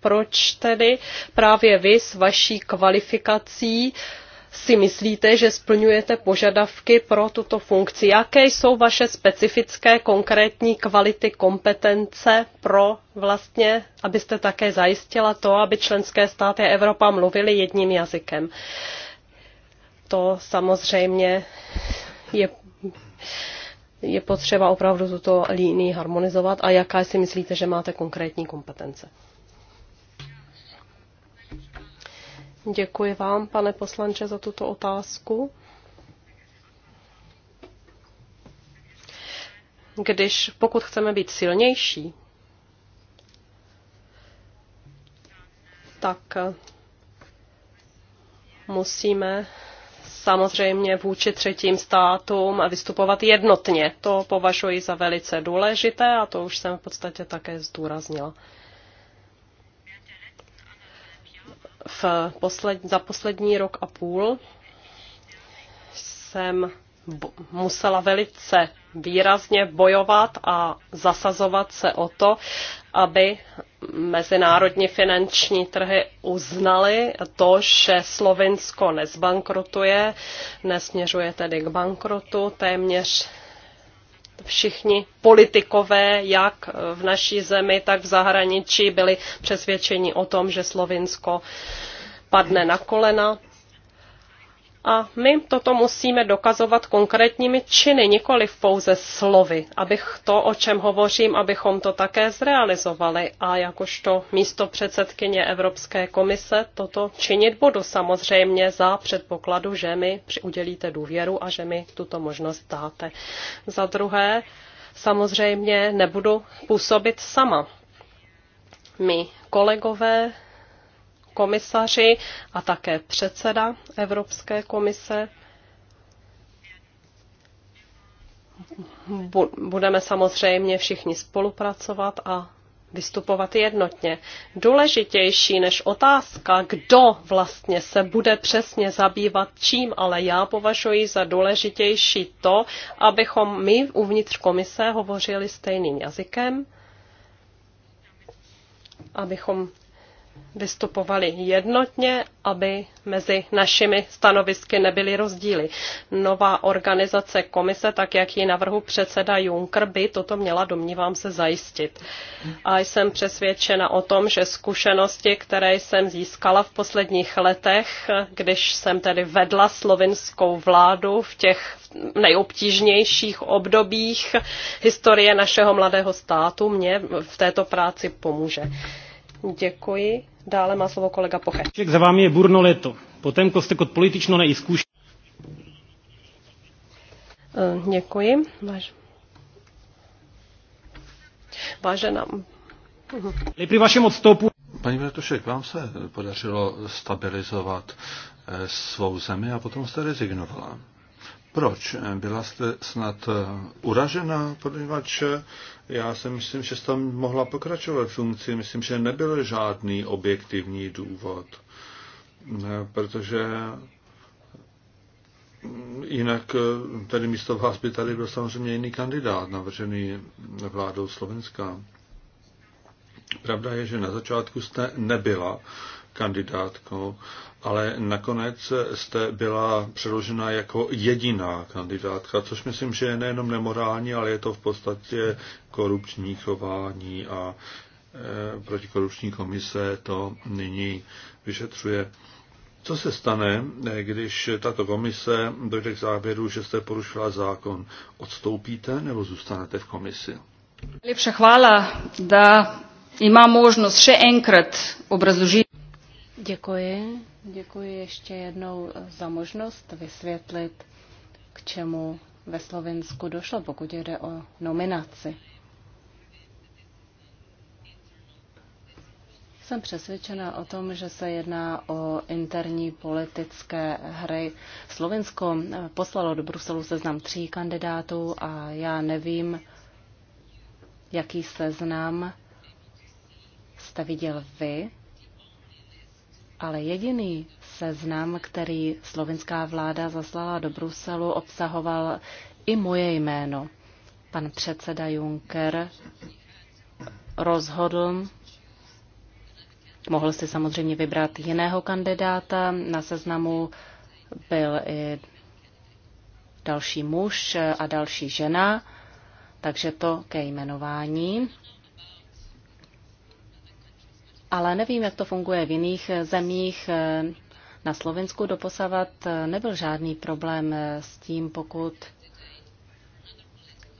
Proč tedy právě vy s vaší kvalifikací si myslíte, že splňujete požadavky pro tuto funkci? Jaké jsou vaše specifické konkrétní kvality kompetence pro vlastně, abyste také zajistila to, aby členské státy a Evropa mluvili jedním jazykem? To samozřejmě je je potřeba opravdu tuto linii harmonizovat a jaké si myslíte, že máte konkrétní kompetence? Děkuji vám, pane poslanče, za tuto otázku. Když pokud chceme být silnější, tak eh, musíme samozřejmě vůči třetím státům a vystupovat jednotně. To považuji za velice důležité a to už jsem v podstatě také zdůraznila. v posled, za poslední rok a půl jsem musela velice výrazně bojovat a zasazovat se o to, aby mezinárodní finanční trhy uznaly to, že Slovensko nezbankrotuje, nesměřuje tedy k bankrotu, téměř všichni politikové, jak v naší zemi, tak v zahraničí, byli přesvědčeni o tom, že Slovinsko padne na kolena a my toto musíme dokazovat konkrétními činy, nikoli pouze slovy, abych to, o čem hovořím, abychom to také zrealizovali. A jakožto místo předsedkyně Evropské komise toto činit budu samozřejmě za předpokladu, že mi udělíte důvěru a že mi tuto možnost dáte. Za druhé, samozřejmě nebudu působit sama. My kolegové komisaři a také předseda Evropské komise. Budeme samozřejmě všichni spolupracovat a vystupovat jednotně. Důležitější než otázka, kdo vlastně se bude přesně zabývat čím, ale já považuji za důležitější to, abychom my uvnitř komise hovořili stejným jazykem, abychom vystupovali jednotně, aby mezi našimi stanovisky nebyly rozdíly. Nová organizace komise, tak jak ji navrhu předseda Juncker, by toto měla, domnívám se, zajistit. A jsem přesvědčena o tom, že zkušenosti, které jsem získala v posledních letech, když jsem tedy vedla slovinskou vládu v těch nejobtížnějších obdobích historie našeho mladého státu, mě v této práci pomůže. Děkuji. Dále má slovo kolega Poche. Za vámi je burno leto. Potem, ko jste kot politično neizkušený. Eh, děkuji. Váž... Vážená. Při vašem odstupu. Paní Bratušek, vám se podařilo stabilizovat eh, svou zemi a potom jste rezignovala. Proč? Byla jste snad eh, uražena, poněvadž eh, já si myslím, že jste tam mohla pokračovat funkci. Myslím, že nebyl žádný objektivní důvod, eh, protože mm, jinak tady místo vás by tady byl samozřejmě jiný kandidát navržený vládou Slovenska. Pravda je, že na začátku jste nebyla kandidátkou, ale nakonec jste byla předložena jako jediná kandidátka, což myslím, že je nejenom nemorální, ale je to v podstatě korupční chování a e, protikorupční komise to nyní vyšetřuje. Co se stane, e, když tato komise dojde k závěru, že jste porušila zákon? Odstoupíte nebo zůstanete v komisi? Lepša chvála, da ima možnost še enkrat obrazložiti Děkuji. Děkuji ještě jednou za možnost vysvětlit, k čemu ve Slovensku došlo, pokud jde o nominaci. Jsem přesvědčena o tom, že se jedná o interní politické hry. Slovensko poslalo do Bruselu seznam tří kandidátů a já nevím, jaký seznam jste viděl vy ale jediný seznam, který slovinská vláda zaslala do Bruselu, obsahoval i moje jméno. Pan předseda Juncker rozhodl, mohl si samozřejmě vybrat jiného kandidáta. Na seznamu byl i další muž a další žena, takže to ke jmenování ale nevím, jak to funguje v jiných zemích. Na Slovensku doposavat nebyl žádný problém s tím, pokud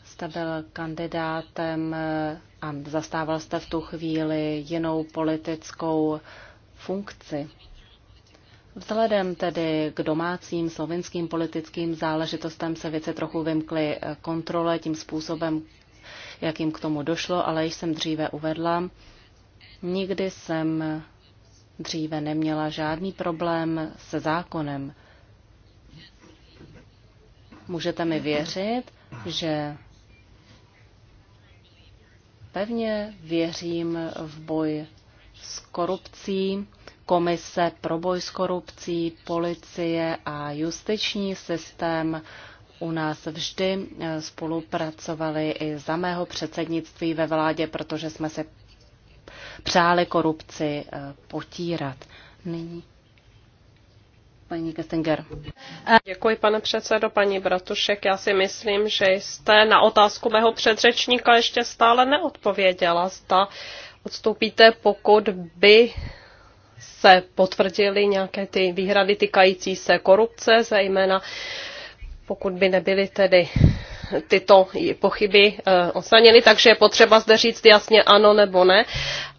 jste byl kandidátem a zastával jste v tu chvíli jinou politickou funkci. Vzhledem tedy k domácím slovenským politickým záležitostem se věci trochu vymkly kontrole tím způsobem, jakým k tomu došlo, ale již jsem dříve uvedla, Nikdy jsem dříve neměla žádný problém se zákonem. Můžete mi věřit, že pevně věřím v boj s korupcí, komise pro boj s korupcí, policie a justiční systém u nás vždy eh, spolupracovali i za mého předsednictví ve vládě, protože jsme se přáli korupci eh, potírat. Nyní paní Kestinger. Děkuji, pane předsedo, paní Bratušek. Já si myslím, že jste na otázku mého předřečníka ještě stále neodpověděla. Zda odstoupíte, pokud by se potvrdily nějaké ty výhrady týkající se korupce, zejména pokud by nebyly tedy tyto pochyby eh, odstraněny, takže je potřeba zde říct jasně ano nebo ne.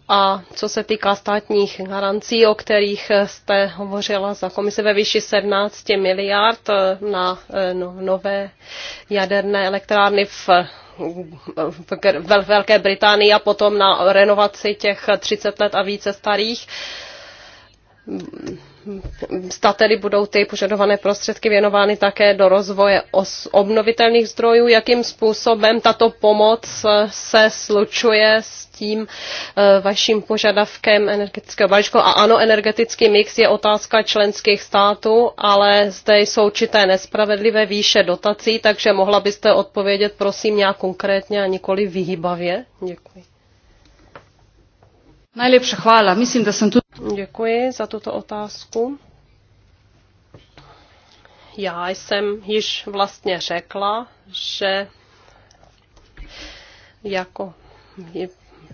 A co se týká státních garancí, o kterých eh, jste hovořila za Komise ve výši 17 miliard eh, na no, nové jaderné elektrárny v Velké Británii a potom na renovaci těch 30 let a více starých, zda tedy budou ty požadované prostředky věnovány také do rozvoje os obnovitelných zdrojů, jakým způsobem tato pomoc eh, se slučuje s tím eh, vaším požadavkem energetického balíčku. A ano, energetický mix je otázka členských států, ale zde jsou určité nespravedlivé výše dotací, takže mohla byste odpovědět prosím nějak konkrétně a nikoli vyhýbavě. Děkuji. Najlepša hvala. Mislim, da sem tudi. Děkuji za tuto otázku. Já jsem již vlastně řekla, že jako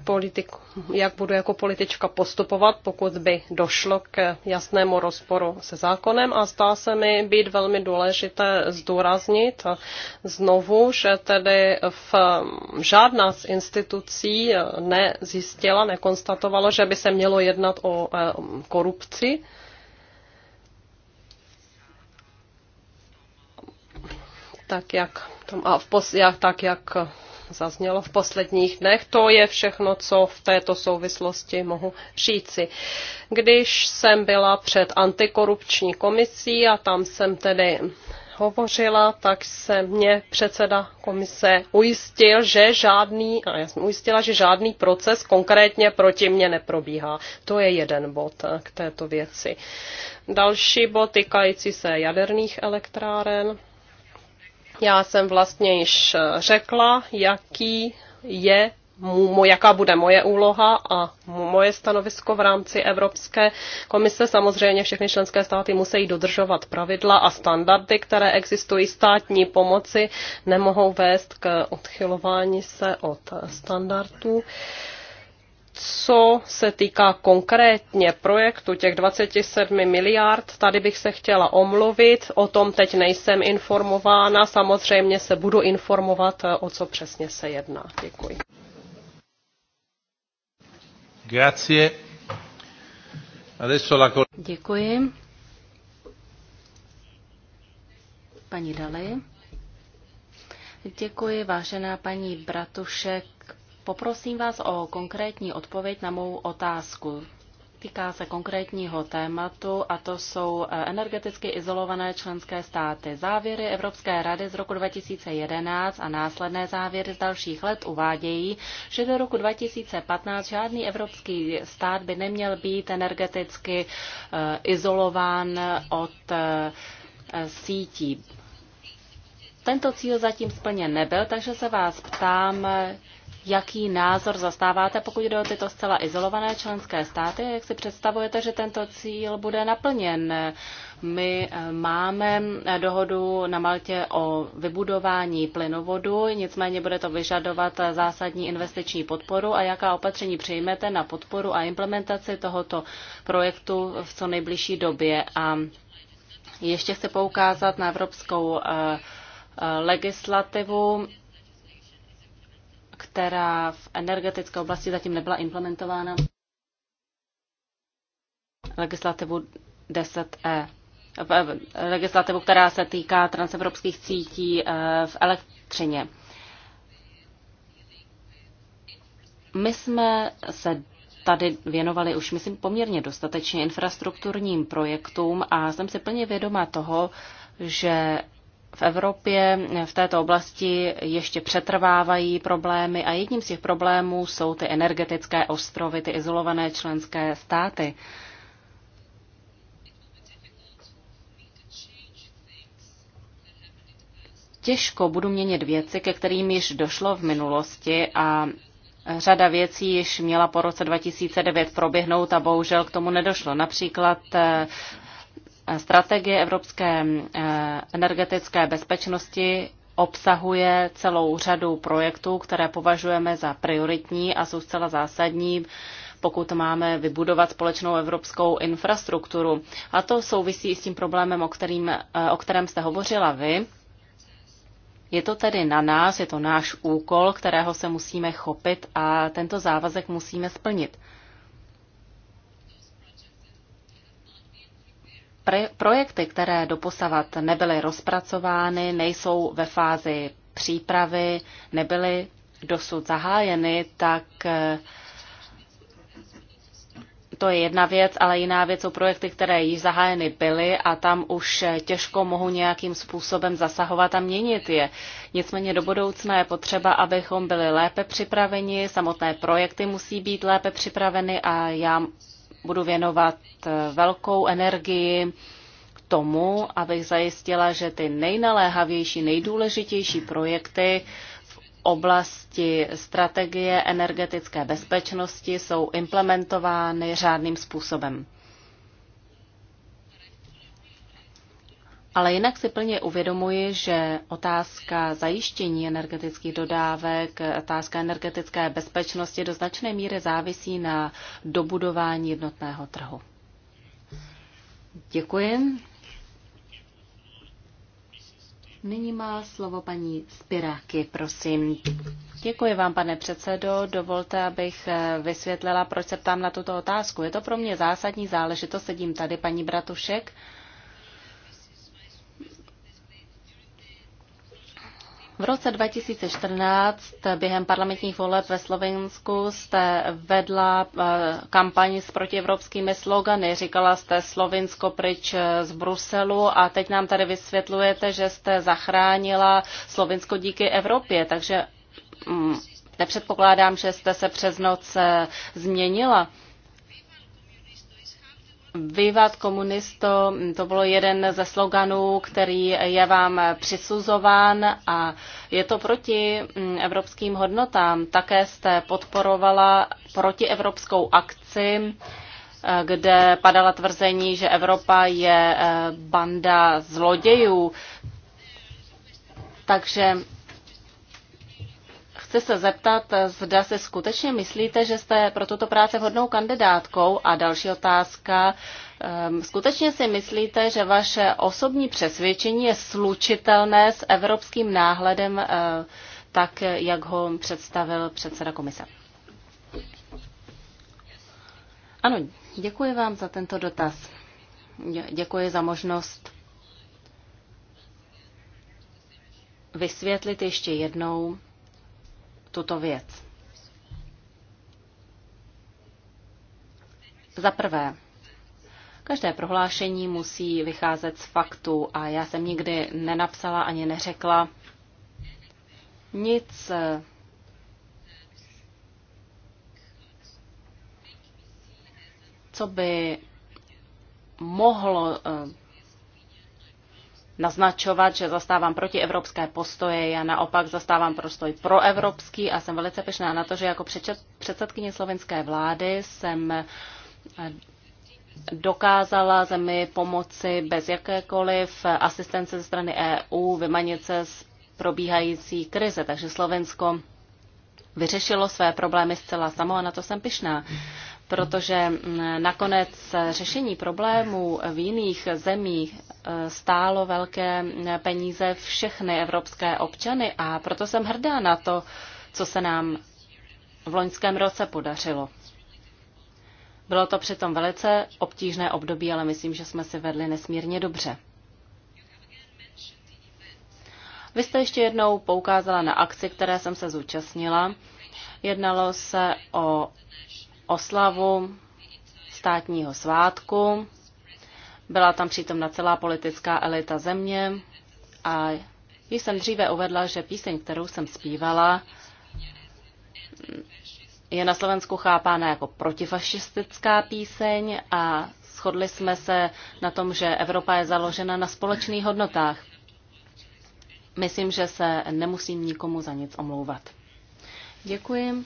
politik, jak budu jako politička postupovat, pokud by došlo k jasnému rozporu se zákonem a zdá se mi být velmi důležité zdůraznit znovu, že tedy v žádná z institucí nezjistila, nekonstatovala, že by se mělo jednat o e, korupci. Tak jak, a v pos, jak, tak jak zaznělo v posledních dnech. To je všechno, co v této souvislosti mohu říci. Když jsem byla před antikorupční komisí a tam jsem tedy hovořila, tak se mě předseda komise ujistil, že žádný, a já jsem ujistila, že žádný proces konkrétně proti mně neprobíhá. To je jeden bod k této věci. Další bod týkající se jaderných elektráren. Já jsem vlastně již eh, řekla, jaký je jaká bude moje úloha a moje stanovisko v rámci Evropské komise. Samozřejmě všechny členské státy musí dodržovat pravidla a standardy, které existují státní pomoci, nemohou vést k odchylování se od standardů. Uh, co se týká konkrétně projektu těch 27 miliard, tady bych se chtěla omluvit, o tom teď nejsem informována, samozřejmě se budu informovat, eh, o co přesně se jedná. Děkuji. Grazie. Adesso la... Děkuji. Paní Dali. Děkuji, vážená paní Bratušek Poprosím vás o konkrétní odpověď na mou otázku. Týká se konkrétního tématu a to jsou eh, energeticky izolované členské státy. Závěry Evropské rady z roku 2011 a následné závěry z dalších let uvádějí, že do roku 2015 žádný evropský stát by neměl být energeticky eh, izolován od eh, sítí. Tento cíl zatím splněn nebyl, takže se vás ptám, jaký názor zastáváte, pokud jde o tyto zcela izolované členské státy, jak si představujete, že tento cíl bude naplněn. My eh, máme eh, dohodu na Maltě o vybudování plynovodu, nicméně bude to vyžadovat eh, zásadní investiční podporu a jaká opatření přijmete na podporu a implementaci tohoto projektu v co nejbližší době. A ještě chci poukázat na evropskou legislativu která v energetické oblasti zatím nebyla implementována legislativu 10e. Legislativu, která se týká transevropských cítí e, v elektřině. My jsme se tady věnovali už, myslím, poměrně dostatečně infrastrukturním projektům a jsem si plně vědoma toho, že v Evropě v této oblasti ještě přetrvávají problémy a jedním z těch problémů jsou ty energetické ostrovy, ty izolované členské státy. Těžko budu měnit věci, ke kterým již došlo v minulosti a Řada věcí již měla po roce 2009 proběhnout a bohužel k tomu nedošlo. Například eh, strategie Evropské eh, energetické bezpečnosti obsahuje celou řadu projektů, které považujeme za prioritní a jsou zcela zásadní, pokud máme vybudovat společnou evropskou infrastrukturu. A to souvisí i s tím problémem, o, kterým, eh, o kterém jste hovořila vy. Je to tedy na nás, je to náš úkol, kterého se musíme chopit a tento závazek musíme splnit. projekty, které doposavat nebyly rozpracovány, nejsou ve fázi přípravy, nebyly dosud zahájeny, tak eh, to je jedna věc, ale jiná věc jsou projekty, které již zahájeny byly a tam už eh, těžko mohu nějakým způsobem zasahovat a měnit je. Nicméně do budoucna je potřeba, abychom byli lépe připraveni, samotné projekty musí být lépe připraveny a já budu věnovat eh, velkou energii tomu, abych zajistila, že ty nejnaléhavější, nejdůležitější projekty v oblasti strategie energetické bezpečnosti jsou implementovány řádným způsobem. Ale jinak si plně uvědomuji, že otázka zajištění energetických dodávek, otázka energetické bezpečnosti do značné míry závisí na dobudování jednotného trhu. Děkuji. Nyní má slovo paní Spiráky, prosím. Děkuji vám, pane předsedo. Dovolte, abych eh, vysvětlila, proč se ptám na tuto otázku. Je to pro mě zásadní záležitost. Sedím tady, paní Bratušek. V roce 2014 během parlamentních voleb ve Slovensku jste vedla eh, kampaň s protievropskými slogany. Říkala jste Slovinsko pryč eh, z Bruselu a teď nám tady vysvětlujete, že jste zachránila Slovinsko díky Evropě. Takže mm, nepředpokládám, že jste se přes noc eh, změnila. Vývat komunisto, to bylo jeden ze sloganů, který je vám přisuzován a je to proti mm, evropským hodnotám. Také jste podporovala protievropskou akci, eh, kde padala tvrzení, že Evropa je eh, banda zlodějů. Takže Chci se zeptat, zda si skutečně myslíte, že jste pro tuto práce vhodnou kandidátkou? A další otázka. Ehm, skutečně si myslíte, že vaše osobní přesvědčení je slučitelné s evropským náhledem, eh, tak jak ho představil předseda komise? Ano, děkuji vám za tento dotaz. Děkuji za možnost vysvětlit ještě jednou tuto věc. Za prvé, každé prohlášení musí vycházet z faktu a já jsem nikdy nenapsala ani neřekla nic co by mohlo eh, naznačovat, že zastávám protievropské postoje, já naopak zastávám postoj proevropský a jsem velice pešná na to, že jako předsedkyně slovenské vlády jsem eh, dokázala zemi pomoci bez jakékoliv asistence ze strany EU vymanit se z probíhající krize. Takže Slovensko vyřešilo své problémy zcela samo a na to jsem pyšná protože mm, nakonec řešení problémů v jiných zemích e, stálo velké e, peníze všechny evropské občany a proto jsem hrdá na to, co se nám v loňském roce podařilo. Bylo to přitom velice obtížné období, ale myslím, že jsme si vedli nesmírně dobře. Vy jste ještě jednou poukázala na akci, které jsem se zúčastnila. Jednalo se o oslavu státního svátku. Byla tam přítomna celá politická elita země a již jsem dříve uvedla, že píseň, kterou jsem zpívala, je na Slovensku chápána jako protifašistická píseň a shodli jsme se na tom, že Evropa je založena na společných hodnotách. Myslím, že se nemusím nikomu za nic omlouvat. Děkuji.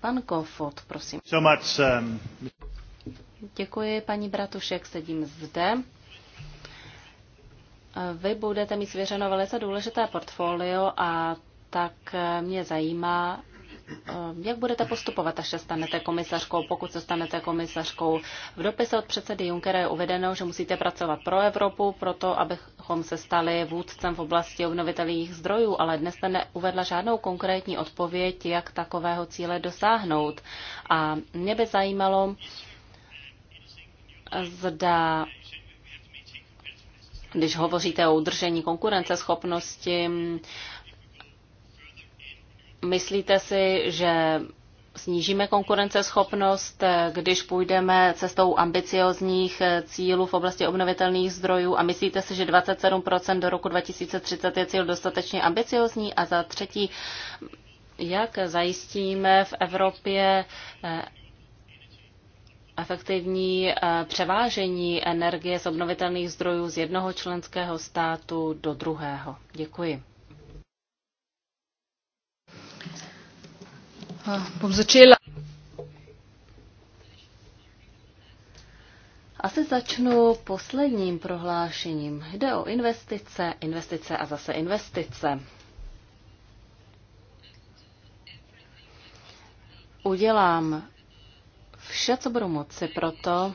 Pan Kofot, prosím. So much, um... Děkuji, paní Bratušek, sedím zde. Vy budete mít svěřeno velice důležité portfolio a tak mě zajímá, Ehm, jak budete postupovat, až se stanete komisařkou, pokud se stanete komisařkou. V dopise od předsedy Junckera je uvedeno, že musíte pracovat pro Evropu, proto abychom se stali vůdcem v oblasti obnovitelných zdrojů, ale dnes jste neuvedla žádnou konkrétní odpověď, jak takového cíle dosáhnout. A mě by zajímalo, zda když hovoříte o udržení konkurenceschopnosti, Myslíte si, že snížíme konkurenceschopnost, eh, když půjdeme cestou ambiciozních eh, cílů v oblasti obnovitelných zdrojů a myslíte si, že 27% do roku 2030 je cíl dostatečně ambiciozní a za třetí, jak zajistíme v Evropě eh, efektivní převážení energie z obnovitelných zdrojů z jednoho členského státu do druhého? Děkuji. bom začela. Asi začnu posledním prohlášením. Jde o investice, investice a zase investice. Udělám vše, co budu moci proto,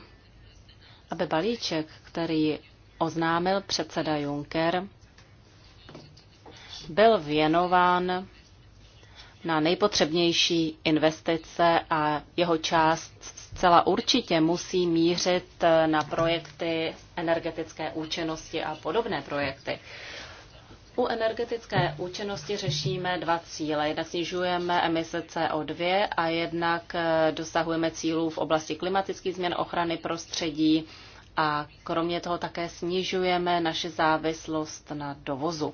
aby balíček, který oznámil předseda Juncker, byl věnován na nejpotřebnější investice a jeho část zcela určitě musí mířit na projekty energetické účinnosti a podobné projekty. U energetické účinnosti řešíme dva cíle. Jednak snižujeme emise CO2 a jednak eh, dosahujeme cílů v oblasti klimatických změn, ochrany prostředí a kromě toho také snižujeme naši závislost na dovozu.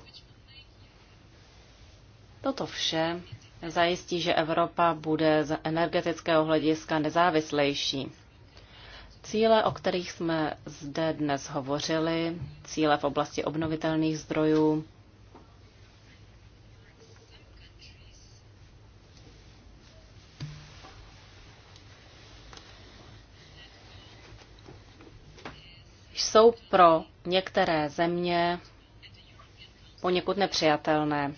Toto vše zajistí, že Evropa bude z energetického hlediska nezávislejší. Cíle, o kterých jsme zde dnes hovořili, cíle v oblasti obnovitelných zdrojů, jsou pro některé země poněkud nepřijatelné.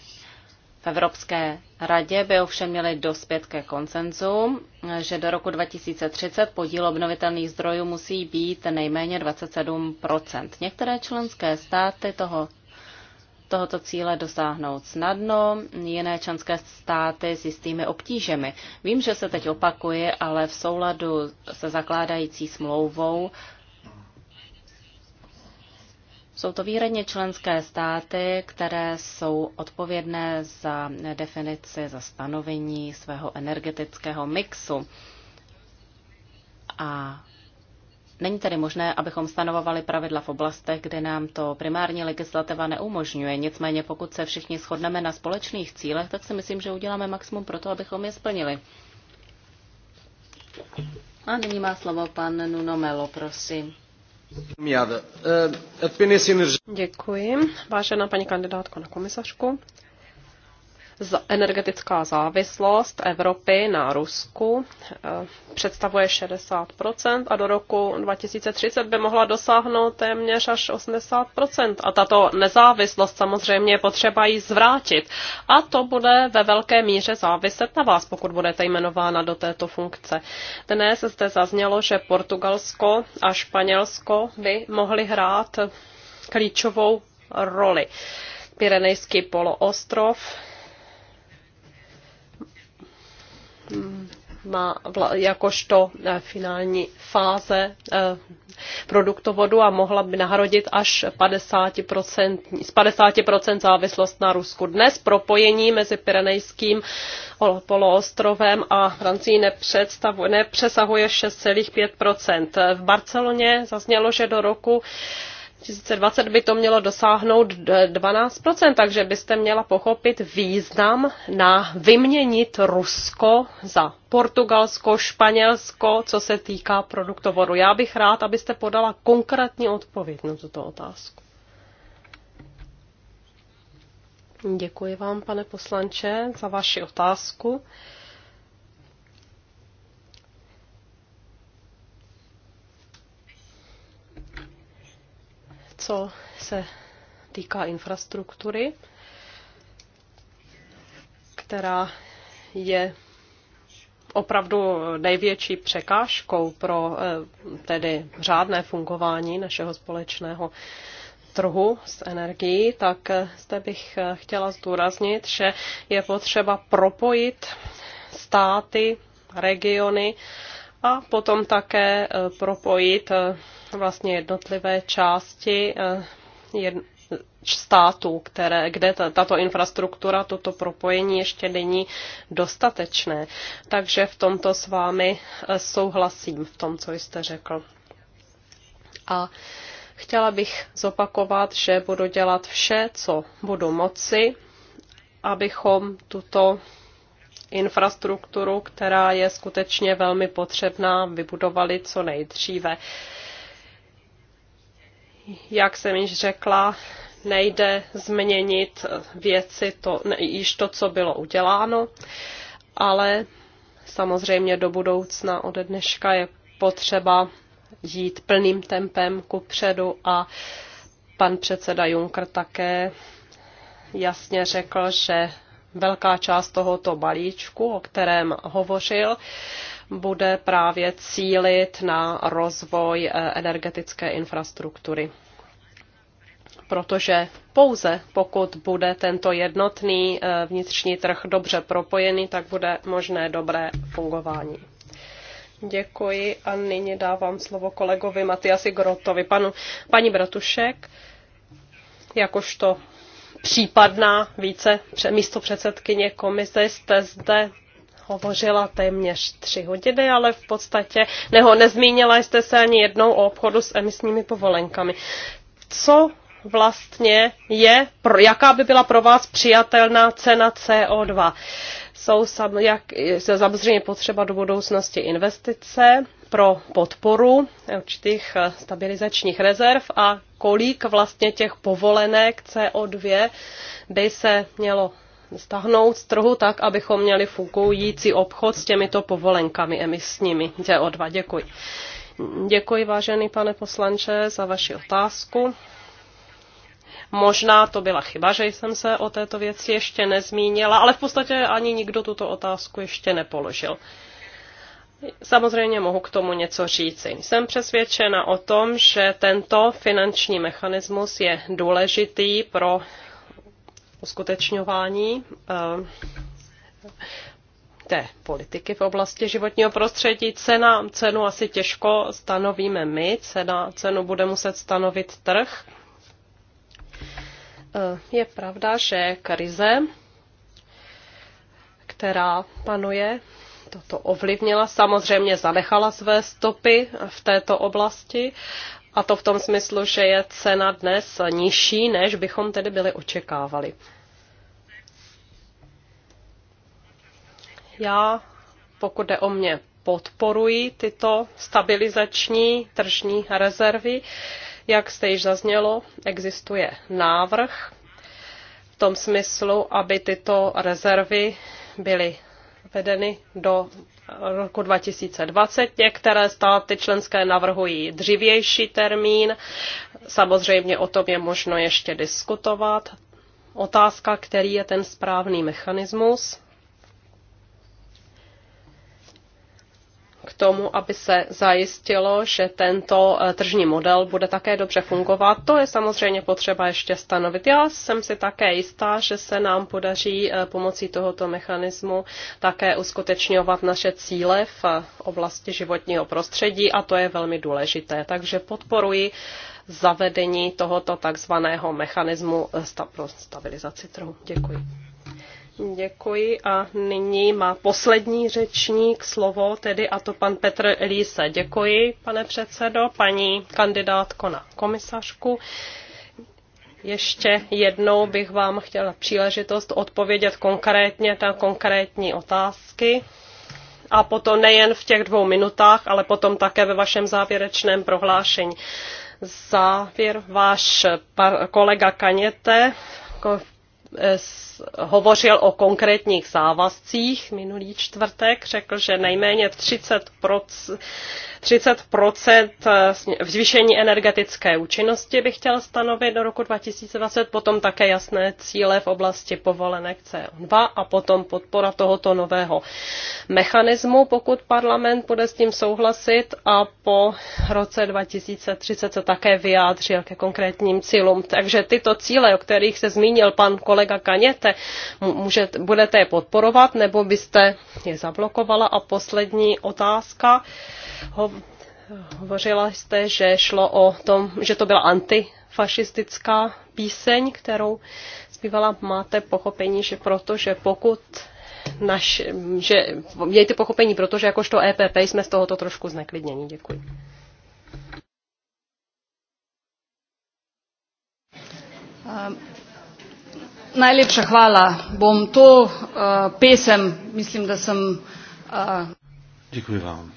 V Evropské radě by ovšem měli dospět ke koncenzu, že do roku 2030 podíl obnovitelných zdrojů musí být nejméně 27 Některé členské státy toho tohoto cíle dosáhnout snadno, jiné členské státy s jistými obtížemi. Vím, že se teď opakuje, ale v souladu se zakládající smlouvou jsou to výhradně členské státy, které jsou odpovědné za definici, za stanovení svého energetického mixu. A není tedy možné, abychom stanovovali pravidla v oblastech, kde nám to primární legislativa neumožňuje. Nicméně pokud se všichni shodneme na společných cílech, tak si myslím, že uděláme maximum pro to, abychom je splnili. A nyní má slovo pan Nuno Melo, prosím. Eh, Děkuji. Vážená paní kandidátko na komisařku, energetická závislost Evropy na Rusku eh, představuje 60% a do roku 2030 by mohla dosáhnout téměř až 80%. A tato nezávislost samozřejmě je potřeba ji zvrátit. A to bude ve velké míře záviset na vás, pokud budete jmenována do této funkce. Dnes zde zaznělo, že Portugalsko a Španělsko by mohly hrát klíčovou roli. Pirenejský poloostrov má jakožto eh, finální fáze eh, produktovodu a mohla by nahrodit až 50%, z 50% závislost na Rusku. Dnes propojení mezi Pirenejským poloostrovem a Francií nepřesahuje 6,5%. V Barceloně zaznělo, že do roku 2020 by to mělo dosáhnout 12%, takže byste měla pochopit význam na vyměnit Rusko za Portugalsko, Španělsko, co se týká produktovodu. Já bych rád, abyste podala konkrétní odpověď na tuto otázku. Děkuji vám, pane poslanče, za vaši otázku. co se týká infrastruktury, která je opravdu největší překážkou pro eh, tedy řádné fungování našeho společného trhu s energií, tak eh, zde bych eh, chtěla zdůraznit, že je potřeba propojit státy, regiony a potom také propojit vlastně jednotlivé části eh, států, které, kde tato infrastruktura, toto propojení ještě není dostatečné. Takže v tomto s vámi eh, souhlasím, v tom, co jste řekl. A chtěla bych zopakovat, že budu dělat vše, co budu moci, abychom tuto infrastrukturu, která je skutečně velmi potřebná, vybudovali co nejdříve. Jak jsem již řekla, nejde změnit věci, to, ne, již to, co bylo uděláno, ale samozřejmě do budoucna ode dneška je potřeba jít plným tempem ku předu a pan předseda Juncker také jasně řekl, že velká část tohoto balíčku, o kterém hovořil, bude právě cílit na rozvoj eh, energetické infrastruktury. Protože pouze pokud bude tento jednotný eh, vnitřní trh dobře propojený, tak bude možné dobré fungování. Děkuji a nyní dávám slovo kolegovi Matiasi Grotovi. Panu, paní Bratušek, jakožto případná více místo předsedkyně komise jste zde hovořila téměř tři hodiny, ale v podstatě neho nezmínila jste se ani jednou o obchodu s emisními povolenkami. Co vlastně je, jaká by byla pro vás přijatelná cena CO2? Jsou sam, jak, samozřejmě potřeba do budoucnosti investice pro podporu určitých eh, stabilizačních rezerv a kolik vlastně těch povolenek CO2 by se mělo stahnout z trhu tak, abychom měli fungující obchod s těmito povolenkami emisními co dva Děkuji. Děkuji, vážený pane poslanče, za vaši otázku. Možná to byla chyba, že jsem se o této věci ještě nezmínila, ale v podstatě ani nikdo tuto otázku ještě nepoložil. Samozřejmě mohu k tomu něco říci. Jsem přesvědčena o tom, že tento finanční mechanismus je důležitý pro uskutečňování eh, té politiky v oblasti životního prostředí. Cena, cenu asi těžko stanovíme my, cena, cenu bude muset stanovit trh. Eh, je pravda, že krize, která panuje, toto ovlivnila, samozřejmě zanechala své stopy v této oblasti a to v tom smyslu, že je cena dnes nižší, než bychom tedy byli očekávali. Já, pokud jde o mě, podporuji tyto stabilizační tržní rezervy. Jak jste již zaznělo, existuje návrh v tom smyslu, aby tyto rezervy byly vedeny do roku 2020. Některé státy členské navrhují dřívější termín. Samozřejmě o tom je možno ještě diskutovat. Otázka, který je ten správný mechanismus. tomu, aby se zajistilo, že tento eh, tržní model bude také dobře fungovat. To je samozřejmě potřeba ještě stanovit. Já jsem si také jistá, že se nám podaří eh, pomocí tohoto mechanismu také uskutečňovat naše cíle v eh, oblasti životního prostředí a to je velmi důležité. Takže podporuji zavedení tohoto takzvaného mechanismu pro stabilizaci trhu. Děkuji. Děkuji a nyní má poslední řečník slovo, tedy a to pan Petr Líse. Děkuji, pane předsedo, paní kandidátko na komisařku. Ještě jednou bych vám chtěla příležitost odpovědět konkrétně na konkrétní otázky. A potom nejen v těch dvou minutách, ale potom také ve vašem závěrečném prohlášení. Závěr váš kolega Kaněte Eh, hovořil o konkrétních závazcích minulý čtvrtek, řekl, že nejméně 30, 30 eh, zvýšení energetické účinnosti bych chtěl stanovit do roku 2020, potom také jasné cíle v oblasti povolenek CO2 a potom podpora tohoto nového mechanismu, pokud parlament bude s tím souhlasit a po roce 2030 se také vyjádřil ke konkrétním cílům. Takže tyto cíle, o kterých se zmínil pan kolega, kolega Kaněte, můžete, budete je podporovat nebo byste je zablokovala? A poslední otázka. Ho, hovořila jste, že šlo o tom, že to byla antifašistická píseň, kterou zpívala. Máte pochopení, že protože pokud naš, že mějte pochopení, protože jakožto EPP jsme z tohoto trošku zneklidnění. Děkuji. Um, Najlepša hvala. Bom to uh, pesem, myslím, da jsem... Uh... Eh, Děkuji vám.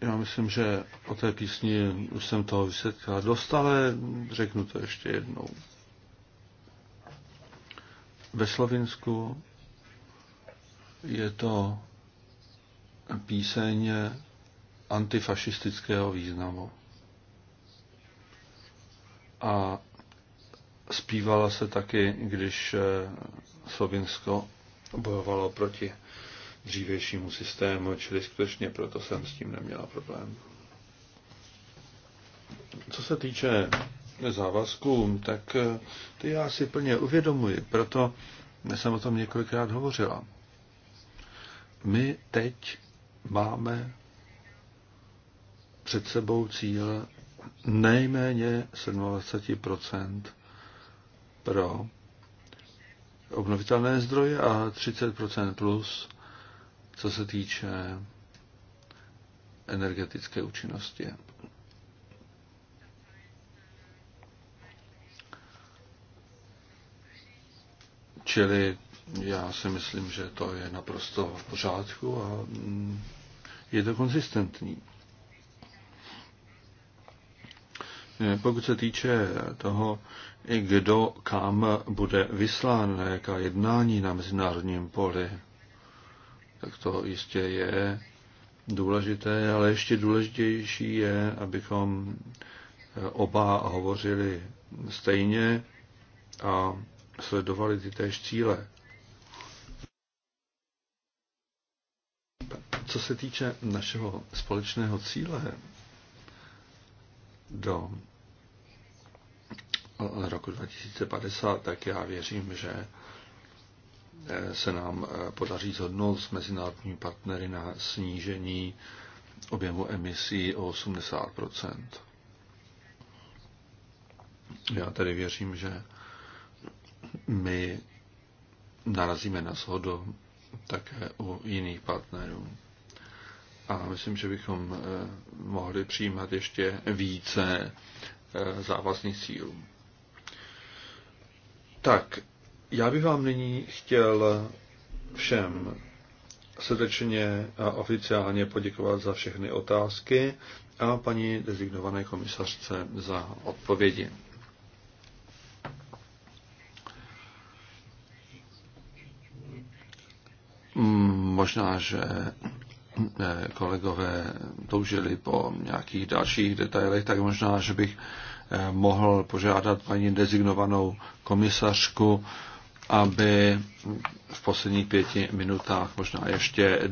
Já myslím, že o té písni už jsem toho vysvětlila dost, ale řeknu to ještě jednou. Ve Slovinsku je to píseň antifašistického významu. A Zpívala se taky, když eh, Slovinsko bojovalo proti dřívějšímu systému, čili skutečně proto jsem s tím neměla problém. Co se týče závazků, tak eh, ty já si plně uvědomuji, proto jsem o tom několikrát hovořila. My teď máme před sebou cíl nejméně 27 pro obnovitelné zdroje a 30% plus, co se týče energetické účinnosti. Čili já si myslím, že to je naprosto v pořádku a mm, je to konzistentní. Eh, pokud se týče toho, kdo kam bude vyslán, na jaká jednání na mezinárodním poli. Tak to jistě je důležité, ale ještě důležitější je, abychom eh, oba hovořili stejně a sledovali ty též cíle. Co se týče našeho společného cíle do roku 2050, tak já věřím, že eh, se nám eh, podaří zhodnout s mezinárodními partnery na snížení objemu emisí o 80 Já tedy věřím, že my narazíme na shodu také u jiných partnerů. A myslím, že bychom eh, mohli přijímat ještě více závazných cílů. Tak, já bych vám nyní chtěl všem srdečně a oficiálně poděkovat za všechny otázky a paní dezignované komisařce za odpovědi. Mm, možná, že eh, kolegové toužili po nějakých dalších detailech, tak možná, že bych mohl požádat paní dezignovanou komisařku, aby v posledních pěti minutách možná ještě